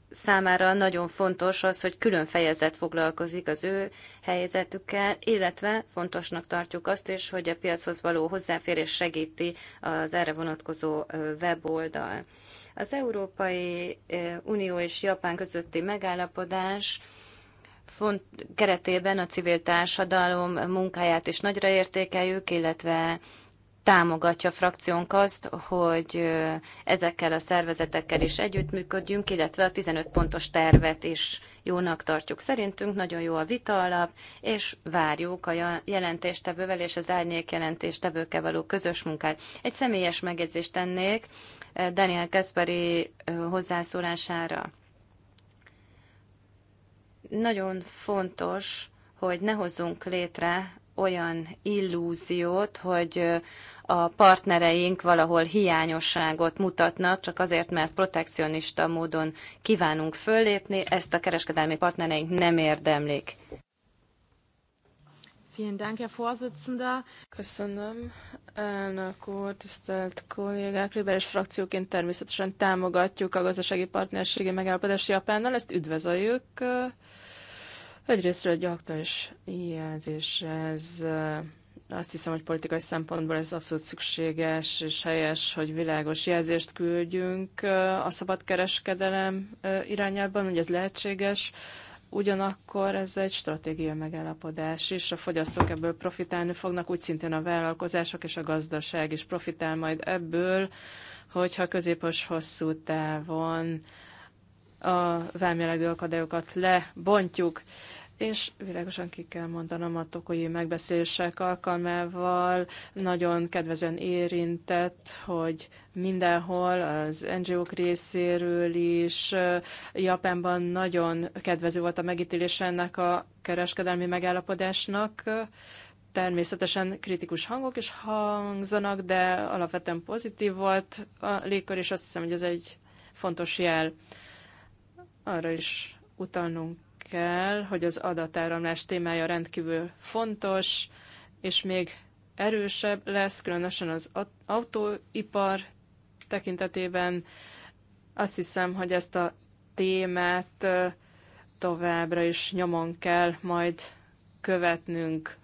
számára nagyon fontos az, hogy külön fejezet foglalkozik az ő helyzetükkel, illetve fontosnak tartjuk azt is, hogy a piachoz való hozzáférés segíti az erre vonatkozó weboldal. Az Európai Unió és Japán közötti megállapodás font, keretében a civil társadalom munkáját is nagyra értékeljük, illetve támogatja frakciónk azt, hogy ezekkel a szervezetekkel is együttműködjünk, illetve a 15 pontos tervet is jónak tartjuk. Szerintünk nagyon jó a vita alap, és várjuk a jelentéstevővel és az árnyék jelentéstevőkkel való közös munkát. Egy személyes megjegyzést tennék Daniel Kaspari hozzászólására. Nagyon fontos, hogy ne hozzunk létre olyan illúziót, hogy a partnereink valahol hiányosságot mutatnak, csak azért, mert protekcionista módon kívánunk föllépni, ezt a kereskedelmi partnereink nem érdemlik. Köszönöm, elnök úr, tisztelt kollégák. Liberális frakcióként természetesen támogatjuk a gazdasági partnerségi megállapodást Japánnal, ezt üdvözöljük. Egyrésztről egy aktuális jelzés, ez azt hiszem, hogy politikai szempontból ez abszolút szükséges és helyes, hogy világos jelzést küldjünk a szabadkereskedelem irányában, hogy ez lehetséges. Ugyanakkor ez egy stratégia megállapodás és a fogyasztók ebből profitálni fognak, úgy szintén a vállalkozások és a gazdaság is profitál majd ebből, hogyha középos hosszú távon a vámjelegő akadályokat lebontjuk és világosan ki kell mondanom a tokói megbeszélések alkalmával, nagyon kedvezően érintett, hogy mindenhol az NGO-k részéről is, Japánban nagyon kedvező volt a megítélés ennek a kereskedelmi megállapodásnak, természetesen kritikus hangok is hangzanak, de alapvetően pozitív volt a légkör, és azt hiszem, hogy ez egy fontos jel. Arra is utalnunk kell, hogy az adatáramlás témája rendkívül fontos, és még erősebb lesz, különösen az autóipar tekintetében. Azt hiszem, hogy ezt a témát továbbra is nyomon kell majd követnünk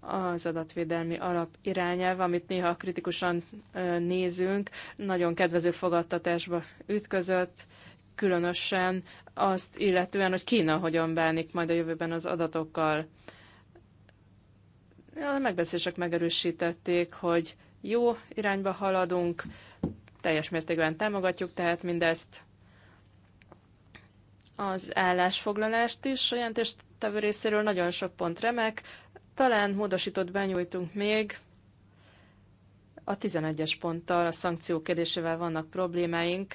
az adatvédelmi alap irányelv, amit néha kritikusan nézünk, nagyon kedvező fogadtatásba ütközött, különösen azt illetően, hogy Kína hogyan bánik majd a jövőben az adatokkal. A megbeszések megerősítették, hogy jó irányba haladunk, teljes mértékben támogatjuk tehát mindezt. Az állásfoglalást is a jelentéstevő részéről nagyon sok pont remek, talán módosított benyújtunk még, a 11-es ponttal, a szankciók kérdésével vannak problémáink.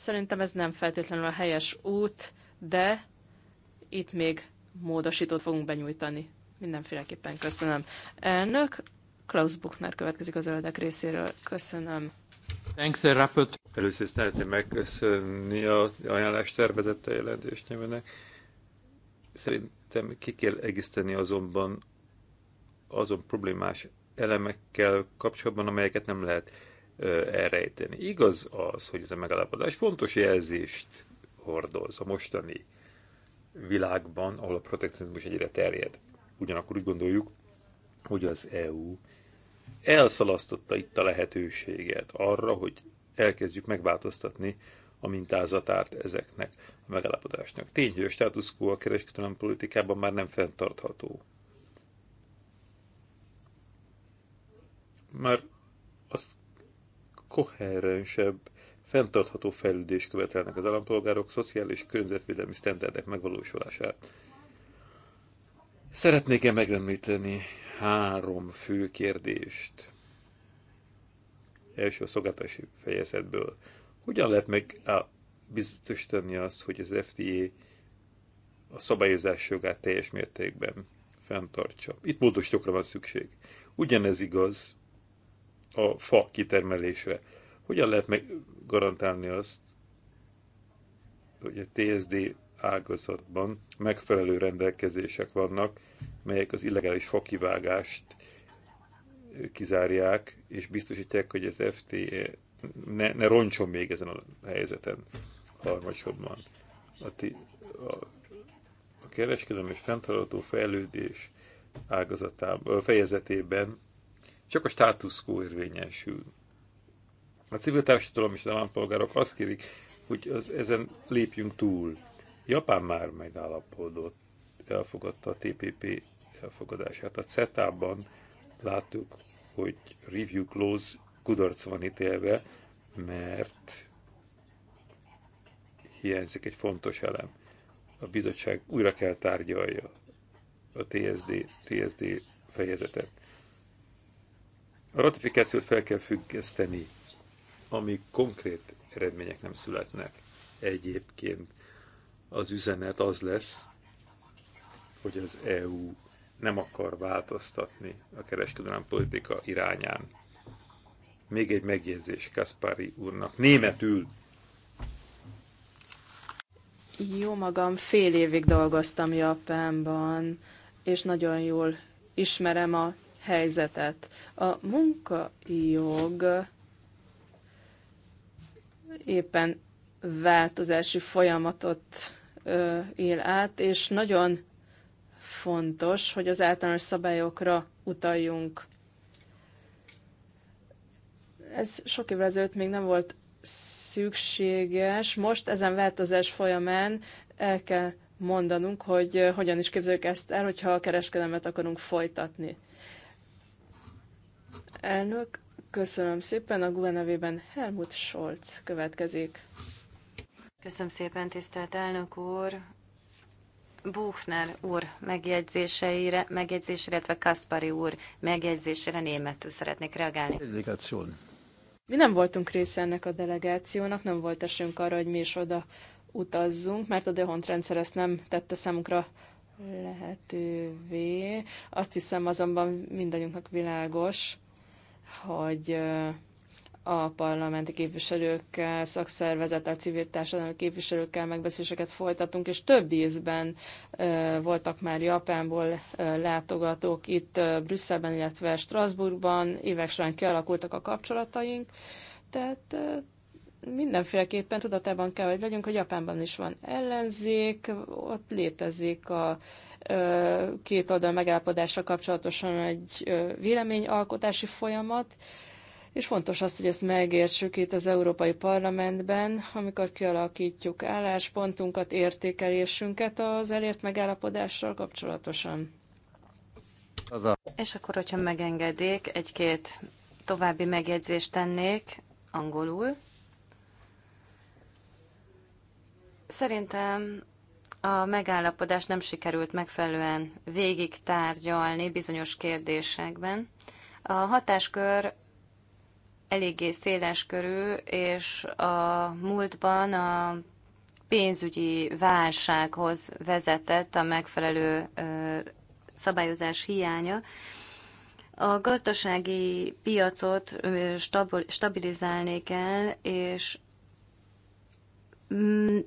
Szerintem ez nem feltétlenül a helyes út, de itt még módosítót fogunk benyújtani. Mindenféleképpen köszönöm. Elnök, Klaus Buchner következik a zöldek részéről. Köszönöm. Thanks, uh, Először is szeretném megköszönni a a jelentést jelentésnyelőnek. Szerintem ki kell egészteni azonban azon problémás elemekkel kapcsolatban, amelyeket nem lehet elrejteni. Igaz az, hogy ez a megállapodás fontos jelzést hordoz a mostani világban, ahol a protekcionizmus egyre terjed. Ugyanakkor úgy gondoljuk, hogy az EU elszalasztotta itt a lehetőséget arra, hogy elkezdjük megváltoztatni a mintázatát ezeknek a megállapodásnak. Tény, hogy a status quo a kereskedelem politikában már nem fenntartható. Már azt koherensebb, fenntartható fejlődés követelnek az állampolgárok szociális környezetvédelmi sztenderdek megvalósulását. Szeretnék-e megemlíteni három fő kérdést? Első a szolgáltási fejezetből. Hogyan lehet meg biztosítani azt, hogy az FDA a szabályozás jogát teljes mértékben fenntartsa? Itt módosítókra van szükség. Ugyanez igaz a fa kitermelésre. Hogyan lehet meg garantálni azt, hogy a TSD ágazatban megfelelő rendelkezések vannak, melyek az illegális fakivágást kizárják, és biztosítják, hogy az FTE ne, ne roncson még ezen a helyzeten harmadsorban. A, a, a kereskedelmi és fenntartó fejlődés ágazatában, fejezetében csak a status quo érvényesül. A civil társadalom és az állampolgárok azt kérik, hogy az, ezen lépjünk túl. Japán már megállapodott, elfogadta a TPP elfogadását. A CETA-ban láttuk, hogy review close kudarc van ítélve, mert hiányzik egy fontos elem. A bizottság újra kell tárgyalja a TSD, TSD fejezetet. A ratifikációt fel kell függeszteni, ami konkrét eredmények nem születnek. Egyébként az üzenet az lesz, hogy az EU nem akar változtatni a kereskedelem politika irányán. Még egy megjegyzés Kaspari úrnak. Németül! Jó magam, fél évig dolgoztam Japánban, és nagyon jól ismerem a helyzetet. A munkajog éppen változási folyamatot él át, és nagyon fontos, hogy az általános szabályokra utaljunk. Ez sok évvel ezelőtt még nem volt szükséges. Most ezen változás folyamán el kell mondanunk, hogy hogyan is képzeljük ezt el, hogyha a kereskedelmet akarunk folytatni. Elnök, köszönöm szépen. A GUE nevében Helmut Scholz következik. Köszönöm szépen, tisztelt elnök úr. Buchner úr megjegyzéseire, megjegyzésére, illetve Kaspari úr megjegyzésére németül szeretnék reagálni. Delegáción. Mi nem voltunk része ennek a delegációnak, nem volt esünk arra, hogy mi is oda utazzunk, mert a Dehont rendszer ezt nem tette számunkra lehetővé. Azt hiszem azonban mindannyiunknak világos, hogy a parlamenti képviselőkkel, szakszervezettel, civil társadalmi képviselőkkel megbeszéléseket folytatunk, és több ízben voltak már Japánból látogatók itt Brüsszelben, illetve Strasbourgban, évek során kialakultak a kapcsolataink, tehát mindenféleképpen tudatában kell, hogy legyünk, hogy Japánban is van ellenzék, ott létezik a két oldal megállapodásra kapcsolatosan egy véleményalkotási folyamat, és fontos azt, hogy ezt megértsük itt az Európai Parlamentben, amikor kialakítjuk álláspontunkat, értékelésünket az elért megállapodással kapcsolatosan. És akkor, hogyha megengedik, egy-két további megjegyzést tennék angolul. Szerintem a megállapodás nem sikerült megfelelően végig tárgyalni bizonyos kérdésekben. A hatáskör eléggé széles körű, és a múltban a pénzügyi válsághoz vezetett a megfelelő szabályozás hiánya. A gazdasági piacot stabilizálni kell, és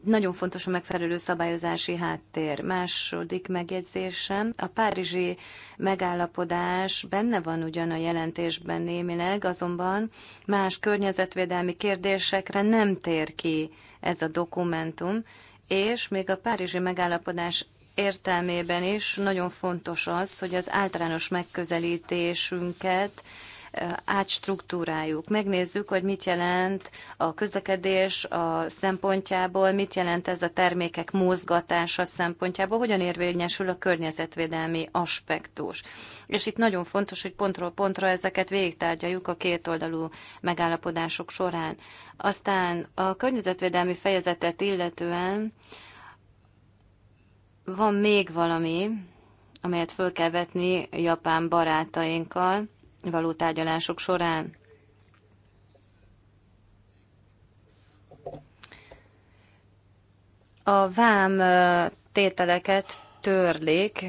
nagyon fontos a megfelelő szabályozási háttér. Második megjegyzésem, a párizsi megállapodás benne van ugyan a jelentésben némileg, azonban más környezetvédelmi kérdésekre nem tér ki ez a dokumentum, és még a párizsi megállapodás értelmében is nagyon fontos az, hogy az általános megközelítésünket Eh, átstruktúráljuk. Megnézzük, hogy mit jelent a közlekedés a szempontjából, mit jelent ez a termékek mozgatása szempontjából, hogyan érvényesül a környezetvédelmi aspektus. És itt nagyon fontos, hogy pontról pontra ezeket végigtárgyaljuk a kétoldalú megállapodások során. Aztán a környezetvédelmi fejezetet illetően van még valami, amelyet föl kell vetni japán barátainkkal való tárgyalások során. A vám tételeket törlik,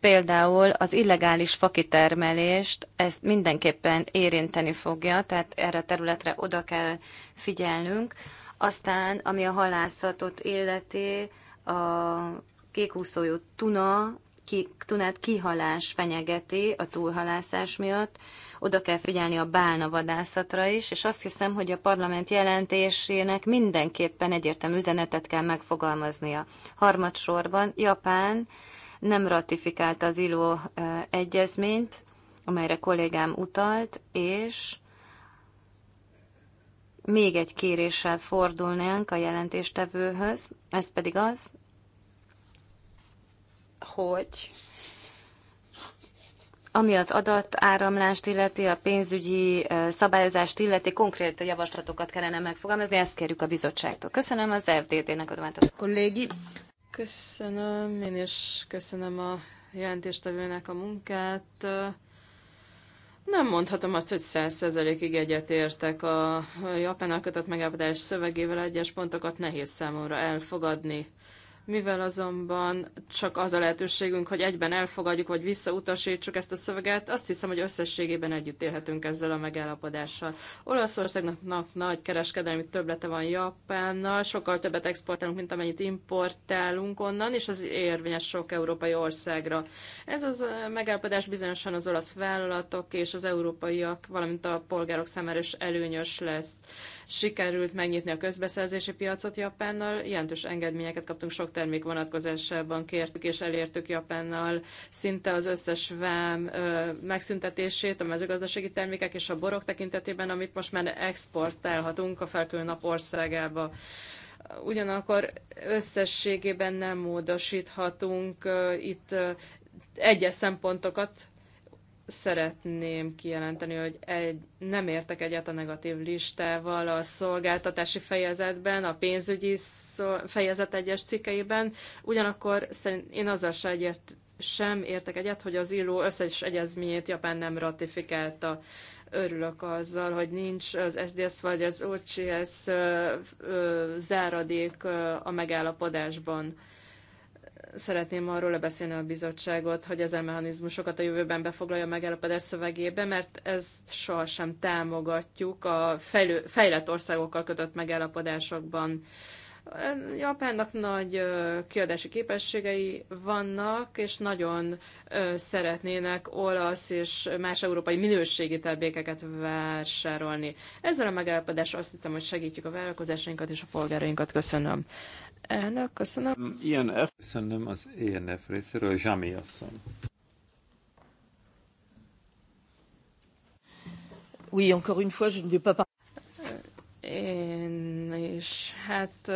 például az illegális fakitermelést, ezt mindenképpen érinteni fogja, tehát erre a területre oda kell figyelnünk. Aztán, ami a halászatot illeti, a kékúszójú tuna ki, tunát kihalás fenyegeti a túlhalászás miatt. Oda kell figyelni a bálna vadászatra is, és azt hiszem, hogy a parlament jelentésének mindenképpen egyértelmű üzenetet kell megfogalmaznia. Harmadsorban Japán nem ratifikálta az ILO egyezményt, amelyre kollégám utalt, és még egy kéréssel fordulnánk a jelentéstevőhöz, ez pedig az, hogy ami az adatáramlást illeti, a pénzügyi szabályozást illeti, konkrét javaslatokat kellene megfogalmazni, ezt kérjük a bizottságtól. Köszönöm az FDD-nek a domát. a kollégi. Köszönöm, én is köszönöm a jelentéstevőnek a munkát. Nem mondhatom azt, hogy 100%-ig egyetértek a japán kötött megállapodás szövegével, egyes pontokat nehéz számomra elfogadni. Mivel azonban csak az a lehetőségünk, hogy egyben elfogadjuk vagy visszautasítsuk ezt a szöveget, azt hiszem, hogy összességében együtt élhetünk ezzel a megállapodással. Olaszországnak nagy kereskedelmi töblete van Japánnal, sokkal többet exportálunk, mint amennyit importálunk onnan, és ez érvényes sok európai országra. Ez az megállapodás bizonyosan az olasz vállalatok és az európaiak, valamint a polgárok számára is előnyös lesz. Sikerült megnyitni a közbeszerzési piacot Japánnal, jelentős engedményeket kaptunk sok termék vonatkozásában, kértük és elértük Japánnal szinte az összes vám megszüntetését a mezőgazdasági termékek és a borok tekintetében, amit most már exportálhatunk a felkülő nap országába ugyanakkor összességében nem módosíthatunk itt egyes szempontokat, szeretném kijelenteni, hogy egy, nem értek egyet a negatív listával a szolgáltatási fejezetben, a pénzügyi szol, fejezet egyes cikkeiben, ugyanakkor szerint én azzal se egyet, sem értek egyet, hogy az illó összes egyezményét Japán nem ratifikálta. Örülök azzal, hogy nincs az SDS vagy az OCS záradék a megállapodásban szeretném arról lebeszélni a bizottságot, hogy ezen mechanizmusokat a jövőben befoglalja a megállapodás szövegébe, mert ezt sohasem támogatjuk a fejlő, fejlett országokkal kötött megállapodásokban. Japánnak nagy kiadási képességei vannak, és nagyon szeretnének olasz és más európai minőségi termékeket vásárolni. Ezzel a megállapodással azt hittem, hogy segítjük a vállalkozásainkat és a polgárainkat. Köszönöm. Elnök, köszönöm. Um, INF. Köszönöm az ENF részéről, Zsami asszony. Oui, encore une fois, je ne vais pas parler. Én is. Hát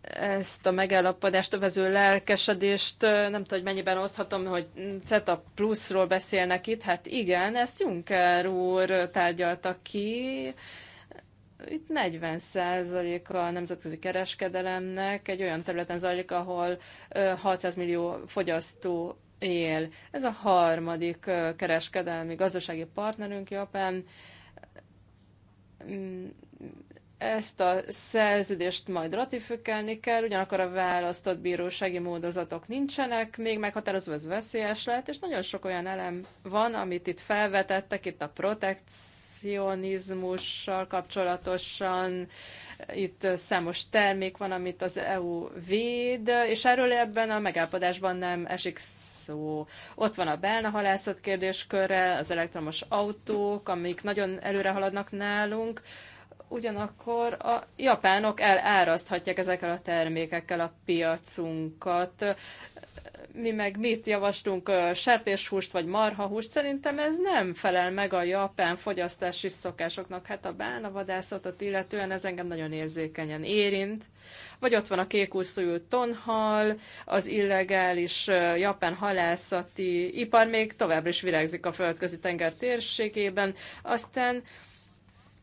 ezt a megállapodást övező lelkesedést nem tudom, hogy mennyiben oszthatom, hogy CETA pluszról beszélnek itt. Hát igen, ezt Juncker úr tárgyalta ki itt 40% a nemzetközi kereskedelemnek egy olyan területen zajlik, ahol 600 millió fogyasztó él. Ez a harmadik kereskedelmi gazdasági partnerünk Japán. Mm, ezt a szerződést majd ratifikálni kell, ugyanakkor a választott bírósági módozatok nincsenek, még meghatározva ez veszélyes lehet, és nagyon sok olyan elem van, amit itt felvetettek, itt a protekció, protekcionizmussal kapcsolatosan. Itt számos termék van, amit az EU véd, és erről ebben a megállapodásban nem esik szó. Ott van a belna halászat kérdésköre, az elektromos autók, amik nagyon előre haladnak nálunk ugyanakkor a japánok eláraszthatják ezekkel a termékekkel a piacunkat mi meg mit javaslunk, sertéshúst vagy marhahúst, szerintem ez nem felel meg a japán fogyasztási szokásoknak. Hát a bánavadászatot illetően ez engem nagyon érzékenyen érint. Vagy ott van a kékúszújú tonhal, az illegális japán halászati ipar még továbbra is virágzik a földközi tenger térségében. Aztán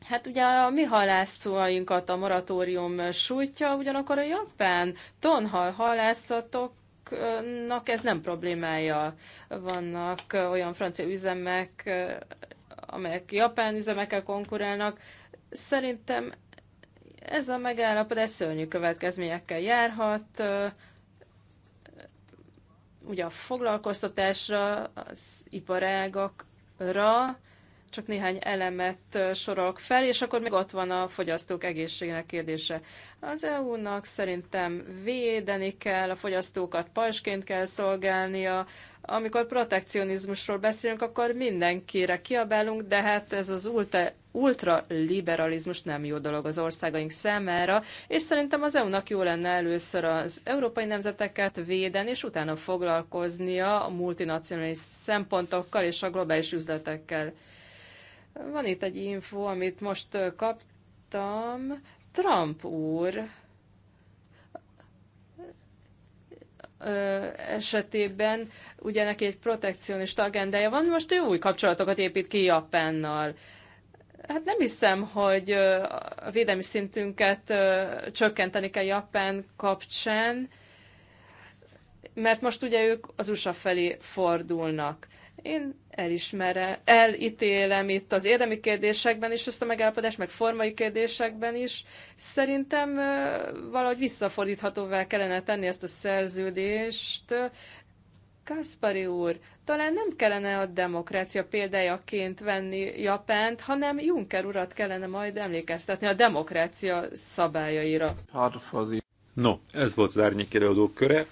Hát ugye a mi halászóinkat a moratórium sújtja, ugyanakkor a japán tonhal halászatok franciáknak ez nem problémája. Vannak olyan francia üzemek, amelyek japán üzemekkel konkurálnak. Szerintem ez a megállapodás szörnyű következményekkel járhat. Ugye a foglalkoztatásra, az iparágakra, csak néhány elemet sorolok fel, és akkor még ott van a fogyasztók egészségének kérdése. Az EU-nak szerintem védeni kell, a fogyasztókat pajsként kell szolgálnia, amikor protekcionizmusról beszélünk, akkor mindenkire kiabálunk, de hát ez az ultra, ultraliberalizmus nem jó dolog az országaink számára, és szerintem az EU-nak jó lenne először az európai nemzeteket véden, és utána foglalkoznia a multinacionális szempontokkal és a globális üzletekkel. Van itt egy info, amit most kaptam. Trump úr esetében ugye neki egy protekcionista agendája van, most ő új kapcsolatokat épít ki Japánnal. Hát nem hiszem, hogy a védelmi szintünket csökkenteni kell Japán kapcsán, mert most ugye ők az USA felé fordulnak. Én elismere, elítélem itt az érdemi kérdésekben is ezt a megállapodást, meg formai kérdésekben is. Szerintem valahogy visszafordíthatóvá kellene tenni ezt a szerződést. Kaspari úr, talán nem kellene a demokrácia példájaként venni Japánt, hanem Juncker urat kellene majd emlékeztetni a demokrácia szabályaira. No, ez volt az árnyék előadók köre.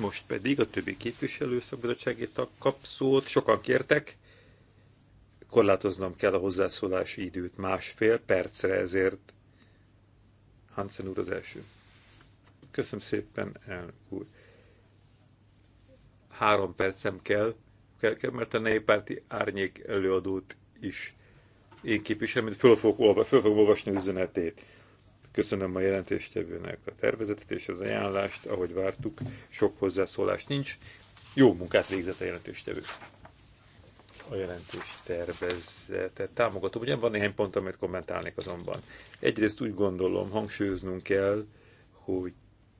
Most pedig a többi képviselő szabadságét a kapszót. Sokan kértek, korlátoznom kell a hozzászólási időt másfél percre, ezért Hansen úr az első. Köszönöm szépen, elnök úr. Három percem kell, kell, kell mert a néppárti árnyék előadót is én képviselem, mint föl fogok, olva, föl fogok olvasni üzenetét. Köszönöm a jelentéstevőnek a tervezetet és az ajánlást, ahogy vártuk, sok hozzászólás nincs. Jó munkát végzett a jelentéstevő. A jelentés tervezetet támogatom. Ugye van néhány pont, amit kommentálnék azonban. Egyrészt úgy gondolom, hangsúlyoznunk kell, hogy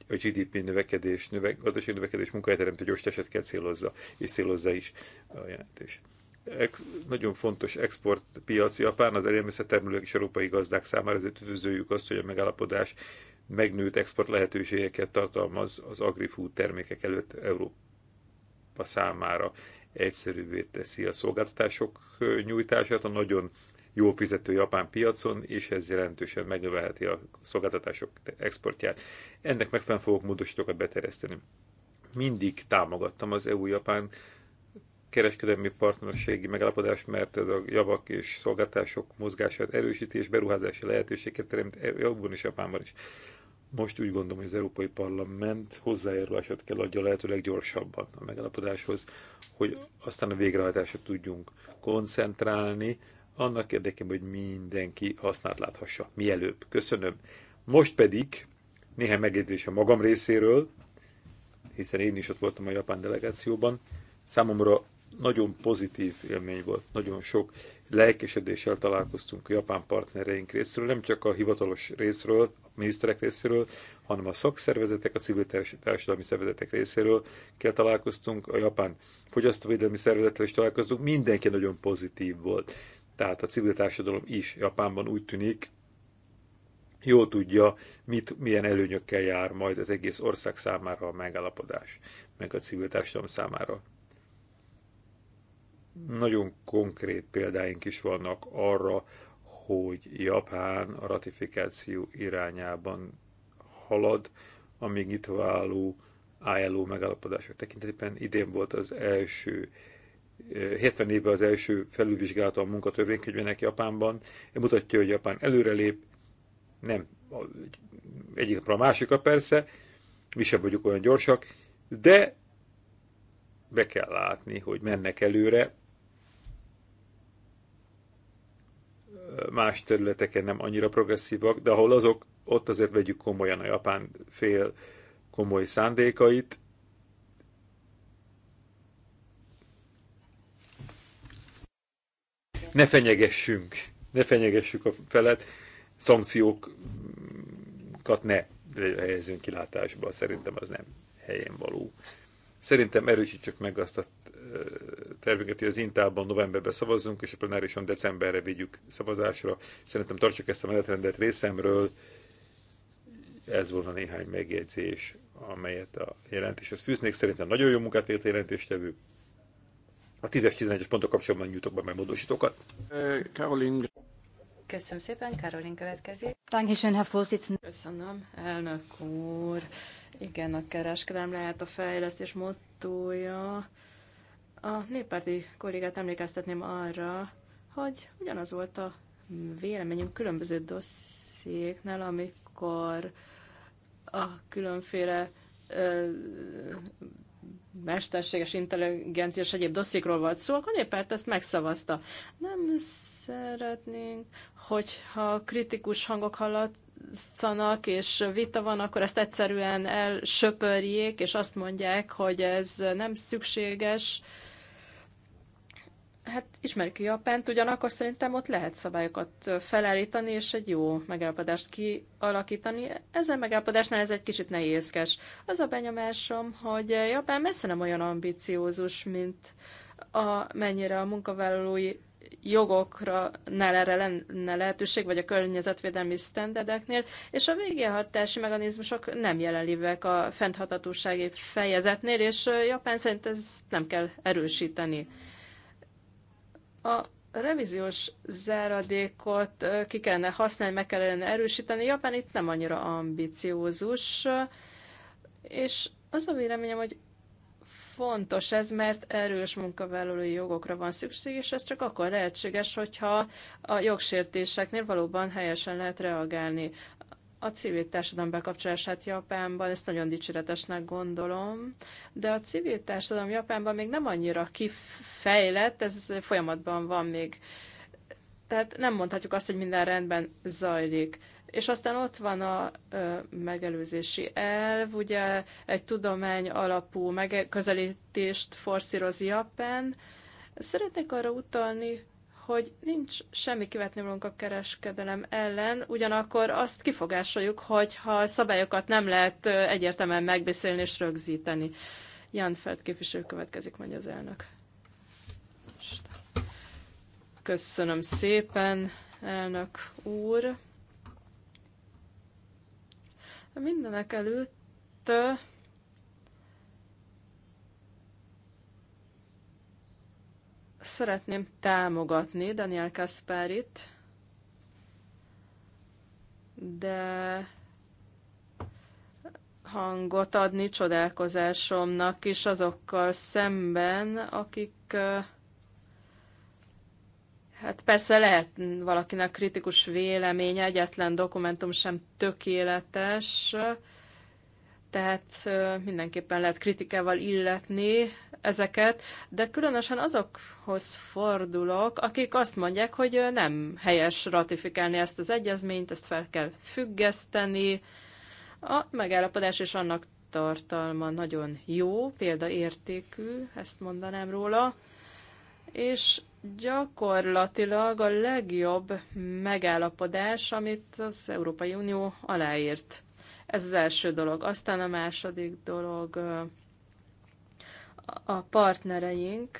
a GDP növekedés, növek, gazdasági növekedés munkahelyteremtő gyors eset kell célozza, és célozza is a jelentés ex, nagyon fontos exportpiac Japán, az termelők és európai gazdák számára, ezért üdvözöljük azt, hogy a megállapodás megnőtt export lehetőségeket tartalmaz az agrifood termékek előtt Európa számára. Egyszerűvé teszi a szolgáltatások nyújtását a nagyon jó fizető japán piacon, és ez jelentősen megnövelheti a szolgáltatások exportját. Ennek megfelelően fogok módosítókat betereszteni. Mindig támogattam az EU-Japán kereskedelmi partnerségi megállapodás, mert ez a javak és szolgáltások mozgását erősíti, és beruházási lehetőséget teremt jobban e- és Japánban is. Most úgy gondolom, hogy az Európai Parlament hozzájárulását kell adja lehető leggyorsabban a megállapodáshoz, hogy aztán a végrehajtásra tudjunk koncentrálni, annak érdekében, hogy mindenki hasznát láthassa. Mielőbb. Köszönöm. Most pedig néhány megjegyzés a magam részéről, hiszen én is ott voltam a japán delegációban. Számomra nagyon pozitív élmény volt, nagyon sok lelkesedéssel találkoztunk a japán partnereink részről, nem csak a hivatalos részről, a miniszterek részéről, hanem a szakszervezetek, a civil társadalmi szervezetek részéről kell találkoztunk, a japán fogyasztóvédelmi szervezettel is találkoztunk, mindenki nagyon pozitív volt. Tehát a civil társadalom is Japánban úgy tűnik, jól tudja, mit, milyen előnyökkel jár majd az egész ország számára a megállapodás, meg a civil társadalom számára. Nagyon konkrét példáink is vannak arra, hogy Japán a ratifikáció irányában halad, amíg nyitva álló ILO megállapodások tekintetében idén volt az első 70 eh, évben az első felülvizsgálata a munkatörvénykönyvének Japánban, mutatja, hogy Japán előrelép, nem egyik napra a másikra persze, mi sem vagyunk olyan gyorsak, de be kell látni, hogy mennek előre, más területeken nem annyira progresszívak, de ahol azok, ott azért vegyük komolyan a japán fél komoly szándékait. Ne fenyegessünk, ne fenyegessük a felet, szankciókat ne helyezünk kilátásba, szerintem az nem helyén való. Szerintem erősítsük meg azt a tervünket, hogy az Intában novemberben szavazzunk, és a plenárison decemberre vigyük szavazásra. Szerintem tartsuk ezt a menetrendet részemről. Ez volna néhány megjegyzés, amelyet a jelentéshez fűznék. Szerintem nagyon jó munkát vélt a jelentéstevő. A 10-es, 11-es pontok kapcsolatban nyújtok be megmódosítókat. Karolin. Köszönöm szépen, Karolin következik. Dankeschön, Herr Vorsitzender. Köszönöm, elnök úr. Igen, a kereskedelem lehet a fejlesztés mottója. A néppárti kollégát emlékeztetném arra, hogy ugyanaz volt a véleményünk különböző dossziéknál, amikor a különféle ö, mesterséges intelligencia és egyéb dosszikról volt szó, akkor néppárt ezt megszavazta. Nem szeretnénk, hogyha kritikus hangok hallatszanak, és vita van, akkor ezt egyszerűen elsöpörjék, és azt mondják, hogy ez nem szükséges, hát ismerjük Japánt, ugyanakkor szerintem ott lehet szabályokat felállítani, és egy jó megállapodást kialakítani. Ezen megállapodásnál ez egy kicsit nehézkes. Az a benyomásom, hogy Japán messze nem olyan ambiciózus, mint a, mennyire a munkavállalói jogokra ne erre lenne lehetőség, vagy a környezetvédelmi sztenderdeknél, és a végéhatási mechanizmusok nem jelenlévek a fenntarthatósági fejezetnél, és Japán szerint ezt nem kell erősíteni. A revíziós záradékot ki kellene használni, meg kellene erősíteni. Japán itt nem annyira ambiciózus, és az a véleményem, hogy fontos ez, mert erős munkavállalói jogokra van szükség, és ez csak akkor lehetséges, hogyha a jogsértéseknél valóban helyesen lehet reagálni a civil társadalom bekapcsolását Japánban, ezt nagyon dicséretesnek gondolom, de a civil társadalom Japánban még nem annyira kifejlett, ez folyamatban van még. Tehát nem mondhatjuk azt, hogy minden rendben zajlik. És aztán ott van a ö, megelőzési elv, ugye egy tudomány alapú megközelítést forszíroz Japán. Szeretnék arra utalni, hogy nincs semmi kivetni a kereskedelem ellen, ugyanakkor azt kifogásoljuk, hogy ha szabályokat nem lehet egyértelműen megbeszélni és rögzíteni. Jan Feld képviselő következik, mondja az elnök. Köszönöm szépen, elnök úr. Mindenek előtt Szeretném támogatni Daniel Kaspárit, de hangot adni csodálkozásomnak is azokkal szemben, akik Hát persze lehet valakinek kritikus véleménye, egyetlen dokumentum sem tökéletes, tehát mindenképpen lehet kritikával illetni ezeket, de különösen azokhoz fordulok, akik azt mondják, hogy nem helyes ratifikálni ezt az egyezményt, ezt fel kell függeszteni. A megállapodás és annak tartalma nagyon jó, példaértékű, ezt mondanám róla, és gyakorlatilag a legjobb megállapodás, amit az Európai Unió aláírt ez az első dolog. Aztán a második dolog a partnereink,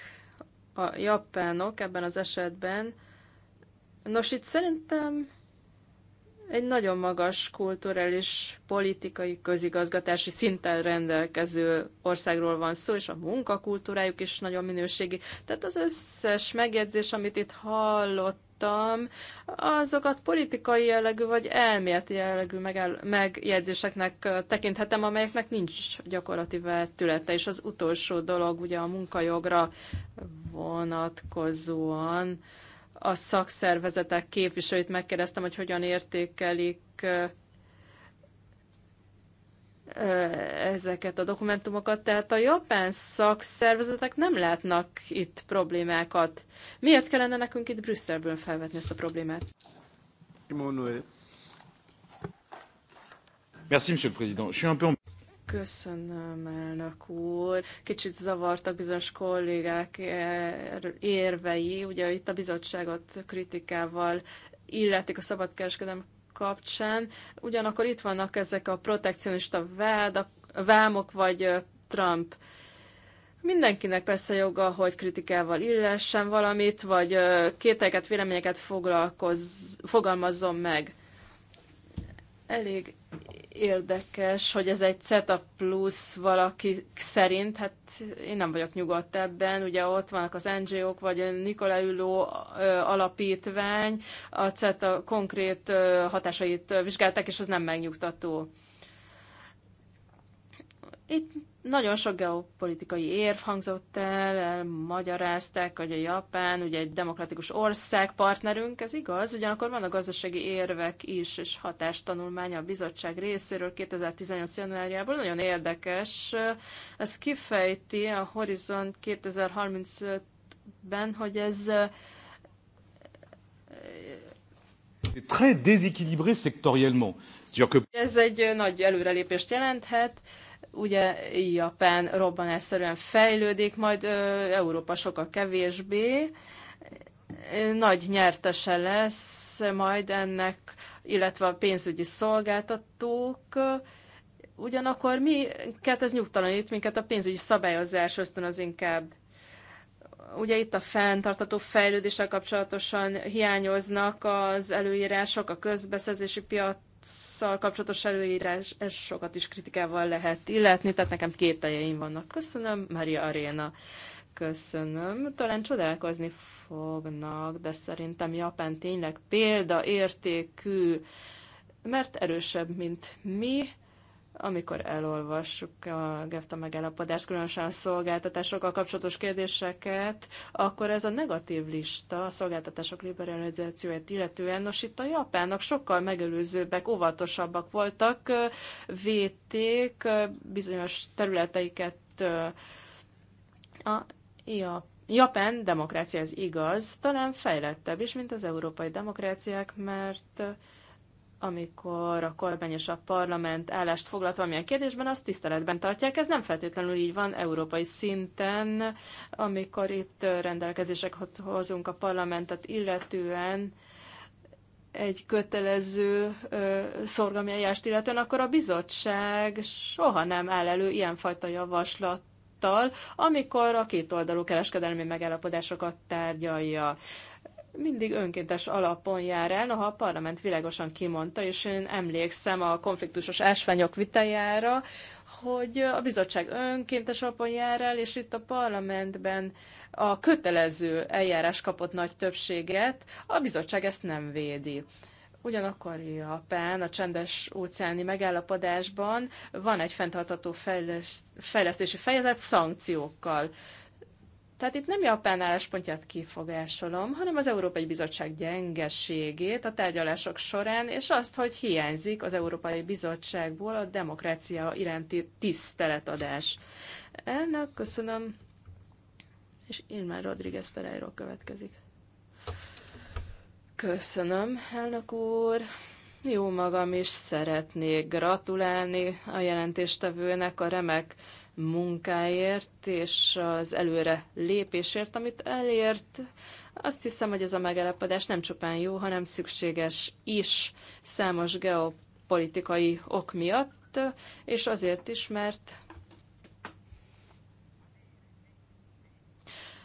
a japánok ebben az esetben. Nos, itt szerintem egy nagyon magas kulturális, politikai, közigazgatási szinten rendelkező országról van szó, és a munkakultúrájuk is nagyon minőségi. Tehát az összes megjegyzés, amit itt hallott, hallottam, azokat politikai jellegű vagy elméleti jellegű megjegyzéseknek tekinthetem, amelyeknek nincs gyakorlati vetülete. És az utolsó dolog ugye a munkajogra vonatkozóan a szakszervezetek képviselőit megkérdeztem, hogy hogyan értékelik ezeket a dokumentumokat, tehát a japán szakszervezetek nem látnak itt problémákat. Miért kellene nekünk itt Brüsszelből felvetni ezt a problémát? Merci, monsieur le président. Je suis un peu... Köszönöm, elnök úr. Kicsit zavartak bizonyos kollégák er-, érvei. Ugye itt a bizottságot kritikával illetik a szabadkereskedelmi kapcsán. Ugyanakkor itt vannak ezek a protekcionista a vámok vagy Trump. Mindenkinek persze joga, hogy kritikával illessen valamit, vagy kételyeket, véleményeket fogalmazzon meg. Elég érdekes, hogy ez egy CETA plusz valaki szerint, hát én nem vagyok nyugodt ebben, ugye ott vannak az NGO-k, vagy Nikola ülő alapítvány, a CETA konkrét hatásait vizsgálták, és az nem megnyugtató. Itt nagyon sok geopolitikai érv hangzott el, magyarázták, hogy a Japán ugye egy demokratikus ország partnerünk, ez igaz, ugyanakkor a gazdasági érvek is, és hatástanulmánya a bizottság részéről 2018. januárjából nagyon érdekes. Ez kifejti a Horizon 2035-ben, hogy ez eh, C'est très déséquilibré sectoriellement. Ez egy nagy előrelépést jelenthet, Ugye Japán robbanásszerűen fejlődik, majd Európa sokkal kevésbé. Nagy nyertese lesz majd ennek, illetve a pénzügyi szolgáltatók, ugyanakkor mi hát ez nyugtalanít, minket a pénzügyi szabályozás az inkább. Ugye itt a fenntartató fejlődéssel kapcsolatosan hiányoznak az előírások a közbeszerzési piac szal kapcsolatos előírás, ez sokat is kritikával lehet illetni, tehát nekem kételjeim vannak. Köszönöm, Maria Arena. Köszönöm. Talán csodálkozni fognak, de szerintem Japán tényleg példaértékű, mert erősebb, mint mi amikor elolvassuk a GEFTA megállapodást, különösen a szolgáltatásokkal kapcsolatos kérdéseket, akkor ez a negatív lista a szolgáltatások liberalizációját illetően, nos itt a japánok sokkal megelőzőbbek, óvatosabbak voltak, védték bizonyos területeiket a ja, Japán demokrácia, ez igaz, talán fejlettebb is, mint az európai demokráciák, mert amikor a kormány és a parlament állást foglalt valamilyen kérdésben, azt tiszteletben tartják. Ez nem feltétlenül így van európai szinten, amikor itt rendelkezéseket hozunk a parlamentet illetően, egy kötelező szorgalmiájást szorgalmi illetően, akkor a bizottság soha nem áll elő ilyenfajta javaslattal, amikor a két oldalú kereskedelmi megállapodásokat tárgyalja mindig önkéntes alapon jár el, noha a parlament világosan kimondta, és én emlékszem a konfliktusos ásványok vitájára, hogy a bizottság önkéntes alapon jár el, és itt a parlamentben a kötelező eljárás kapott nagy többséget, a bizottság ezt nem védi. Ugyanakkor Japán a csendes óceáni megállapodásban van egy fenntartható fejlesztési fejezet szankciókkal. Tehát itt nem Japán álláspontját kifogásolom, hanem az Európai Bizottság gyengeségét a tárgyalások során, és azt, hogy hiányzik az Európai Bizottságból a demokrácia iránti tiszteletadás. Elnök, köszönöm. És már Rodríguez Pereiro következik. Köszönöm, elnök úr. Jó magam is szeretnék gratulálni a jelentéstevőnek a remek munkáért és az előre lépésért, amit elért. Azt hiszem, hogy ez a megelepedés nem csupán jó, hanem szükséges is számos geopolitikai ok miatt, és azért is, mert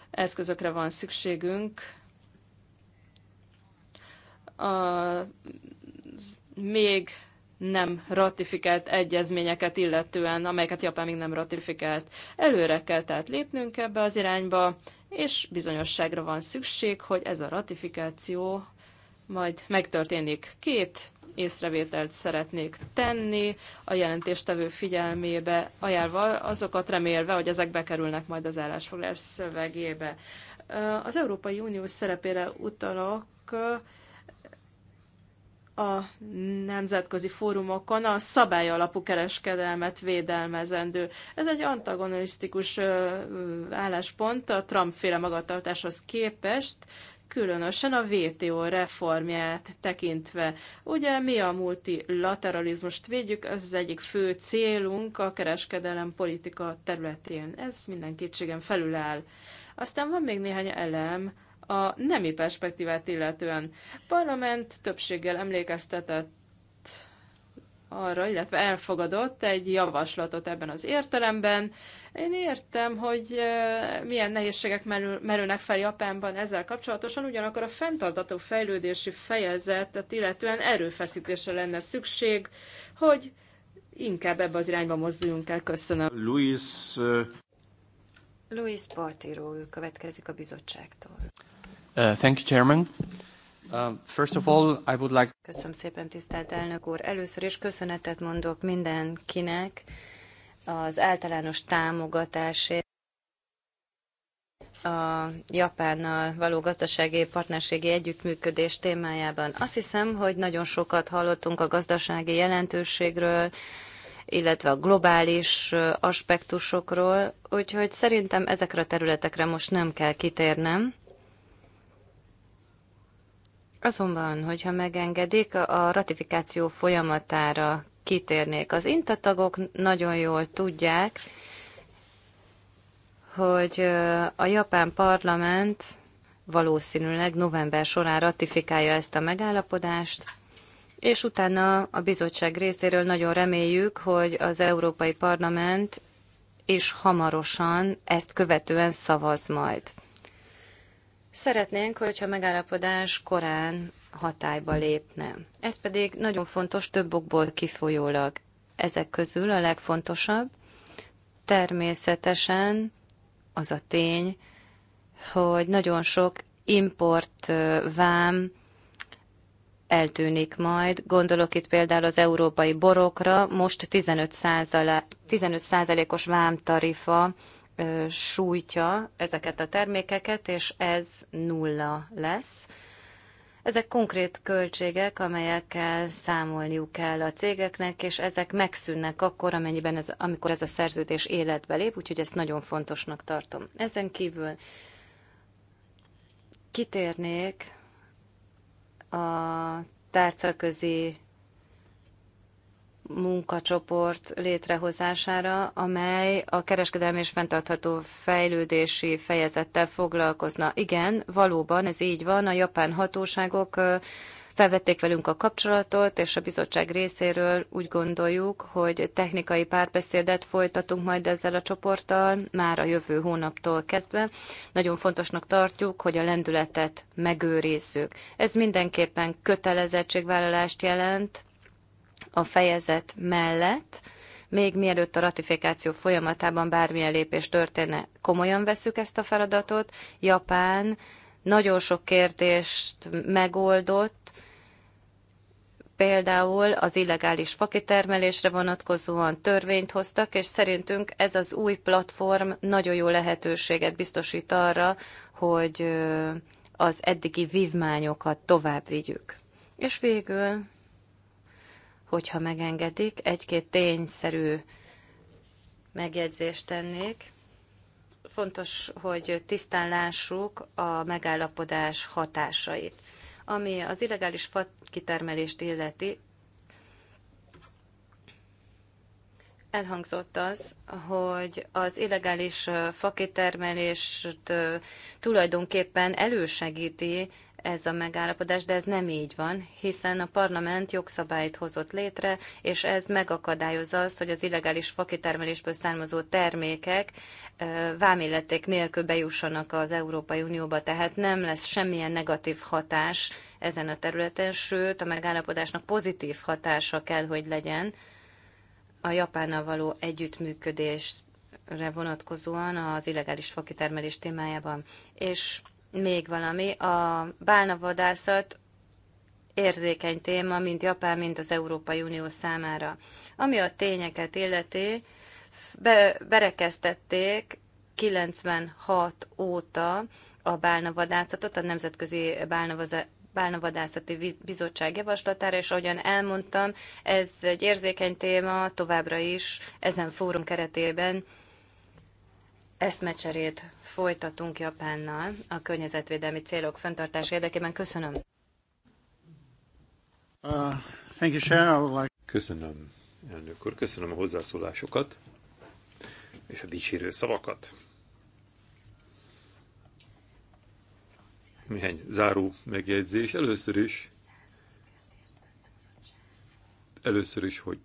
eszközökre van szükségünk a még nem ratifikált egyezményeket illetően, amelyeket Japán még nem ratifikált. Előre kell tehát lépnünk ebbe az irányba, és bizonyosságra van szükség, hogy ez a ratifikáció majd megtörténik. Két észrevételt szeretnék tenni a jelentéstevő figyelmébe, ajánlva azokat remélve, hogy ezek bekerülnek majd az állásfoglalás szövegébe. Az Európai Unió szerepére utalok, a nemzetközi fórumokon a szabály alapú kereskedelmet védelmezendő. Ez egy antagonisztikus álláspont a Trump-féle magatartáshoz képest, különösen a WTO reformját tekintve. Ugye mi a multilateralizmust védjük, ez az egyik fő célunk a kereskedelem politika területén. Ez minden kétségem felül áll. Aztán van még néhány elem, a nemi perspektívát illetően. Parlament többséggel emlékeztetett arra, illetve elfogadott egy javaslatot ebben az értelemben. Én értem, hogy e, milyen nehézségek merül, merülnek fel Japánban ezzel kapcsolatosan, ugyanakkor a fenntartató fejlődési fejezetet illetően erőfeszítésre lenne szükség, hogy inkább ebbe az irányba mozduljunk el. Köszönöm. Luis... E, Luis Partíró következik a bizottságtól. Uh, thank you, Chairman. Um, first of all, I would like... Köszönöm szépen, tisztelt elnök úr. Először is köszönetet mondok mindenkinek az általános támogatásért a Japánnal való gazdasági partnerségi együttműködés témájában. Azt hiszem, hogy nagyon sokat hallottunk a gazdasági jelentőségről, illetve a globális aspektusokról, úgyhogy szerintem ezekre a területekre most nem kell kitérnem. Azonban, hogyha megengedik, a ratifikáció folyamatára kitérnék. Az intatagok nagyon jól tudják, hogy a japán parlament valószínűleg november során ratifikálja ezt a megállapodást, és utána a bizottság részéről nagyon reméljük, hogy az Európai Parlament és hamarosan ezt követően szavaz majd. Szeretnénk, hogyha megállapodás korán hatályba lépne. Ez pedig nagyon fontos több okból kifolyólag. Ezek közül a legfontosabb természetesen az a tény, hogy nagyon sok import vám eltűnik majd. Gondolok itt például az európai borokra, most 15%-os 15 vámtarifa sújtja ezeket a termékeket, és ez nulla lesz. Ezek konkrét költségek, amelyekkel számolniuk kell a cégeknek, és ezek megszűnnek akkor, amennyiben ez, amikor ez a szerződés életbe lép, úgyhogy ezt nagyon fontosnak tartom. Ezen kívül kitérnék a tárcaközi munkacsoport létrehozására, amely a kereskedelmi és fenntartható fejlődési fejezettel foglalkozna. Igen, valóban ez így van, a japán hatóságok felvették velünk a kapcsolatot, és a bizottság részéről úgy gondoljuk, hogy technikai párbeszédet folytatunk majd ezzel a csoporttal, már a jövő hónaptól kezdve. Nagyon fontosnak tartjuk, hogy a lendületet megőrizzük. Ez mindenképpen kötelezettségvállalást jelent, a fejezet mellett, még mielőtt a ratifikáció folyamatában bármilyen lépés történne, komolyan veszük ezt a feladatot. Japán nagyon sok kérdést megoldott, például az illegális fakitermelésre vonatkozóan törvényt hoztak, és szerintünk ez az új platform nagyon jó lehetőséget biztosít arra, hogy az eddigi vívmányokat tovább vigyük. És végül hogyha megengedik, egy-két tényszerű megjegyzést tennék. Fontos, hogy tisztán lássuk a megállapodás hatásait. Ami az illegális fa kitermelést illeti, elhangzott az, hogy az illegális fakitermelést tulajdonképpen elősegíti ez a megállapodás, de ez nem így van, hiszen a parlament jogszabályt hozott létre, és ez megakadályozza azt, hogy az illegális fakitermelésből származó termékek vámilleték nélkül bejussanak az Európai Unióba, tehát nem lesz semmilyen negatív hatás ezen a területen, sőt a megállapodásnak pozitív hatása kell, hogy legyen a Japánnal való együttműködésre vonatkozóan az illegális fakitermelés témájában. És még valami, a bálnavadászat érzékeny téma, mind Japán, mind az Európai Unió számára. Ami a tényeket illeti, be, berekeztették 96 óta a bálnavadászatot, a Nemzetközi Bálnavadászati Bizottság javaslatára, és ahogyan elmondtam, ez egy érzékeny téma, továbbra is ezen fórum keretében eszmecserét folytatunk Japánnal a környezetvédelmi célok fenntartása érdekében. Köszönöm. Uh, Köszönöm, elnök úr. Köszönöm a hozzászólásokat és a dicsérő szavakat. Néhány záró megjegyzés. Először is, először is, hogy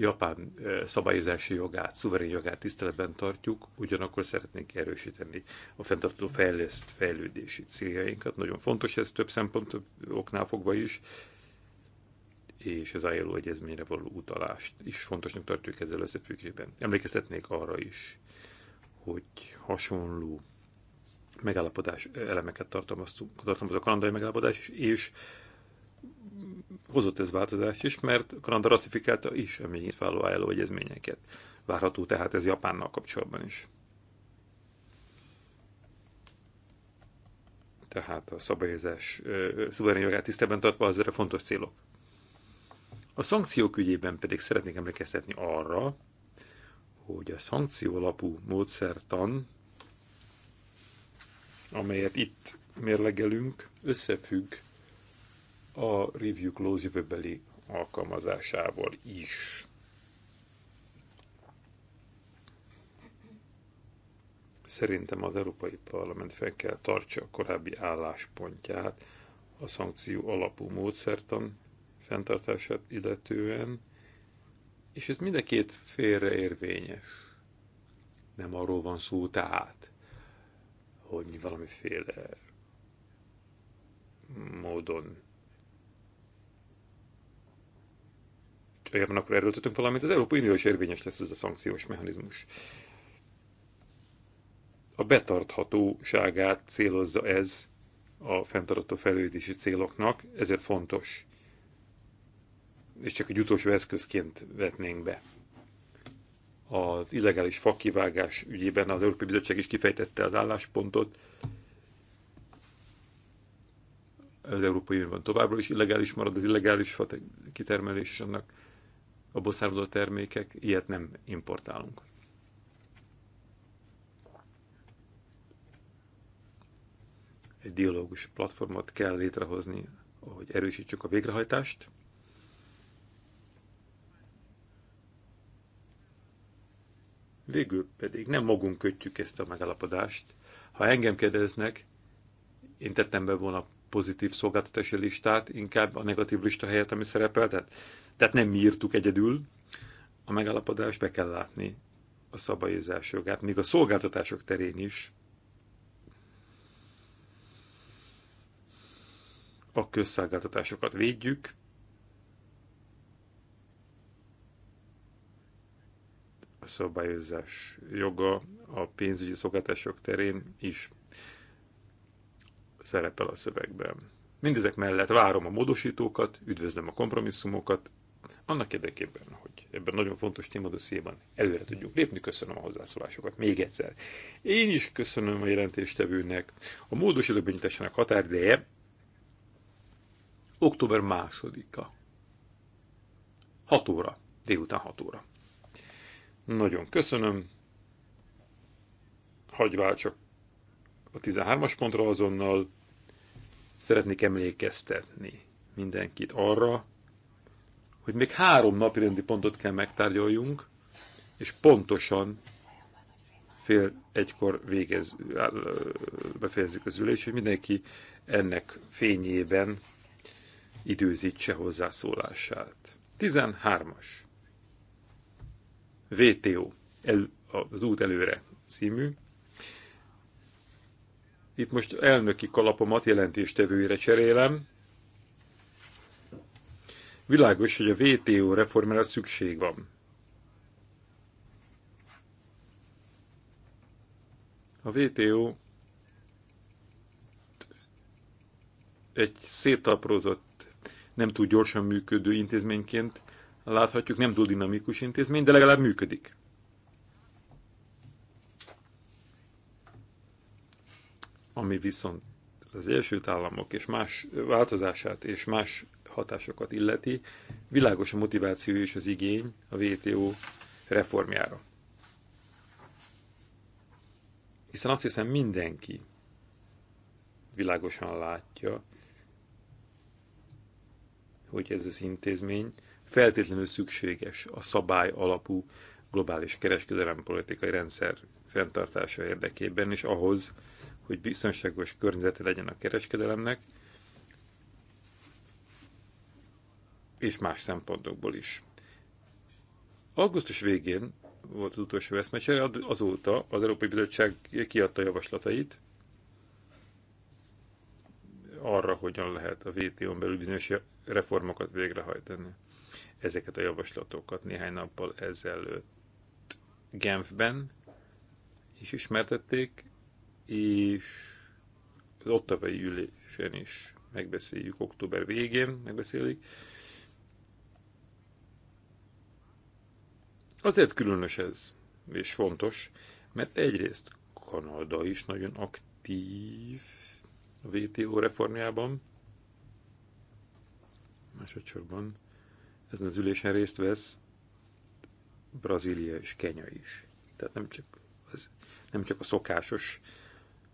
Japán szabályozási jogát, szuverén jogát tiszteletben tartjuk, ugyanakkor szeretnénk erősíteni a fenntartó fejleszt, fejlődési céljainkat. Nagyon fontos ez több szempont oknál fogva is, és az ILO egyezményre való utalást is fontosnak tartjuk ezzel összefüggésben. Emlékeztetnék arra is, hogy hasonló megállapodás elemeket tartalmaz a kanadai megállapodás, és hozott ez változást is, mert Kanada ratifikálta is a még nyitválló álló egyezményeket. Várható tehát ez Japánnal kapcsolatban is. Tehát a szabályozás szuverén jogát tisztában tartva az erre fontos célok. A szankciók ügyében pedig szeretnék emlékeztetni arra, hogy a szankció alapú módszertan, amelyet itt mérlegelünk, összefügg a Review Close jövőbeli alkalmazásával is. Szerintem az Európai Parlament fel kell tartsa a korábbi álláspontját a szankció alapú módszertan fenntartását illetően, és ez mind a két félre érvényes. Nem arról van szó tehát, hogy mi valamiféle módon akkor erőltetünk, valamint az Európai Unió is érvényes lesz ez a szankciós mechanizmus. A betarthatóságát célozza ez a fenntartó fejlődési céloknak, ezért fontos. És csak egy utolsó eszközként vetnénk be. Az illegális fakivágás ügyében az Európai Bizottság is kifejtette az álláspontot, az Európai Unióban továbbra is illegális marad az illegális kitermelés és annak abból származó termékek, ilyet nem importálunk. Egy dialógus platformot kell létrehozni, hogy erősítsük a végrehajtást. Végül pedig nem magunk kötjük ezt a megállapodást. Ha engem kérdeznek, én tettem be volna pozitív szolgáltatási listát, inkább a negatív lista helyett, ami szerepel, tehát tehát nem mi írtuk egyedül, a megállapodást be kell látni a szabályozás jogát, még a szolgáltatások terén is. A közszolgáltatásokat védjük, a szabályozás joga a pénzügyi szolgáltatások terén is szerepel a szövegben. Mindezek mellett várom a módosítókat, üdvözlöm a kompromisszumokat, annak érdekében, hogy ebben nagyon fontos témadosszéban előre tudjunk lépni, köszönöm a hozzászólásokat még egyszer. Én is köszönöm a jelentéstevőnek. A módosító benyújtásának határideje október másodika. 6 óra, délután 6 óra. Nagyon köszönöm. Hagy csak a 13-as pontra azonnal. Szeretnék emlékeztetni mindenkit arra, hogy még három napirendi pontot kell megtárgyaljunk, és pontosan fél egykor végez, befejezzük az ülés, hogy mindenki ennek fényében időzítse hozzászólását. 13-as. VTO. El, az út előre című. Itt most elnöki kalapomat jelentéstevőire cserélem. Világos, hogy a VTO reformára szükség van. A VTO egy szétaprózott, nem túl gyorsan működő intézményként láthatjuk, nem túl dinamikus intézmény, de legalább működik. Ami viszont az első Államok és más változását és más hatásokat illeti, világos a motiváció és az igény a WTO reformjára. Hiszen azt hiszem mindenki világosan látja, hogy ez az intézmény feltétlenül szükséges a szabály alapú globális kereskedelem politikai rendszer fenntartása érdekében, és ahhoz, hogy biztonságos környezete legyen a kereskedelemnek, és más szempontokból is. Augusztus végén volt az utolsó eszmecsere, azóta az Európai Bizottság kiadta javaslatait arra, hogyan lehet a vto n belül bizonyos reformokat végrehajtani. Ezeket a javaslatokat néhány nappal ezelőtt Genfben is ismertették, és az ottavai ülésen is megbeszéljük október végén, megbeszélik, Azért különös ez, és fontos, mert egyrészt Kanada is nagyon aktív a WTO reformjában, másodszorban ezen az ülésen részt vesz Brazília és Kenya is. Tehát nem csak, az, nem csak a szokásos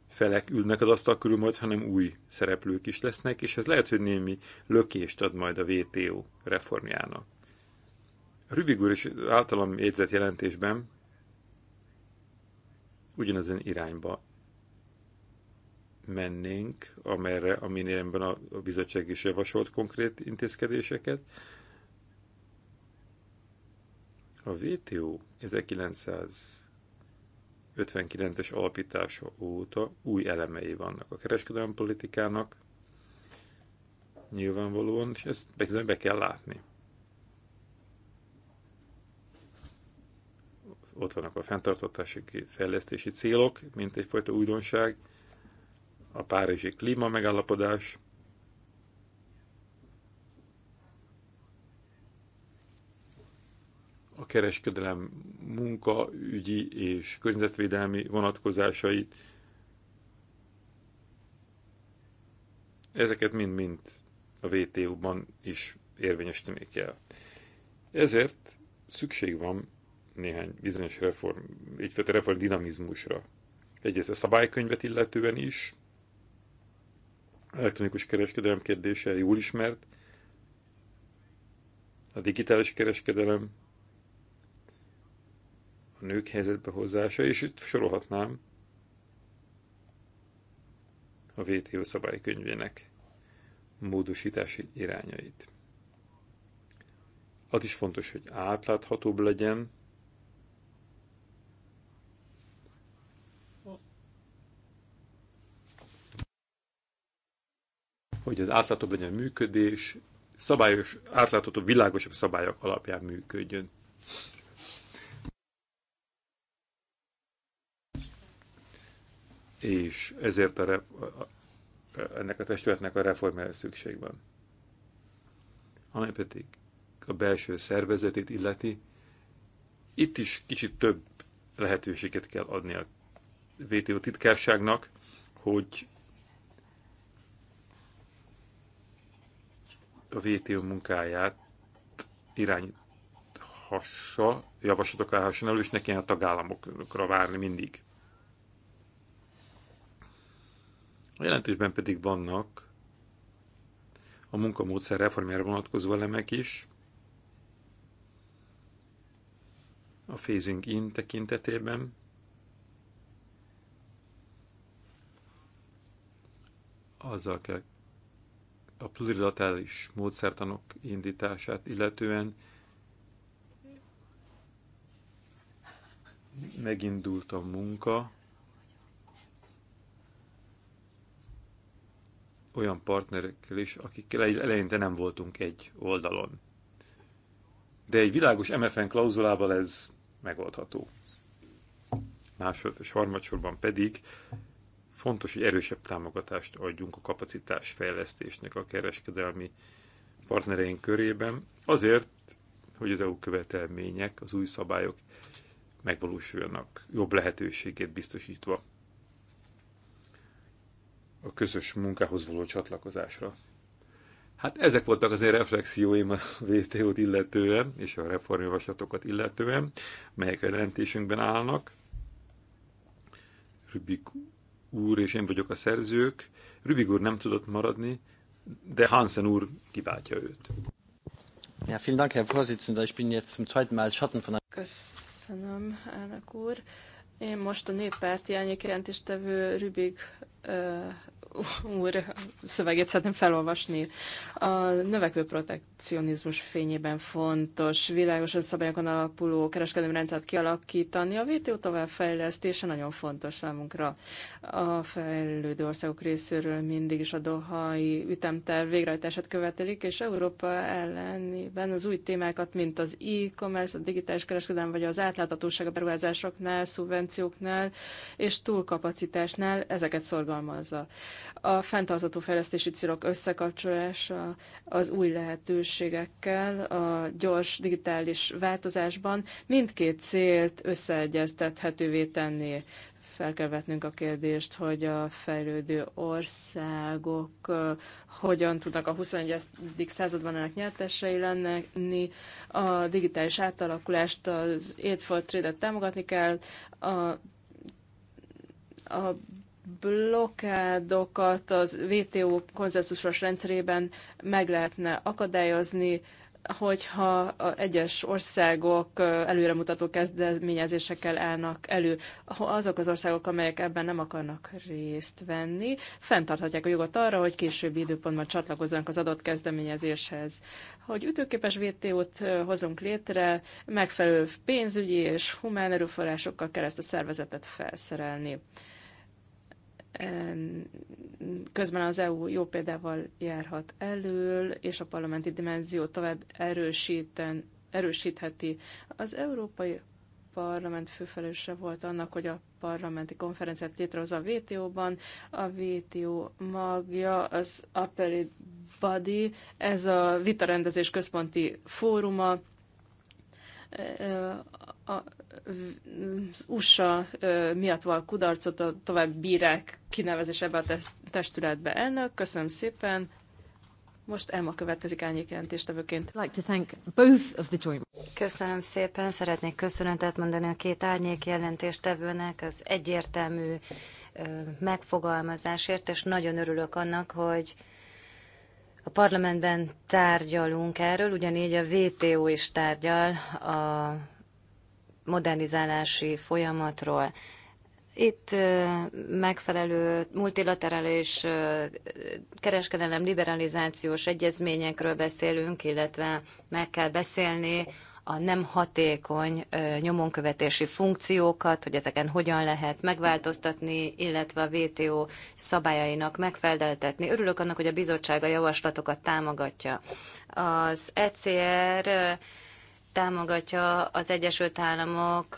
felek ülnek az asztal körül majd, hanem új szereplők is lesznek, és ez lehet, hogy némi lökést ad majd a WTO reformjának. Rübig úr is általam jegyzett jelentésben ugyanezen irányba mennénk, amerre, a ebben a bizottság is javasolt konkrét intézkedéseket. A VTO 1959-es alapítása óta új elemei vannak a kereskedelmi politikának, nyilvánvalóan, és ezt be kell látni. ott vannak a fenntartatási fejlesztési célok, mint egyfajta újdonság, a párizsi klíma megállapodás, a kereskedelem ügyi és környezetvédelmi vonatkozásait. Ezeket mind-mind a WTO-ban is érvényesíteni kell. Ezért szükség van néhány bizonyos reform, egyfajta reform dinamizmusra. Egyrészt a szabálykönyvet illetően is, elektronikus kereskedelem kérdése jól ismert, a digitális kereskedelem, a nők helyzetbe hozzása, és itt sorolhatnám a WTO szabálykönyvének módosítási irányait. Az is fontos, hogy átláthatóbb legyen hogy az átlátóbb legyen a működés, szabályos, átlátható, világosabb szabályok alapján működjön. És ezért a, a ennek a testületnek a reformjára szükség van. Ami pedig a belső szervezetét illeti, itt is kicsit több lehetőséget kell adni a VTO titkárságnak, hogy a VTO munkáját irányíthassa, javaslatok állhasson elő, és ne kéne a tagállamokra várni mindig. A jelentésben pedig vannak a munkamódszer reformjára vonatkozó elemek is, a phasing in tekintetében, azzal kell a plurilaterális módszertanok indítását illetően megindult a munka olyan partnerekkel is, akikkel eleinte nem voltunk egy oldalon. De egy világos MFN klauzulával ez megoldható. Másod és harmadsorban pedig Fontos, hogy erősebb támogatást adjunk a kapacitásfejlesztésnek a kereskedelmi partnereink körében, azért, hogy az EU követelmények, az új szabályok megvalósuljanak, jobb lehetőségét biztosítva a közös munkához való csatlakozásra. Hát ezek voltak az én reflexióim a VTO-t illetően, és a reformjavaslatokat illetően, melyek a jelentésünkben állnak. Rubik úr és én vagyok a szerzők. Rübig úr nem tudott maradni, de Hansen úr kiváltja őt. Ja, vielen Dank, Herr Vorsitzender. Ich bin jetzt zum zweiten Mal Schatten von... Köszönöm, elnök úr. Én most a néppárti elnyékjelentéstevő Rübig úr szövegét szeretném felolvasni. A növekvő protekcionizmus fényében fontos világos szabályokon alapuló kereskedelmi rendszert kialakítani. A WTO továbbfejlesztése nagyon fontos számunkra. A fejlődő országok részéről mindig is a dohai ütemterv végrehajtását követelik, és Európa ellenében az új témákat, mint az e-commerce, a digitális kereskedelem, vagy az átláthatóság a beruházásoknál, szubvencióknál és túlkapacitásnál ezeket szorgalmazza a fenntartató fejlesztési célok összekapcsolása az új lehetőségekkel, a gyors digitális változásban mindkét célt összeegyeztethetővé tenni. Fel kell vetnünk a kérdést, hogy a fejlődő országok hogyan tudnak a 21. században ennek nyertesei lenni. A digitális átalakulást az Aid for Trade-et támogatni kell, a, a blokkádokat az WTO konzenzusos rendszerében meg lehetne akadályozni, hogyha egyes országok előremutató kezdeményezésekkel állnak elő. Azok az országok, amelyek ebben nem akarnak részt venni, fenntarthatják a jogot arra, hogy későbbi időpontban csatlakozzanak az adott kezdeményezéshez. Hogy ütőképes VTO-t hozunk létre, megfelelő pénzügyi és humán erőforrásokkal kell ezt a szervezetet felszerelni közben az EU jó példával járhat elől, és a parlamenti dimenzió tovább erősíten, erősítheti. Az Európai Parlament főfelőse volt annak, hogy a parlamenti konferenciát létrehoz a vto ban A VTO magja az Appellate Body, ez a vitarendezés központi fóruma, az USA miatt val kudarcot a tovább bírák kinevezés ebbe a testületbe elnök. Köszönöm szépen. Most Emma következik Ányék Like to thank both of the joint. Köszönöm szépen, szeretnék köszönetet mondani a két jelentéstevőnek az egyértelmű megfogalmazásért, és nagyon örülök annak, hogy a parlamentben tárgyalunk erről, ugyanígy a VTO is tárgyal a modernizálási folyamatról. Itt megfelelő multilaterális kereskedelem liberalizációs egyezményekről beszélünk, illetve meg kell beszélni a nem hatékony nyomonkövetési funkciókat, hogy ezeken hogyan lehet megváltoztatni, illetve a WTO szabályainak megfeleltetni. Örülök annak, hogy a bizottság a javaslatokat támogatja. Az ECR támogatja az Egyesült Államok,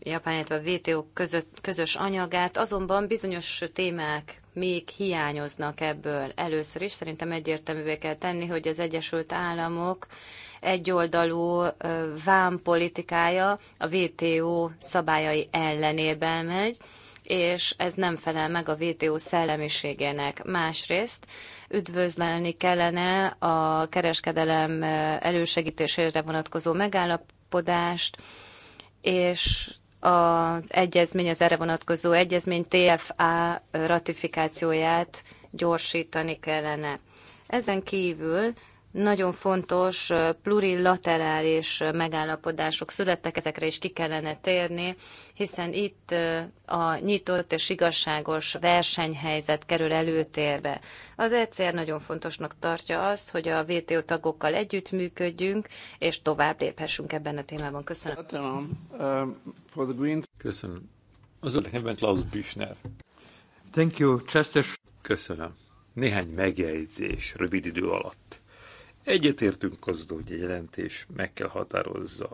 Japán, illetve a WTO között, közös anyagát, azonban bizonyos témák még hiányoznak ebből. Először is szerintem egyértelművé kell tenni, hogy az Egyesült Államok egyoldalú vámpolitikája a WTO szabályai ellenében megy, és ez nem felel meg a WTO szellemiségének. Másrészt üdvözlelni kellene a kereskedelem elősegítésére vonatkozó megállapodást, és az egyezmény, az erre vonatkozó egyezmény TFA ratifikációját gyorsítani kellene. Ezen kívül nagyon fontos plurilaterális megállapodások születtek, ezekre is ki kellene térni, hiszen itt a nyitott és igazságos versenyhelyzet kerül előtérbe. Az ECR nagyon fontosnak tartja azt, hogy a WTO tagokkal együttműködjünk, és tovább léphessünk ebben a témában. Köszönöm. Köszönöm. Um, Az ötlet nevben Klaus Büchner. Thank you, Chester. Köszönöm. Néhány megjegyzés rövid idő alatt Egyetértünk azzal, hogy egy jelentés meg kell határozza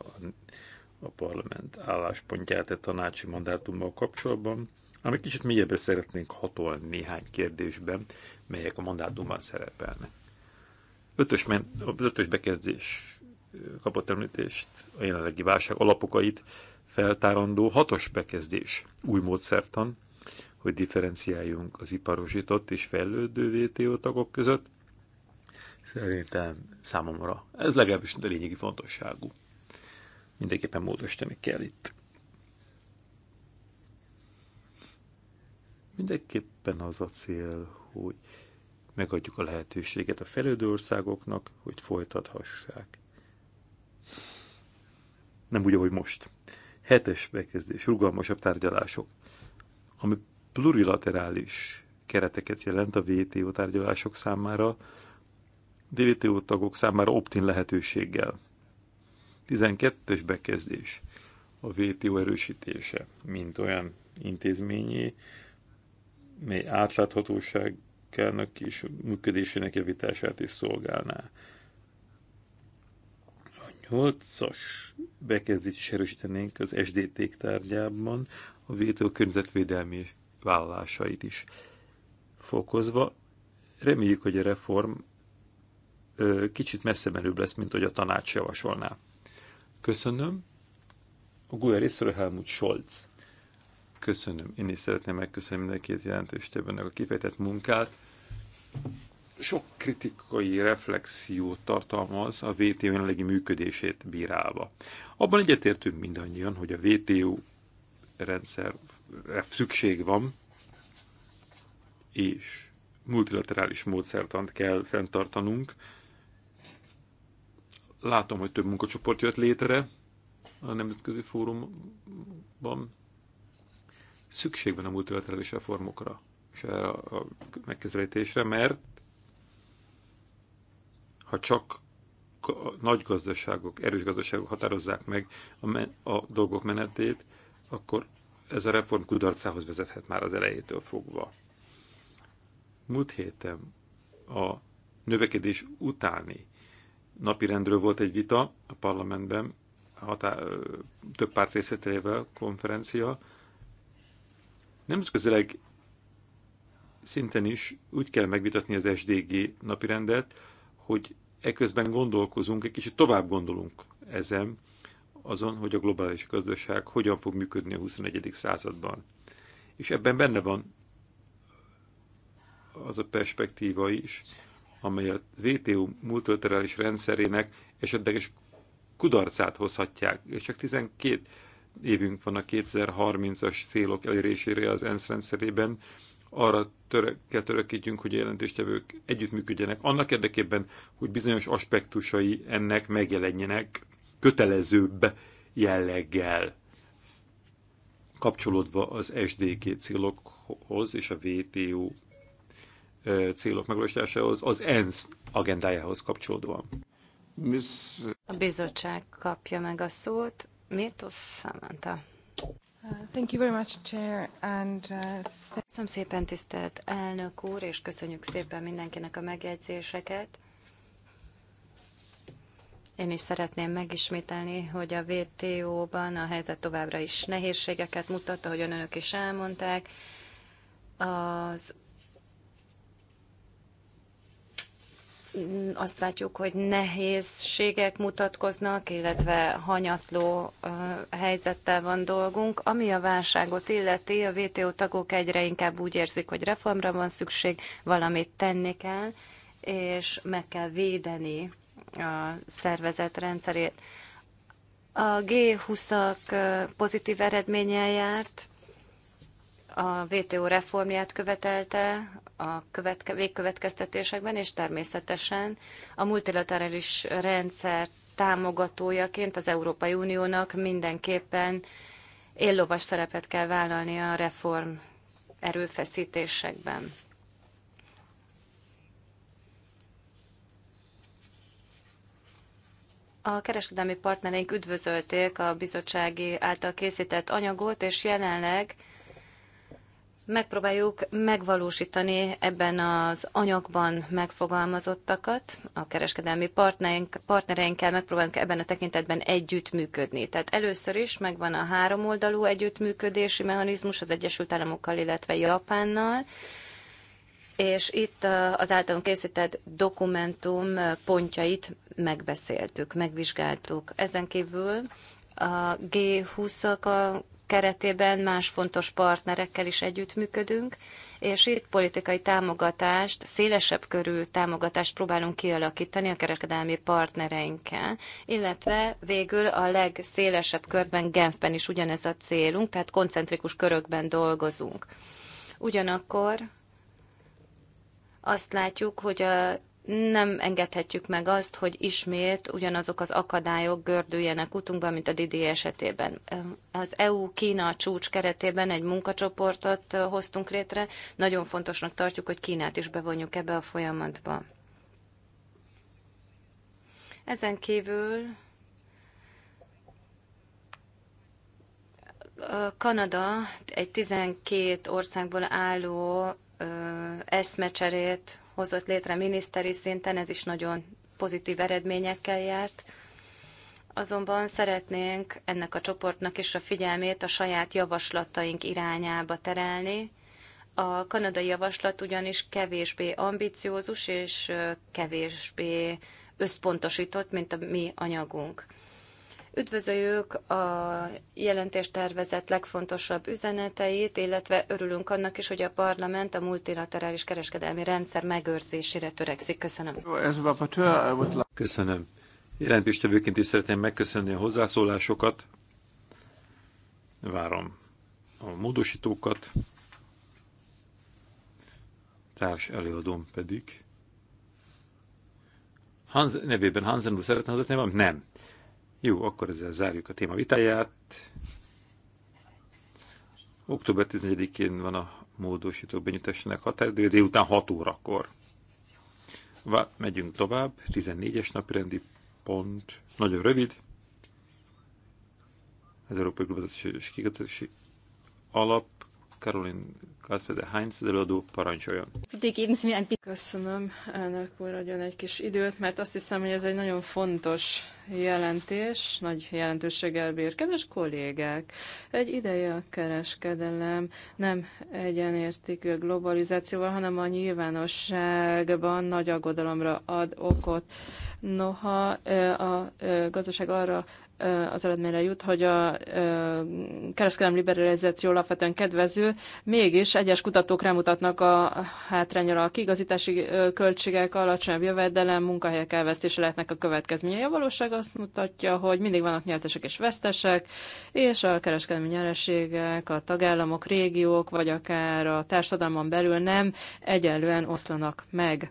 a parlament álláspontját a tanácsi mandátummal kapcsolatban, ám kicsit mélyebbre szeretnénk hatolni néhány kérdésben, melyek a mandátumban szerepelnek. Ötös, men, ötös bekezdés kapott említést, a jelenlegi válság alapokait feltárandó hatos bekezdés, új módszertan, hogy differenciáljunk az iparosított és fejlődő VTO tagok között, Szerintem számomra ez legalábbis lényegi fontosságú. Mindenképpen módosítani kell itt. Mindenképpen az a cél, hogy megadjuk a lehetőséget a fejlődő országoknak, hogy folytathassák. Nem úgy, ahogy most. Hetes bekezdés, rugalmasabb tárgyalások, ami plurilaterális kereteket jelent a WTO tárgyalások számára, DVTO tagok számára optin lehetőséggel. 12-es bekezdés a VTO erősítése, mint olyan intézményé, mely átláthatóságának és működésének javítását is szolgálná. A 8-as bekezdést is erősítenénk az SDT tárgyában, a VTO környezetvédelmi vállalásait is fokozva. Reméljük, hogy a reform kicsit messze menőbb lesz, mint hogy a tanács javasolná. Köszönöm. A GUE részéről Helmut Scholz. Köszönöm. Én is szeretném megköszönni mind a két jelentéstevőnek a kifejtett munkát. Sok kritikai reflexiót tartalmaz a VTO jelenlegi működését bírálva. Abban egyetértünk mindannyian, hogy a VTO rendszer szükség van, és multilaterális módszertant kell fenntartanunk, Látom, hogy több munkacsoport jött létre a Nemzetközi Fórumban. Szükség van a multilaterális reformokra és erre a megközelítésre, mert ha csak nagy gazdaságok, erős gazdaságok határozzák meg a, men- a dolgok menetét, akkor ez a reform kudarcához vezethet már az elejétől fogva. Múlt héten a növekedés utáni rendről volt egy vita a parlamentben, hatá- több párt részletével konferencia. Nemzetközileg szinten is úgy kell megvitatni az SDG napirendet, hogy eközben gondolkozunk, egy kicsit tovább gondolunk ezen, azon, hogy a globális gazdaság hogyan fog működni a 21. században. És ebben benne van az a perspektíva is, amely a WTO multilaterális rendszerének esetleges kudarcát hozhatják, és csak 12 évünk van a 2030-as célok elérésére az ENSZ rendszerében, arra töre, kell törekítjünk, hogy a jelentéstevők együttműködjenek, annak érdekében, hogy bizonyos aspektusai ennek megjelenjenek kötelezőbb jelleggel kapcsolódva az SDG célokhoz és a WTO célok megvalósításához, az ENSZ agendájához kapcsolódóan. Miss... A bizottság kapja meg a szót. Mirtos Samantha. Uh, thank you very much, Chair, and uh, Köszönöm szépen, tisztelt elnök úr, és köszönjük szépen mindenkinek a megjegyzéseket. Én is szeretném megismételni, hogy a WTO-ban a helyzet továbbra is nehézségeket mutatta, ahogyan önök is elmondták. Az azt látjuk, hogy nehézségek mutatkoznak, illetve hanyatló helyzettel van dolgunk. Ami a válságot illeti, a VTO tagok egyre inkább úgy érzik, hogy reformra van szükség, valamit tenni kell, és meg kell védeni a szervezet rendszerét. A G20-ak pozitív eredménnyel járt, a VTO reformját követelte, a követke, végkövetkeztetésekben, és természetesen a multilaterális rendszer támogatójaként az Európai Uniónak mindenképpen éllovas szerepet kell vállalni a reform erőfeszítésekben. A kereskedelmi partnereink üdvözölték a bizottsági által készített anyagot, és jelenleg megpróbáljuk megvalósítani ebben az anyagban megfogalmazottakat, a kereskedelmi partnereink, partnereinkkel megpróbálunk ebben a tekintetben együttműködni. Tehát először is megvan a háromoldalú együttműködési mechanizmus az Egyesült Államokkal, illetve Japánnal, és itt az általunk készített dokumentum pontjait megbeszéltük, megvizsgáltuk. Ezen kívül a G20-ak keretében más fontos partnerekkel is együttműködünk, és itt politikai támogatást, szélesebb körű támogatást próbálunk kialakítani a kereskedelmi partnereinkkel, illetve végül a legszélesebb körben Genfben is ugyanez a célunk, tehát koncentrikus körökben dolgozunk. Ugyanakkor azt látjuk, hogy a nem engedhetjük meg azt, hogy ismét ugyanazok az akadályok gördüljenek utunkba, mint a Didi esetében. Az EU-Kína csúcs keretében egy munkacsoportot hoztunk létre. Nagyon fontosnak tartjuk, hogy Kínát is bevonjuk ebbe a folyamatba. Ezen kívül Kanada egy 12 országból álló eszmecserét hozott létre miniszteri szinten, ez is nagyon pozitív eredményekkel járt. Azonban szeretnénk ennek a csoportnak is a figyelmét a saját javaslataink irányába terelni. A kanadai javaslat ugyanis kevésbé ambiciózus és kevésbé összpontosított, mint a mi anyagunk. Üdvözöljük a jelentéstervezet legfontosabb üzeneteit, illetve örülünk annak is, hogy a parlament a multilaterális kereskedelmi rendszer megőrzésére törekszik. Köszönöm. Köszönöm. Jelentéstevőként is szeretném megköszönni a hozzászólásokat. Várom a módosítókat. Társ előadom pedig. Hans, nevében Hansen úr szeretne hozzátenni valamit? Nem. Jó, akkor ezzel zárjuk a téma vitáját. Október 14-én van a módosító benyújtásának határidő, délután 6 órakor. Vá, megyünk tovább, 14-es napirendi pont, nagyon rövid. Az Európai Globalizációs Kikötési Alap Karolin Kászfede Heinz előadó parancsoljon. Köszönöm, elnök úr, nagyon egy kis időt, mert azt hiszem, hogy ez egy nagyon fontos jelentés, nagy jelentőséggel bír. Kedves kollégák, egy ideje a kereskedelem nem egyenértékű globalizációval, hanem a nyilvánosságban nagy aggodalomra ad okot. Noha a gazdaság arra az eredményre jut, hogy a kereskedelmi liberalizáció alapvetően kedvező, mégis egyes kutatók rámutatnak a hátrányra a kigazítási költségek, alacsonyabb jövedelem, munkahelyek elvesztése lehetnek a következménye. A valóság azt mutatja, hogy mindig vannak nyertesek és vesztesek, és a kereskedelmi nyereségek, a tagállamok, régiók, vagy akár a társadalmon belül nem egyenlően oszlanak meg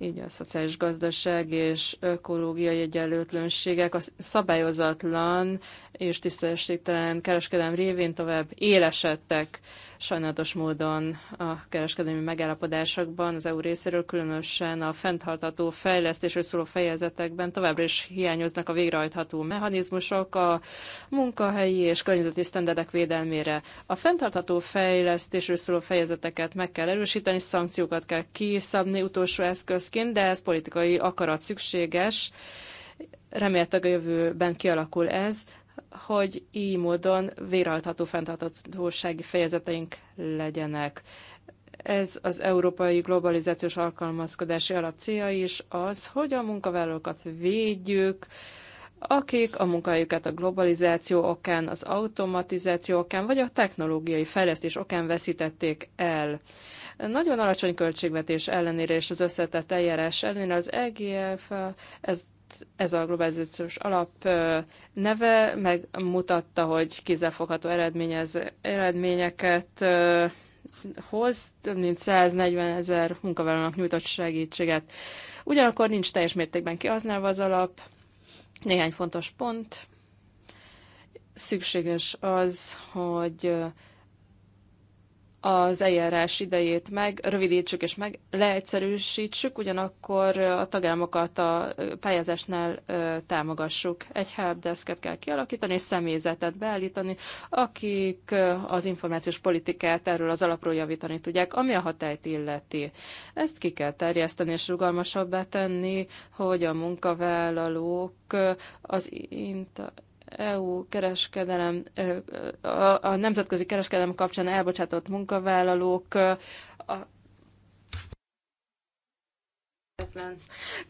így a szociális gazdaság és ökológiai egyenlőtlenségek a szabályozatlan és tisztességtelen kereskedelem révén tovább élesedtek. Sajnálatos módon a kereskedelmi megállapodásokban az EU részéről, különösen a fenntartató fejlesztésről szóló fejezetekben továbbra is hiányoznak a végrehajtható mechanizmusok a munkahelyi és környezeti sztenderdek védelmére. A fenntartható fejlesztésről szóló fejezeteket meg kell erősíteni, szankciókat kell kiszabni utolsó eszközként, de ez politikai akarat szükséges. Reméltek a jövőben kialakul ez, hogy így módon végrehajtható fenntarthatósági fejezeteink legyenek. Ez az európai globalizációs alkalmazkodási alap célja is az, hogy a munkavállalókat védjük, akik a munkahelyüket a globalizáció okán, az automatizáció okán, vagy a technológiai fejlesztés okán veszítették el. Nagyon alacsony költségvetés ellenére és az összetett eljárás ellenére az EGF ezt ez a globalizációs alap neve meg mutatta, hogy kézzelfogható eredményez, eredményeket hoz, több mint 140 ezer munkavállalónak nyújtott segítséget. Ugyanakkor nincs teljes mértékben kihasználva az alap. Néhány fontos pont. Szükséges az, hogy az eljárás idejét meg, rövidítsük és meg leegyszerűsítsük, ugyanakkor a tagállamokat a pályázásnál támogassuk. Egy helpdesket kell kialakítani és személyzetet beállítani, akik az információs politikát erről az alapról javítani tudják, ami a hatályt illeti. Ezt ki kell terjeszteni és rugalmasabbá tenni, hogy a munkavállalók az EU kereskedelem, a nemzetközi kereskedelem kapcsán elbocsátott munkavállalók a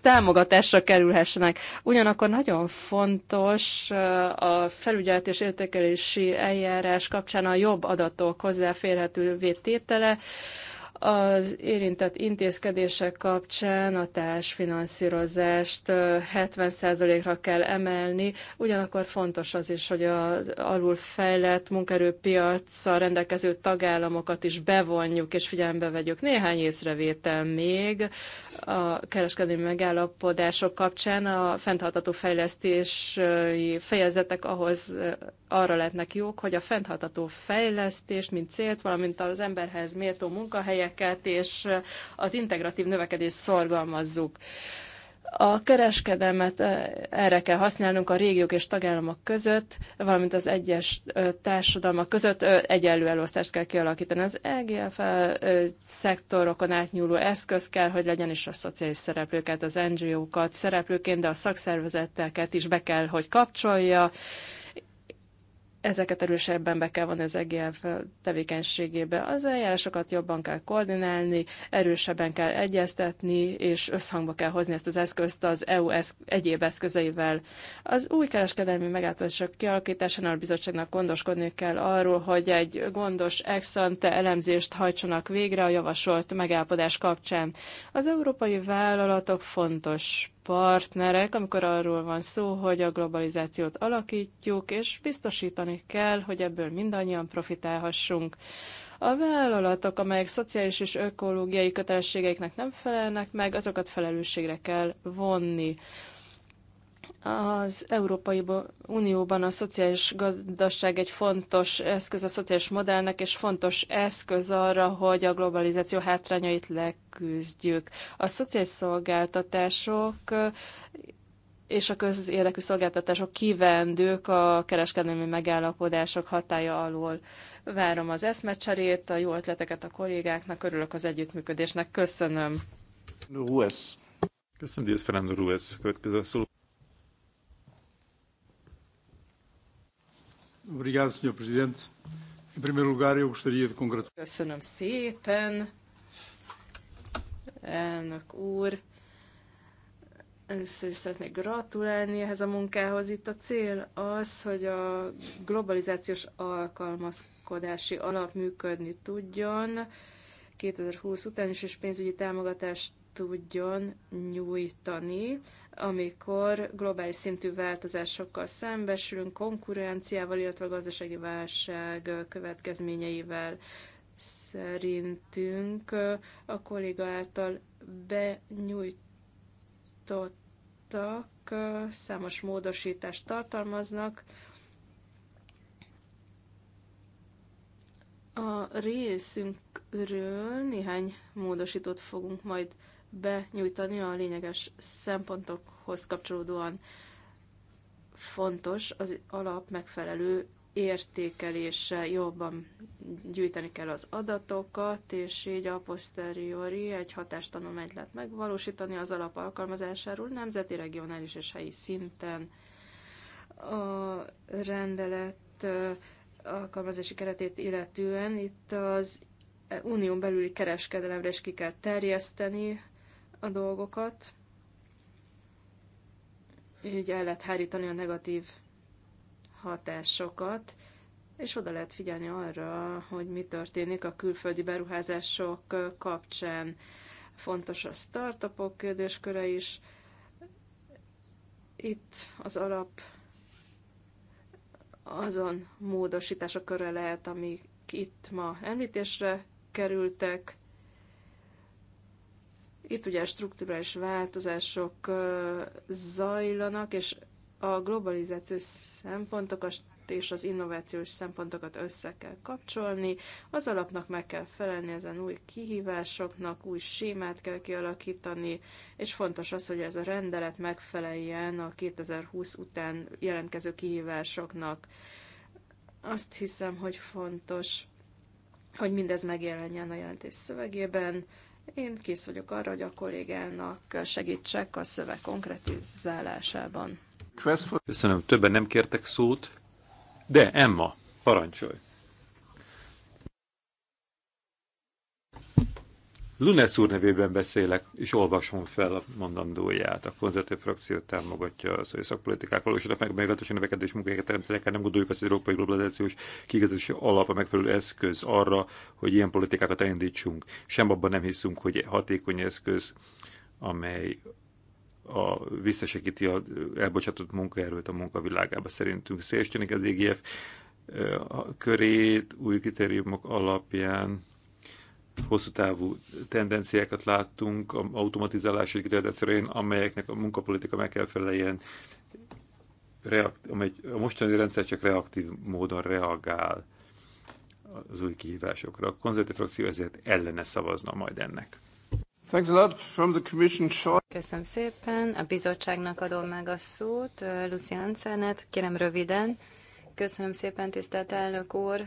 támogatásra kerülhessenek. Ugyanakkor nagyon fontos a felügyelet és értékelési eljárás kapcsán a jobb adatok hozzáférhetővé tétele, az érintett intézkedések kapcsán a társfinanszírozást 70%-ra kell emelni, ugyanakkor fontos az is, hogy az alulfejlett munkerőpiacsal rendelkező tagállamokat is bevonjuk és figyelembe vegyük. Néhány észrevétel még a kereskedelmi megállapodások kapcsán a fenntartató fejlesztési fejezetek ahhoz arra lehetnek jók, hogy a fenntartató fejlesztést, mint célt, valamint az emberhez méltó munkahelyek termékeket, és az integratív növekedést szorgalmazzuk. A kereskedelmet erre kell használnunk a régiók és tagállamok között, valamint az egyes társadalmak között egyenlő elosztást kell kialakítani. Az EGF szektorokon átnyúló eszköz kell, hogy legyen is a szociális szereplőket, az NGO-kat szereplőként, de a szakszervezeteket is be kell, hogy kapcsolja, ezeket erősebben be kell vonni az EGF tevékenységébe. Az eljárásokat jobban kell koordinálni, erősebben kell egyeztetni, és összhangba kell hozni ezt az eszközt az EU eszk- egyéb eszközeivel. Az új kereskedelmi megállapodások kialakításánál a bizottságnak gondoskodni kell arról, hogy egy gondos ex-ante elemzést hajtsanak végre a javasolt megállapodás kapcsán. Az európai vállalatok fontos partnerek, amikor arról van szó, hogy a globalizációt alakítjuk, és biztosítani kell, hogy ebből mindannyian profitálhassunk. A vállalatok, amelyek szociális és ökológiai kötelességeiknek nem felelnek meg, azokat felelősségre kell vonni. Az Európai Unióban a szociális gazdaság egy fontos eszköz a szociális modellnek, és fontos eszköz arra, hogy a globalizáció hátrányait leküzdjük. A szociális szolgáltatások és a közérdekű szolgáltatások kivendők a kereskedelmi megállapodások hatája alól. Várom az eszmecserét, a jó ötleteket a kollégáknak, örülök az együttműködésnek. Köszönöm. Köszönöm, Díaz Fernando Ruiz. Következő szó. Obrigado, Sr. Presidente. Em primeiro lugar, eu gostaria de congratular. Köszönöm szépen, elnök úr. Először is szeretnék gratulálni ehhez a munkához. Itt a cél az, hogy a globalizációs alkalmazkodási alap működni tudjon 2020 után is, és pénzügyi támogatást tudjon nyújtani, amikor globális szintű változásokkal szembesülünk, konkurenciával, illetve a gazdasági válság következményeivel szerintünk a kolléga által benyújtottak számos módosítást tartalmaznak. A részünkről néhány módosítót fogunk majd benyújtani a lényeges szempontokhoz kapcsolódóan fontos az alap megfelelő értékelése, jobban gyűjteni kell az adatokat, és így a posteriori egy hatástanulmányt lehet megvalósítani az alap alkalmazásáról nemzeti, regionális és helyi szinten. A rendelet alkalmazási keretét illetően itt az unión belüli kereskedelemre is ki kell terjeszteni, a dolgokat, így el lehet hárítani a negatív hatásokat, és oda lehet figyelni arra, hogy mi történik a külföldi beruházások kapcsán. Fontos a startupok kérdésköre is. Itt az alap azon módosítások köre lehet, amik itt ma említésre kerültek. Itt ugye strukturális változások zajlanak, és a globalizációs szempontokat és az innovációs szempontokat össze kell kapcsolni, az alapnak meg kell felelni ezen új kihívásoknak, új sémát kell kialakítani, és fontos az, hogy ez a rendelet megfeleljen a 2020 után jelentkező kihívásoknak. Azt hiszem, hogy fontos, hogy mindez megjelenjen a jelentés szövegében, én kész vagyok arra, hogy a kollégának segítsek a szöveg konkretizálásában. Köszönöm, többen nem kértek szót, de Emma, parancsolj! Lunes úr nevében beszélek, és olvasom fel a mondandóját. A konzervatív frakció támogatja az, hogy szakpolitikák valósulnak meg, a növekedés munkáját teremtenek, hát nem gondoljuk az európai globalizációs kiigazási alap a megfelelő eszköz arra, hogy ilyen politikákat elindítsunk. Sem abban nem hiszünk, hogy hatékony eszköz, amely a, visszasegíti a elbocsátott munkaerőt a munkavilágába. Szerintünk szélsőnik az EGF körét új kritériumok alapján hosszú távú tendenciákat láttunk a automatizálás digitalizációra, amelyeknek a munkapolitika meg kell feleljen, amely a mostani rendszer csak reaktív módon reagál az új kihívásokra. A konzervatív frakció ezért ellene szavazna majd ennek. Thanks a lot from the commission Köszönöm szépen. A bizottságnak adom meg a szót. Lucian Szenet, kérem röviden. Köszönöm szépen, tisztelt elnök úr.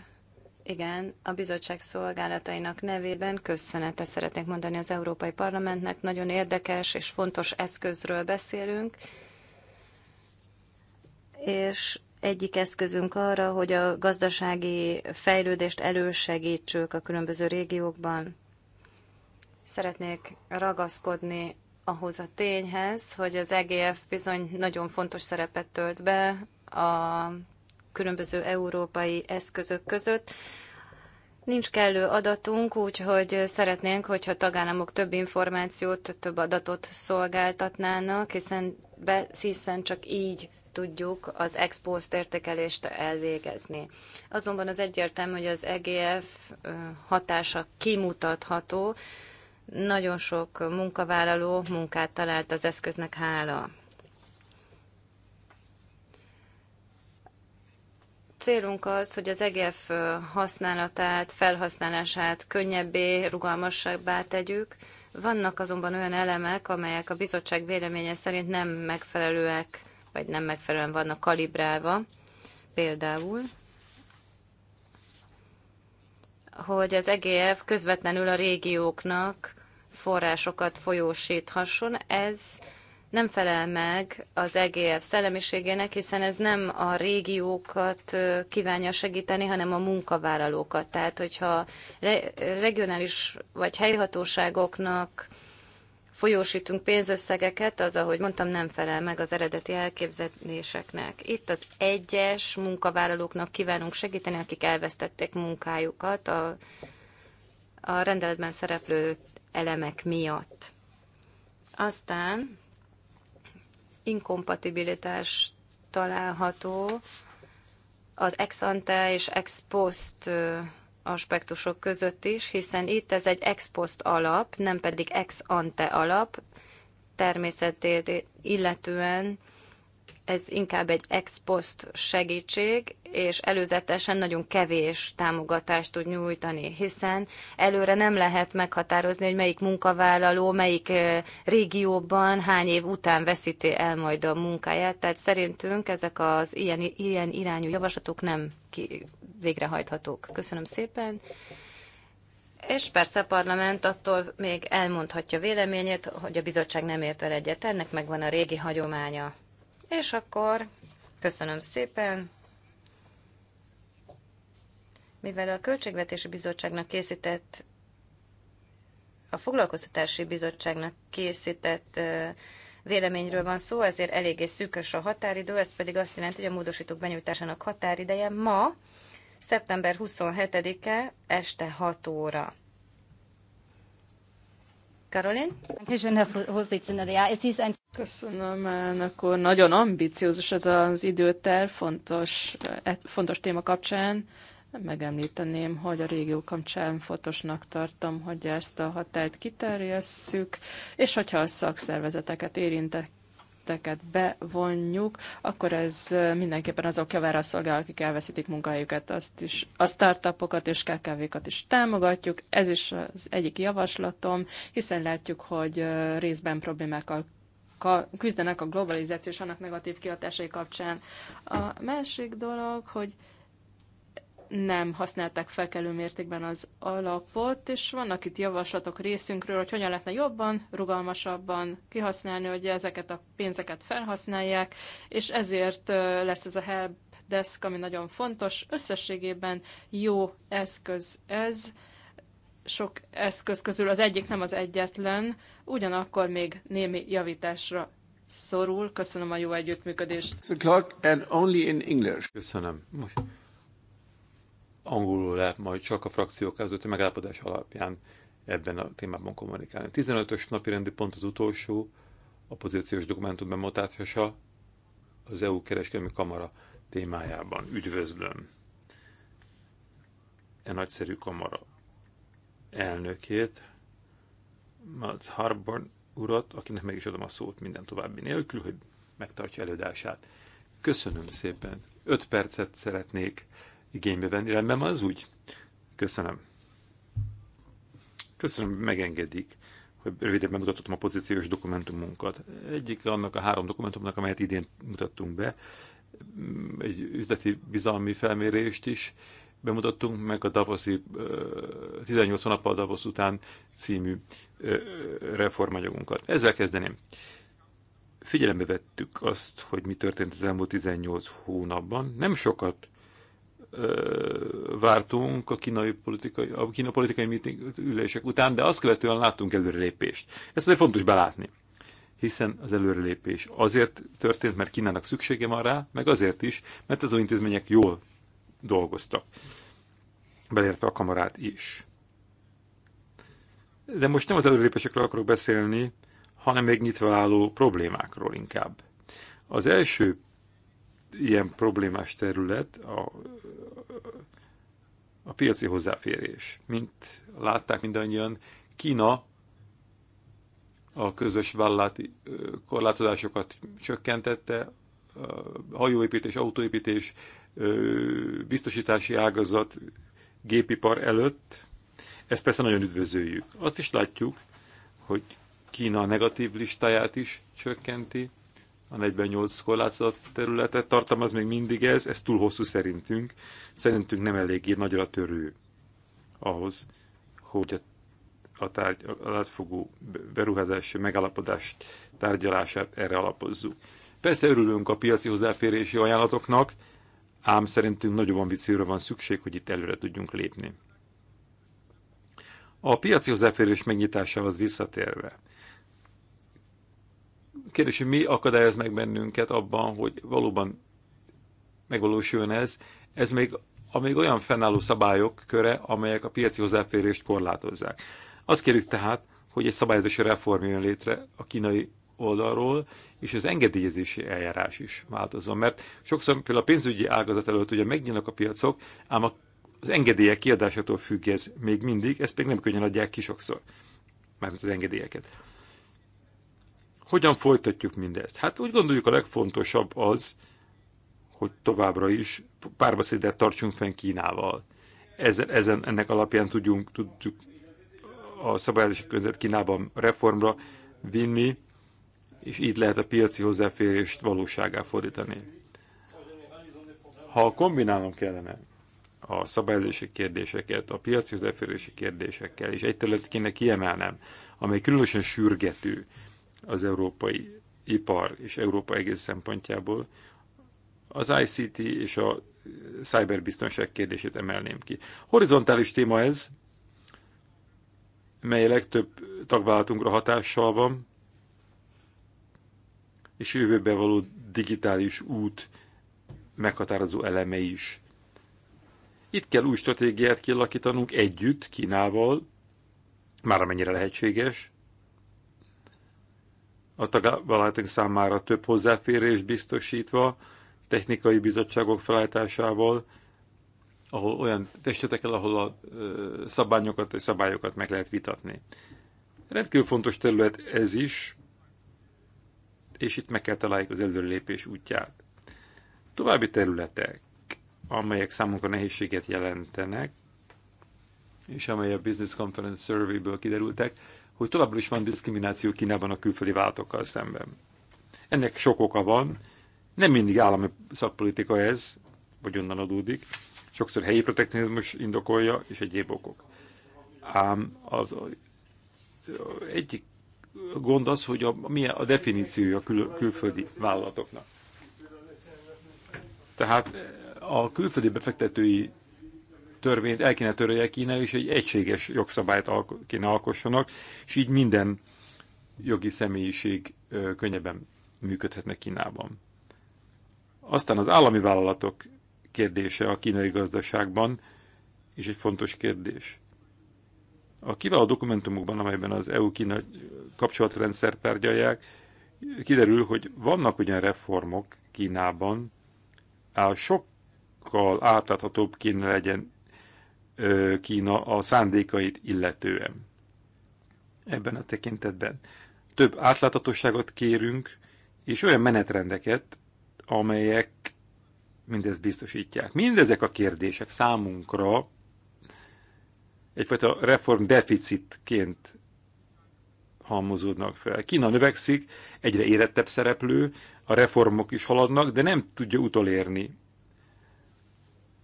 Igen, a bizottság szolgálatainak nevében köszönetet szeretnék mondani az Európai Parlamentnek. Nagyon érdekes és fontos eszközről beszélünk, és egyik eszközünk arra, hogy a gazdasági fejlődést elősegítsük a különböző régiókban. Szeretnék ragaszkodni ahhoz a tényhez, hogy az EGF bizony nagyon fontos szerepet tölt be a különböző európai eszközök között. Nincs kellő adatunk, úgyhogy szeretnénk, hogyha tagállamok több információt, több adatot szolgáltatnának, hiszen, be, hiszen csak így tudjuk az ex post értékelést elvégezni. Azonban az egyértelmű, hogy az EGF hatása kimutatható, nagyon sok munkavállaló munkát talált az eszköznek hála. Célunk az, hogy az EGF használatát, felhasználását könnyebbé, rugalmasabbá tegyük. Vannak azonban olyan elemek, amelyek a bizottság véleménye szerint nem megfelelőek, vagy nem megfelelően vannak kalibrálva. Például, hogy az EGF közvetlenül a régióknak forrásokat folyósíthasson. Ez nem felel meg az EGF szellemiségének, hiszen ez nem a régiókat kívánja segíteni, hanem a munkavállalókat. Tehát, hogyha regionális vagy helyhatóságoknak folyósítunk pénzösszegeket, az, ahogy mondtam, nem felel meg az eredeti elképzeléseknek. Itt az egyes munkavállalóknak kívánunk segíteni, akik elvesztették munkájukat a, a rendeletben szereplő elemek miatt. Aztán inkompatibilitás található az ex ante és ex post aspektusok között is, hiszen itt ez egy ex post alap, nem pedig ex ante alap természetét illetően ez inkább egy ex post segítség, és előzetesen nagyon kevés támogatást tud nyújtani, hiszen előre nem lehet meghatározni, hogy melyik munkavállaló, melyik régióban hány év után veszíti el majd a munkáját. Tehát szerintünk ezek az ilyen, ilyen irányú javaslatok nem ki, végrehajthatók. Köszönöm szépen. És persze a parlament attól még elmondhatja véleményét, hogy a bizottság nem ért vele egyet. Ennek megvan a régi hagyománya. És akkor köszönöm szépen. Mivel a Költségvetési Bizottságnak készített, a Foglalkoztatási Bizottságnak készített véleményről van szó, ezért eléggé szűkös a határidő, ez pedig azt jelenti, hogy a módosítók benyújtásának határideje ma, szeptember 27-e este 6 óra. Karolin? Köszönöm, elnök úr. Nagyon ambiciózus ez az időterv, fontos, e, fontos téma kapcsán. Megemlíteném, hogy a régió kapcsán fontosnak tartom, hogy ezt a hatályt kiterjesszük, és hogyha a szakszervezeteket érintek, érintetteket bevonjuk, akkor ez mindenképpen azok javára szolgál, akik elveszítik munkahelyüket. Azt is, a startupokat és KKV-kat is támogatjuk. Ez is az egyik javaslatom, hiszen látjuk, hogy részben problémákkal küzdenek a globalizáció és annak negatív kihatásai kapcsán. A másik dolog, hogy nem használták felkelő mértékben az alapot, és vannak itt javaslatok részünkről, hogy hogyan lehetne jobban, rugalmasabban kihasználni, hogy ezeket a pénzeket felhasználják, és ezért lesz ez a help desk, ami nagyon fontos. Összességében jó eszköz ez, sok eszköz közül az egyik nem az egyetlen, ugyanakkor még némi javításra szorul. Köszönöm a jó együttműködést. clock and only in English. Köszönöm. Most angolul lehet majd csak a frakciók közötti megállapodás alapján ebben a témában kommunikálni. 15-ös napi rendi pont az utolsó, a pozíciós dokumentum bemutatása az EU kereskedelmi kamara témájában. Üdvözlöm! E nagyszerű kamara elnökét, Mads Harborn urat, akinek meg is adom a szót minden további nélkül, hogy megtartsa előadását. Köszönöm szépen. Öt percet szeretnék igénybe venni. Rendben van az úgy? Köszönöm. Köszönöm, megengedik, hogy röviden bemutatottam a pozíciós dokumentumunkat. Egyik annak a három dokumentumnak, amelyet idén mutattunk be, egy üzleti bizalmi felmérést is bemutattunk, meg a Davoszi 18 hónappal Davosz után című reformanyagunkat. Ezzel kezdeném. Figyelembe vettük azt, hogy mi történt az elmúlt 18 hónapban. Nem sokat vártunk a kínai politikai, a kínai politikai meeting, ülések után, de azt követően láttunk előrelépést. Ezt azért fontos belátni. Hiszen az előrelépés azért történt, mert Kínának szüksége van rá, meg azért is, mert az intézmények jól dolgoztak. Belértve a kamarát is. De most nem az előrelépésekről akarok beszélni, hanem még nyitva álló problémákról inkább. Az első ilyen problémás terület a, a piaci hozzáférés. Mint látták mindannyian, Kína a közös vállalati korlátozásokat csökkentette, hajóépítés, autóépítés, biztosítási ágazat, gépipar előtt. Ezt persze nagyon üdvözöljük. Azt is látjuk, hogy Kína a negatív listáját is csökkenti, a 48 korlátozott területet tartalmaz még mindig ez, ez túl hosszú szerintünk. Szerintünk nem eléggé nagyra törő ahhoz, hogy a, a, tárgy, a látfogó beruházási megállapodás tárgyalását erre alapozzuk. Persze örülünk a piaci hozzáférési ajánlatoknak, ám szerintünk nagyobb ambícióra van szükség, hogy itt előre tudjunk lépni. A piaci hozzáférés megnyitásához visszatérve, Kérdés, hogy mi akadályoz meg bennünket abban, hogy valóban megvalósuljon ez. Ez még, amíg olyan fennálló szabályok köre, amelyek a piaci hozzáférést korlátozzák. Azt kérjük tehát, hogy egy szabályozási reform jön létre a kínai oldalról, és az engedélyezési eljárás is változom. Mert sokszor például a pénzügyi ágazat előtt ugye megnyílnak a piacok, ám az engedélyek kiadásától függ ez még mindig, ezt még nem könnyen adják ki sokszor, mármint az engedélyeket. Hogyan folytatjuk mindezt? Hát úgy gondoljuk a legfontosabb az, hogy továbbra is párbeszédet tartsunk fenn Kínával. Ezen, ezen, ennek alapján tudjunk, tudjuk a szabályozási környezet Kínában reformra vinni, és így lehet a piaci hozzáférést valóságá fordítani. Ha kombinálnom kellene a szabályozási kérdéseket, a piaci hozzáférési kérdésekkel, és egy területet kéne kiemelnem, amely különösen sürgető, az európai ipar és Európa egész szempontjából, az ICT és a cyberbiztonság kérdését emelném ki. Horizontális téma ez, mely legtöbb tagvállalatunkra hatással van, és jövőbe való digitális út meghatározó eleme is. Itt kell új stratégiát kialakítanunk együtt Kínával, már amennyire lehetséges, a tagállamok számára több hozzáférés biztosítva, technikai bizottságok felállításával, ahol olyan testetekkel, ahol a szabályokat, és szabályokat meg lehet vitatni. Rendkívül fontos terület ez is, és itt meg kell találjuk az lépés útját. További területek, amelyek számunkra nehézséget jelentenek, és amely a Business Conference Survey-ből kiderültek, hogy továbbra is van diszkrimináció Kínában a külföldi váltokkal szemben. Ennek sok oka van, nem mindig állami szakpolitika ez, vagy onnan adódik, sokszor helyi protekcionizmus indokolja, és egyéb okok. Ám az egyik gond az, hogy a, mi a definíciója a kül, külföldi vállalatoknak. Tehát a külföldi befektetői törvényt el kéne törölje Kína, és egy egységes jogszabályt kéne alkossanak, és így minden jogi személyiség könnyebben működhetne Kínában. Aztán az állami vállalatok kérdése a kínai gazdaságban is egy fontos kérdés. A kiváló dokumentumokban, amelyben az EU-Kína kapcsolatrendszer tárgyalják, kiderül, hogy vannak ugyan reformok Kínában, áll sokkal átláthatóbb kéne legyen Kína a szándékait illetően. Ebben a tekintetben. Több átláthatóságot kérünk, és olyan menetrendeket, amelyek mindezt biztosítják. Mindezek a kérdések számunkra egyfajta reform deficitként halmozódnak fel. Kína növekszik, egyre érettebb szereplő, a reformok is haladnak, de nem tudja utolérni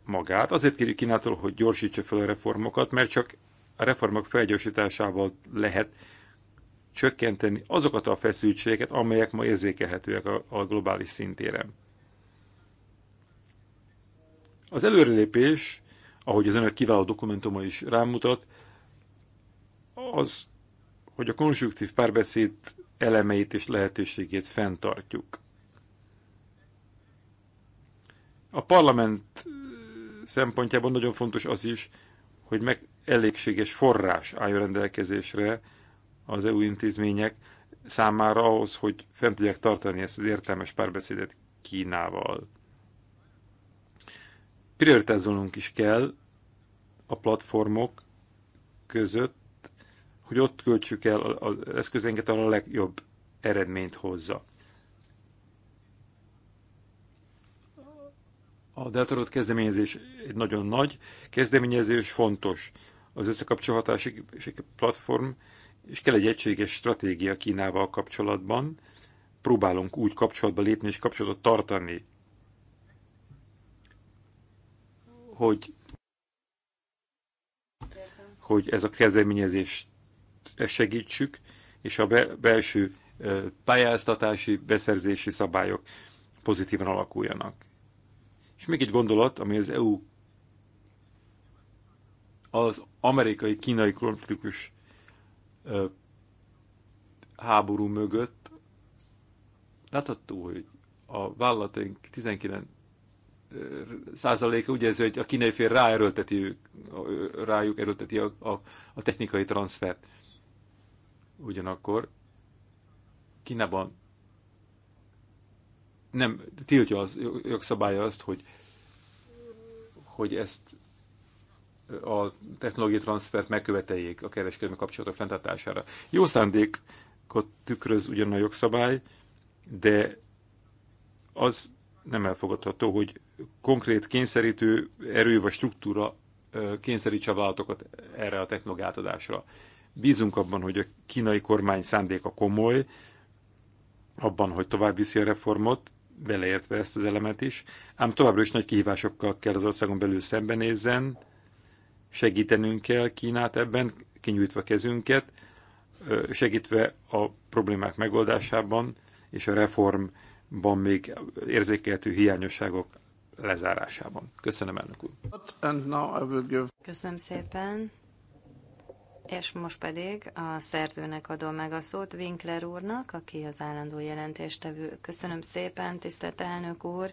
magát. Azért kérjük Kínától, hogy gyorsítsa fel a reformokat, mert csak a reformok felgyorsításával lehet csökkenteni azokat a feszültségeket, amelyek ma érzékelhetőek a, a globális szintéren. Az előrelépés, ahogy az önök kiváló dokumentuma is rámutat, az, hogy a konstruktív párbeszéd elemeit és lehetőségét fenntartjuk. A parlament szempontjában nagyon fontos az is, hogy meg elégséges forrás álljon rendelkezésre az EU intézmények számára ahhoz, hogy fent tudják tartani ezt az értelmes párbeszédet Kínával. Prioritázolnunk is kell a platformok között, hogy ott költsük el az eszközénket, ahol a legjobb eredményt hozza. A Deltarod kezdeményezés egy nagyon nagy kezdeményezés, fontos. Az összekapcsolhatási platform, és kell egy egységes stratégia Kínával kapcsolatban. Próbálunk úgy kapcsolatba lépni és kapcsolatot tartani, hogy, hogy ez a kezdeményezést segítsük, és a belső pályáztatási, beszerzési szabályok pozitívan alakuljanak. És még egy gondolat, ami az EU az amerikai-kínai konfliktus háború mögött látható, hogy a vállalataink 19 százaléka ugye ez, hogy a kínai fél ráerőlteti, rájuk erőlteti a, a, a technikai transfert. Ugyanakkor Kínában nem tiltja az jogszabálya azt, hogy, hogy ezt a technológiai transfert megköveteljék a kereskedelmi kapcsolatok fenntartására. Jó szándékot tükröz ugyan a jogszabály, de az nem elfogadható, hogy konkrét kényszerítő erő vagy struktúra kényszerítse a vállalatokat erre a technológia átadásra. Bízunk abban, hogy a kínai kormány szándéka komoly, abban, hogy tovább viszi a reformot, beleértve ezt az elemet is, ám továbbra is nagy kihívásokkal kell az országon belül szembenézzen, segítenünk kell Kínát ebben, kinyújtva kezünket, segítve a problémák megoldásában és a reformban még érzékelhető hiányosságok lezárásában. Köszönöm, elnök úr. Köszönöm szépen. És most pedig a szerzőnek adom meg a szót, Winkler úrnak, aki az állandó jelentéstevő. Köszönöm szépen, tisztelt elnök úr!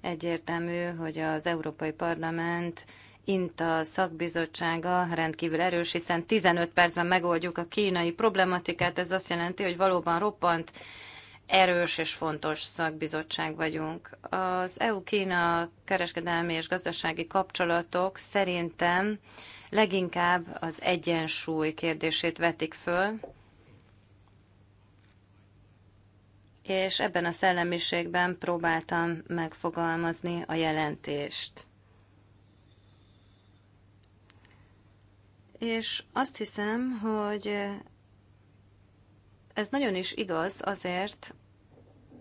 Egyértelmű, hogy az Európai Parlament INTA szakbizottsága rendkívül erős, hiszen 15 percben megoldjuk a kínai problematikát. Ez azt jelenti, hogy valóban roppant erős és fontos szakbizottság vagyunk. Az EU-Kína kereskedelmi és gazdasági kapcsolatok szerintem leginkább az egyensúly kérdését vetik föl, és ebben a szellemiségben próbáltam megfogalmazni a jelentést. És azt hiszem, hogy ez nagyon is igaz azért,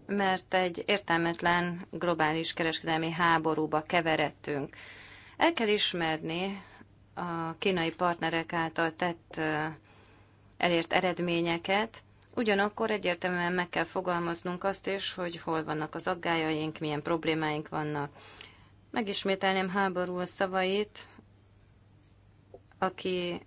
mert egy értelmetlen globális kereskedelmi háborúba keveredtünk. El kell ismerni, a kínai partnerek által tett elért eredményeket, ugyanakkor egyértelműen meg kell fogalmaznunk azt is, hogy hol vannak az aggájaink, milyen problémáink vannak. Megismételném háború szavait, aki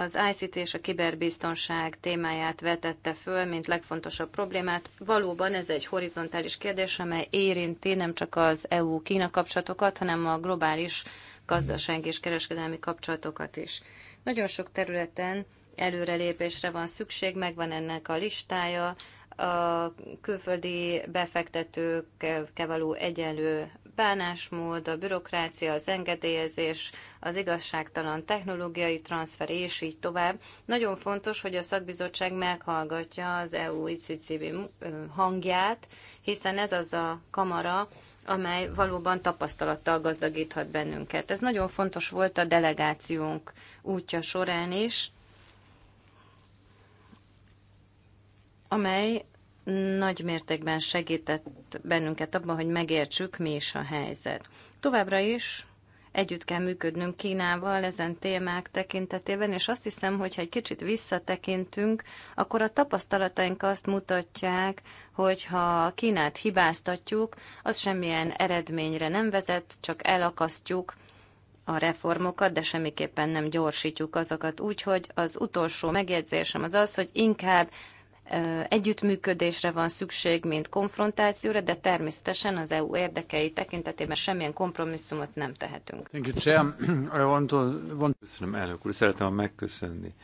az ICT és a kiberbiztonság témáját vetette föl, mint legfontosabb problémát. Valóban ez egy horizontális kérdés, amely érinti nem csak az EU-Kína kapcsolatokat, hanem a globális gazdasági és kereskedelmi kapcsolatokat is. Nagyon sok területen előrelépésre van szükség, megvan ennek a listája, a külföldi befektetőkkel való egyenlő bánásmód, a bürokrácia, az engedélyezés, az igazságtalan technológiai transfer, és így tovább. Nagyon fontos, hogy a szakbizottság meghallgatja az EU-ICCB hangját, hiszen ez az a kamara, amely valóban tapasztalattal gazdagíthat bennünket. Ez nagyon fontos volt a delegációnk útja során is, amely nagy mértékben segített bennünket abban, hogy megértsük, mi is a helyzet. Továbbra is együtt kell működnünk Kínával ezen témák tekintetében, és azt hiszem, hogy ha egy kicsit visszatekintünk, akkor a tapasztalataink azt mutatják, hogy ha Kínát hibáztatjuk, az semmilyen eredményre nem vezet, csak elakasztjuk a reformokat, de semmiképpen nem gyorsítjuk azokat. Úgyhogy az utolsó megjegyzésem az az, hogy inkább együttműködésre van szükség, mint konfrontációra, de természetesen az EU érdekei tekintetében semmilyen kompromisszumot nem tehetünk. Köszönöm, elnök úr. Szeretném megköszönni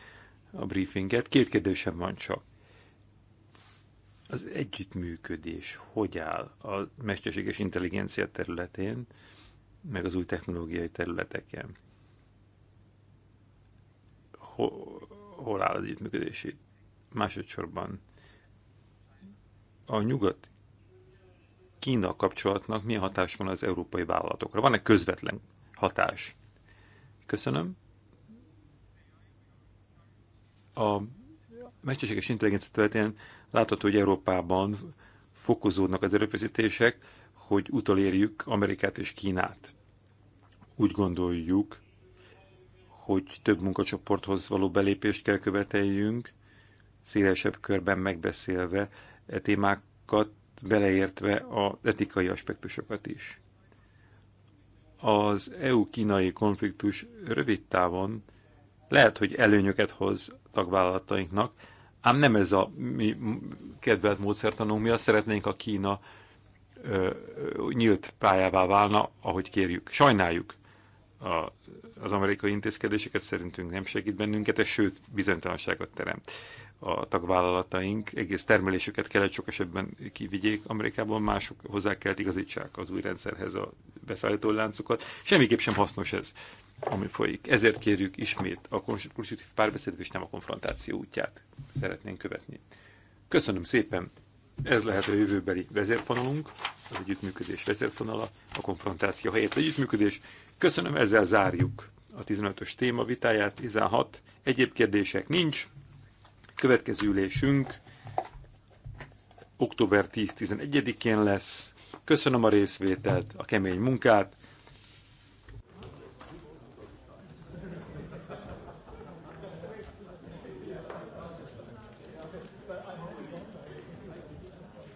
a briefinget. Két kérdésem van csak. Az együttműködés hogy áll a mesterséges intelligencia területén, meg az új technológiai területeken? Hol, hol áll az együttműködési Másodszorban a nyugat Kína kapcsolatnak milyen hatás van az európai vállalatokra? Van-e közvetlen hatás? Köszönöm. A mesterséges intelligencia területén látható, hogy Európában fokozódnak az erőfeszítések, hogy utolérjük Amerikát és Kínát. Úgy gondoljuk, hogy több munkacsoporthoz való belépést kell követeljünk, szélesebb körben megbeszélve e témákat, beleértve az etikai aspektusokat is. Az EU-kínai konfliktus rövid távon lehet, hogy előnyöket hoz tagvállalatainknak, ám nem ez a mi kedvelt módszertanunk, mi azt szeretnénk, a Kína ö, nyílt pályává válna, ahogy kérjük. Sajnáljuk a, az amerikai intézkedéseket, szerintünk nem segít bennünket, és sőt, bizonytalanságot teremt a tagvállalataink egész termelésüket kellett sok esetben kivigyék Amerikából, mások hozzá kellett igazítsák az új rendszerhez a beszállító láncokat. Semmiképp sem hasznos ez, ami folyik. Ezért kérjük ismét a konstruktív párbeszédet és nem a konfrontáció útját szeretnénk követni. Köszönöm szépen! Ez lehet a jövőbeli vezérfonalunk, az együttműködés vezérfonala, a konfrontáció helyett együttműködés. Köszönöm, ezzel zárjuk a 15-ös téma vitáját, 16. Egyéb kérdések nincs, Következő ülésünk október 10-11-én lesz. Köszönöm a részvételt, a kemény munkát,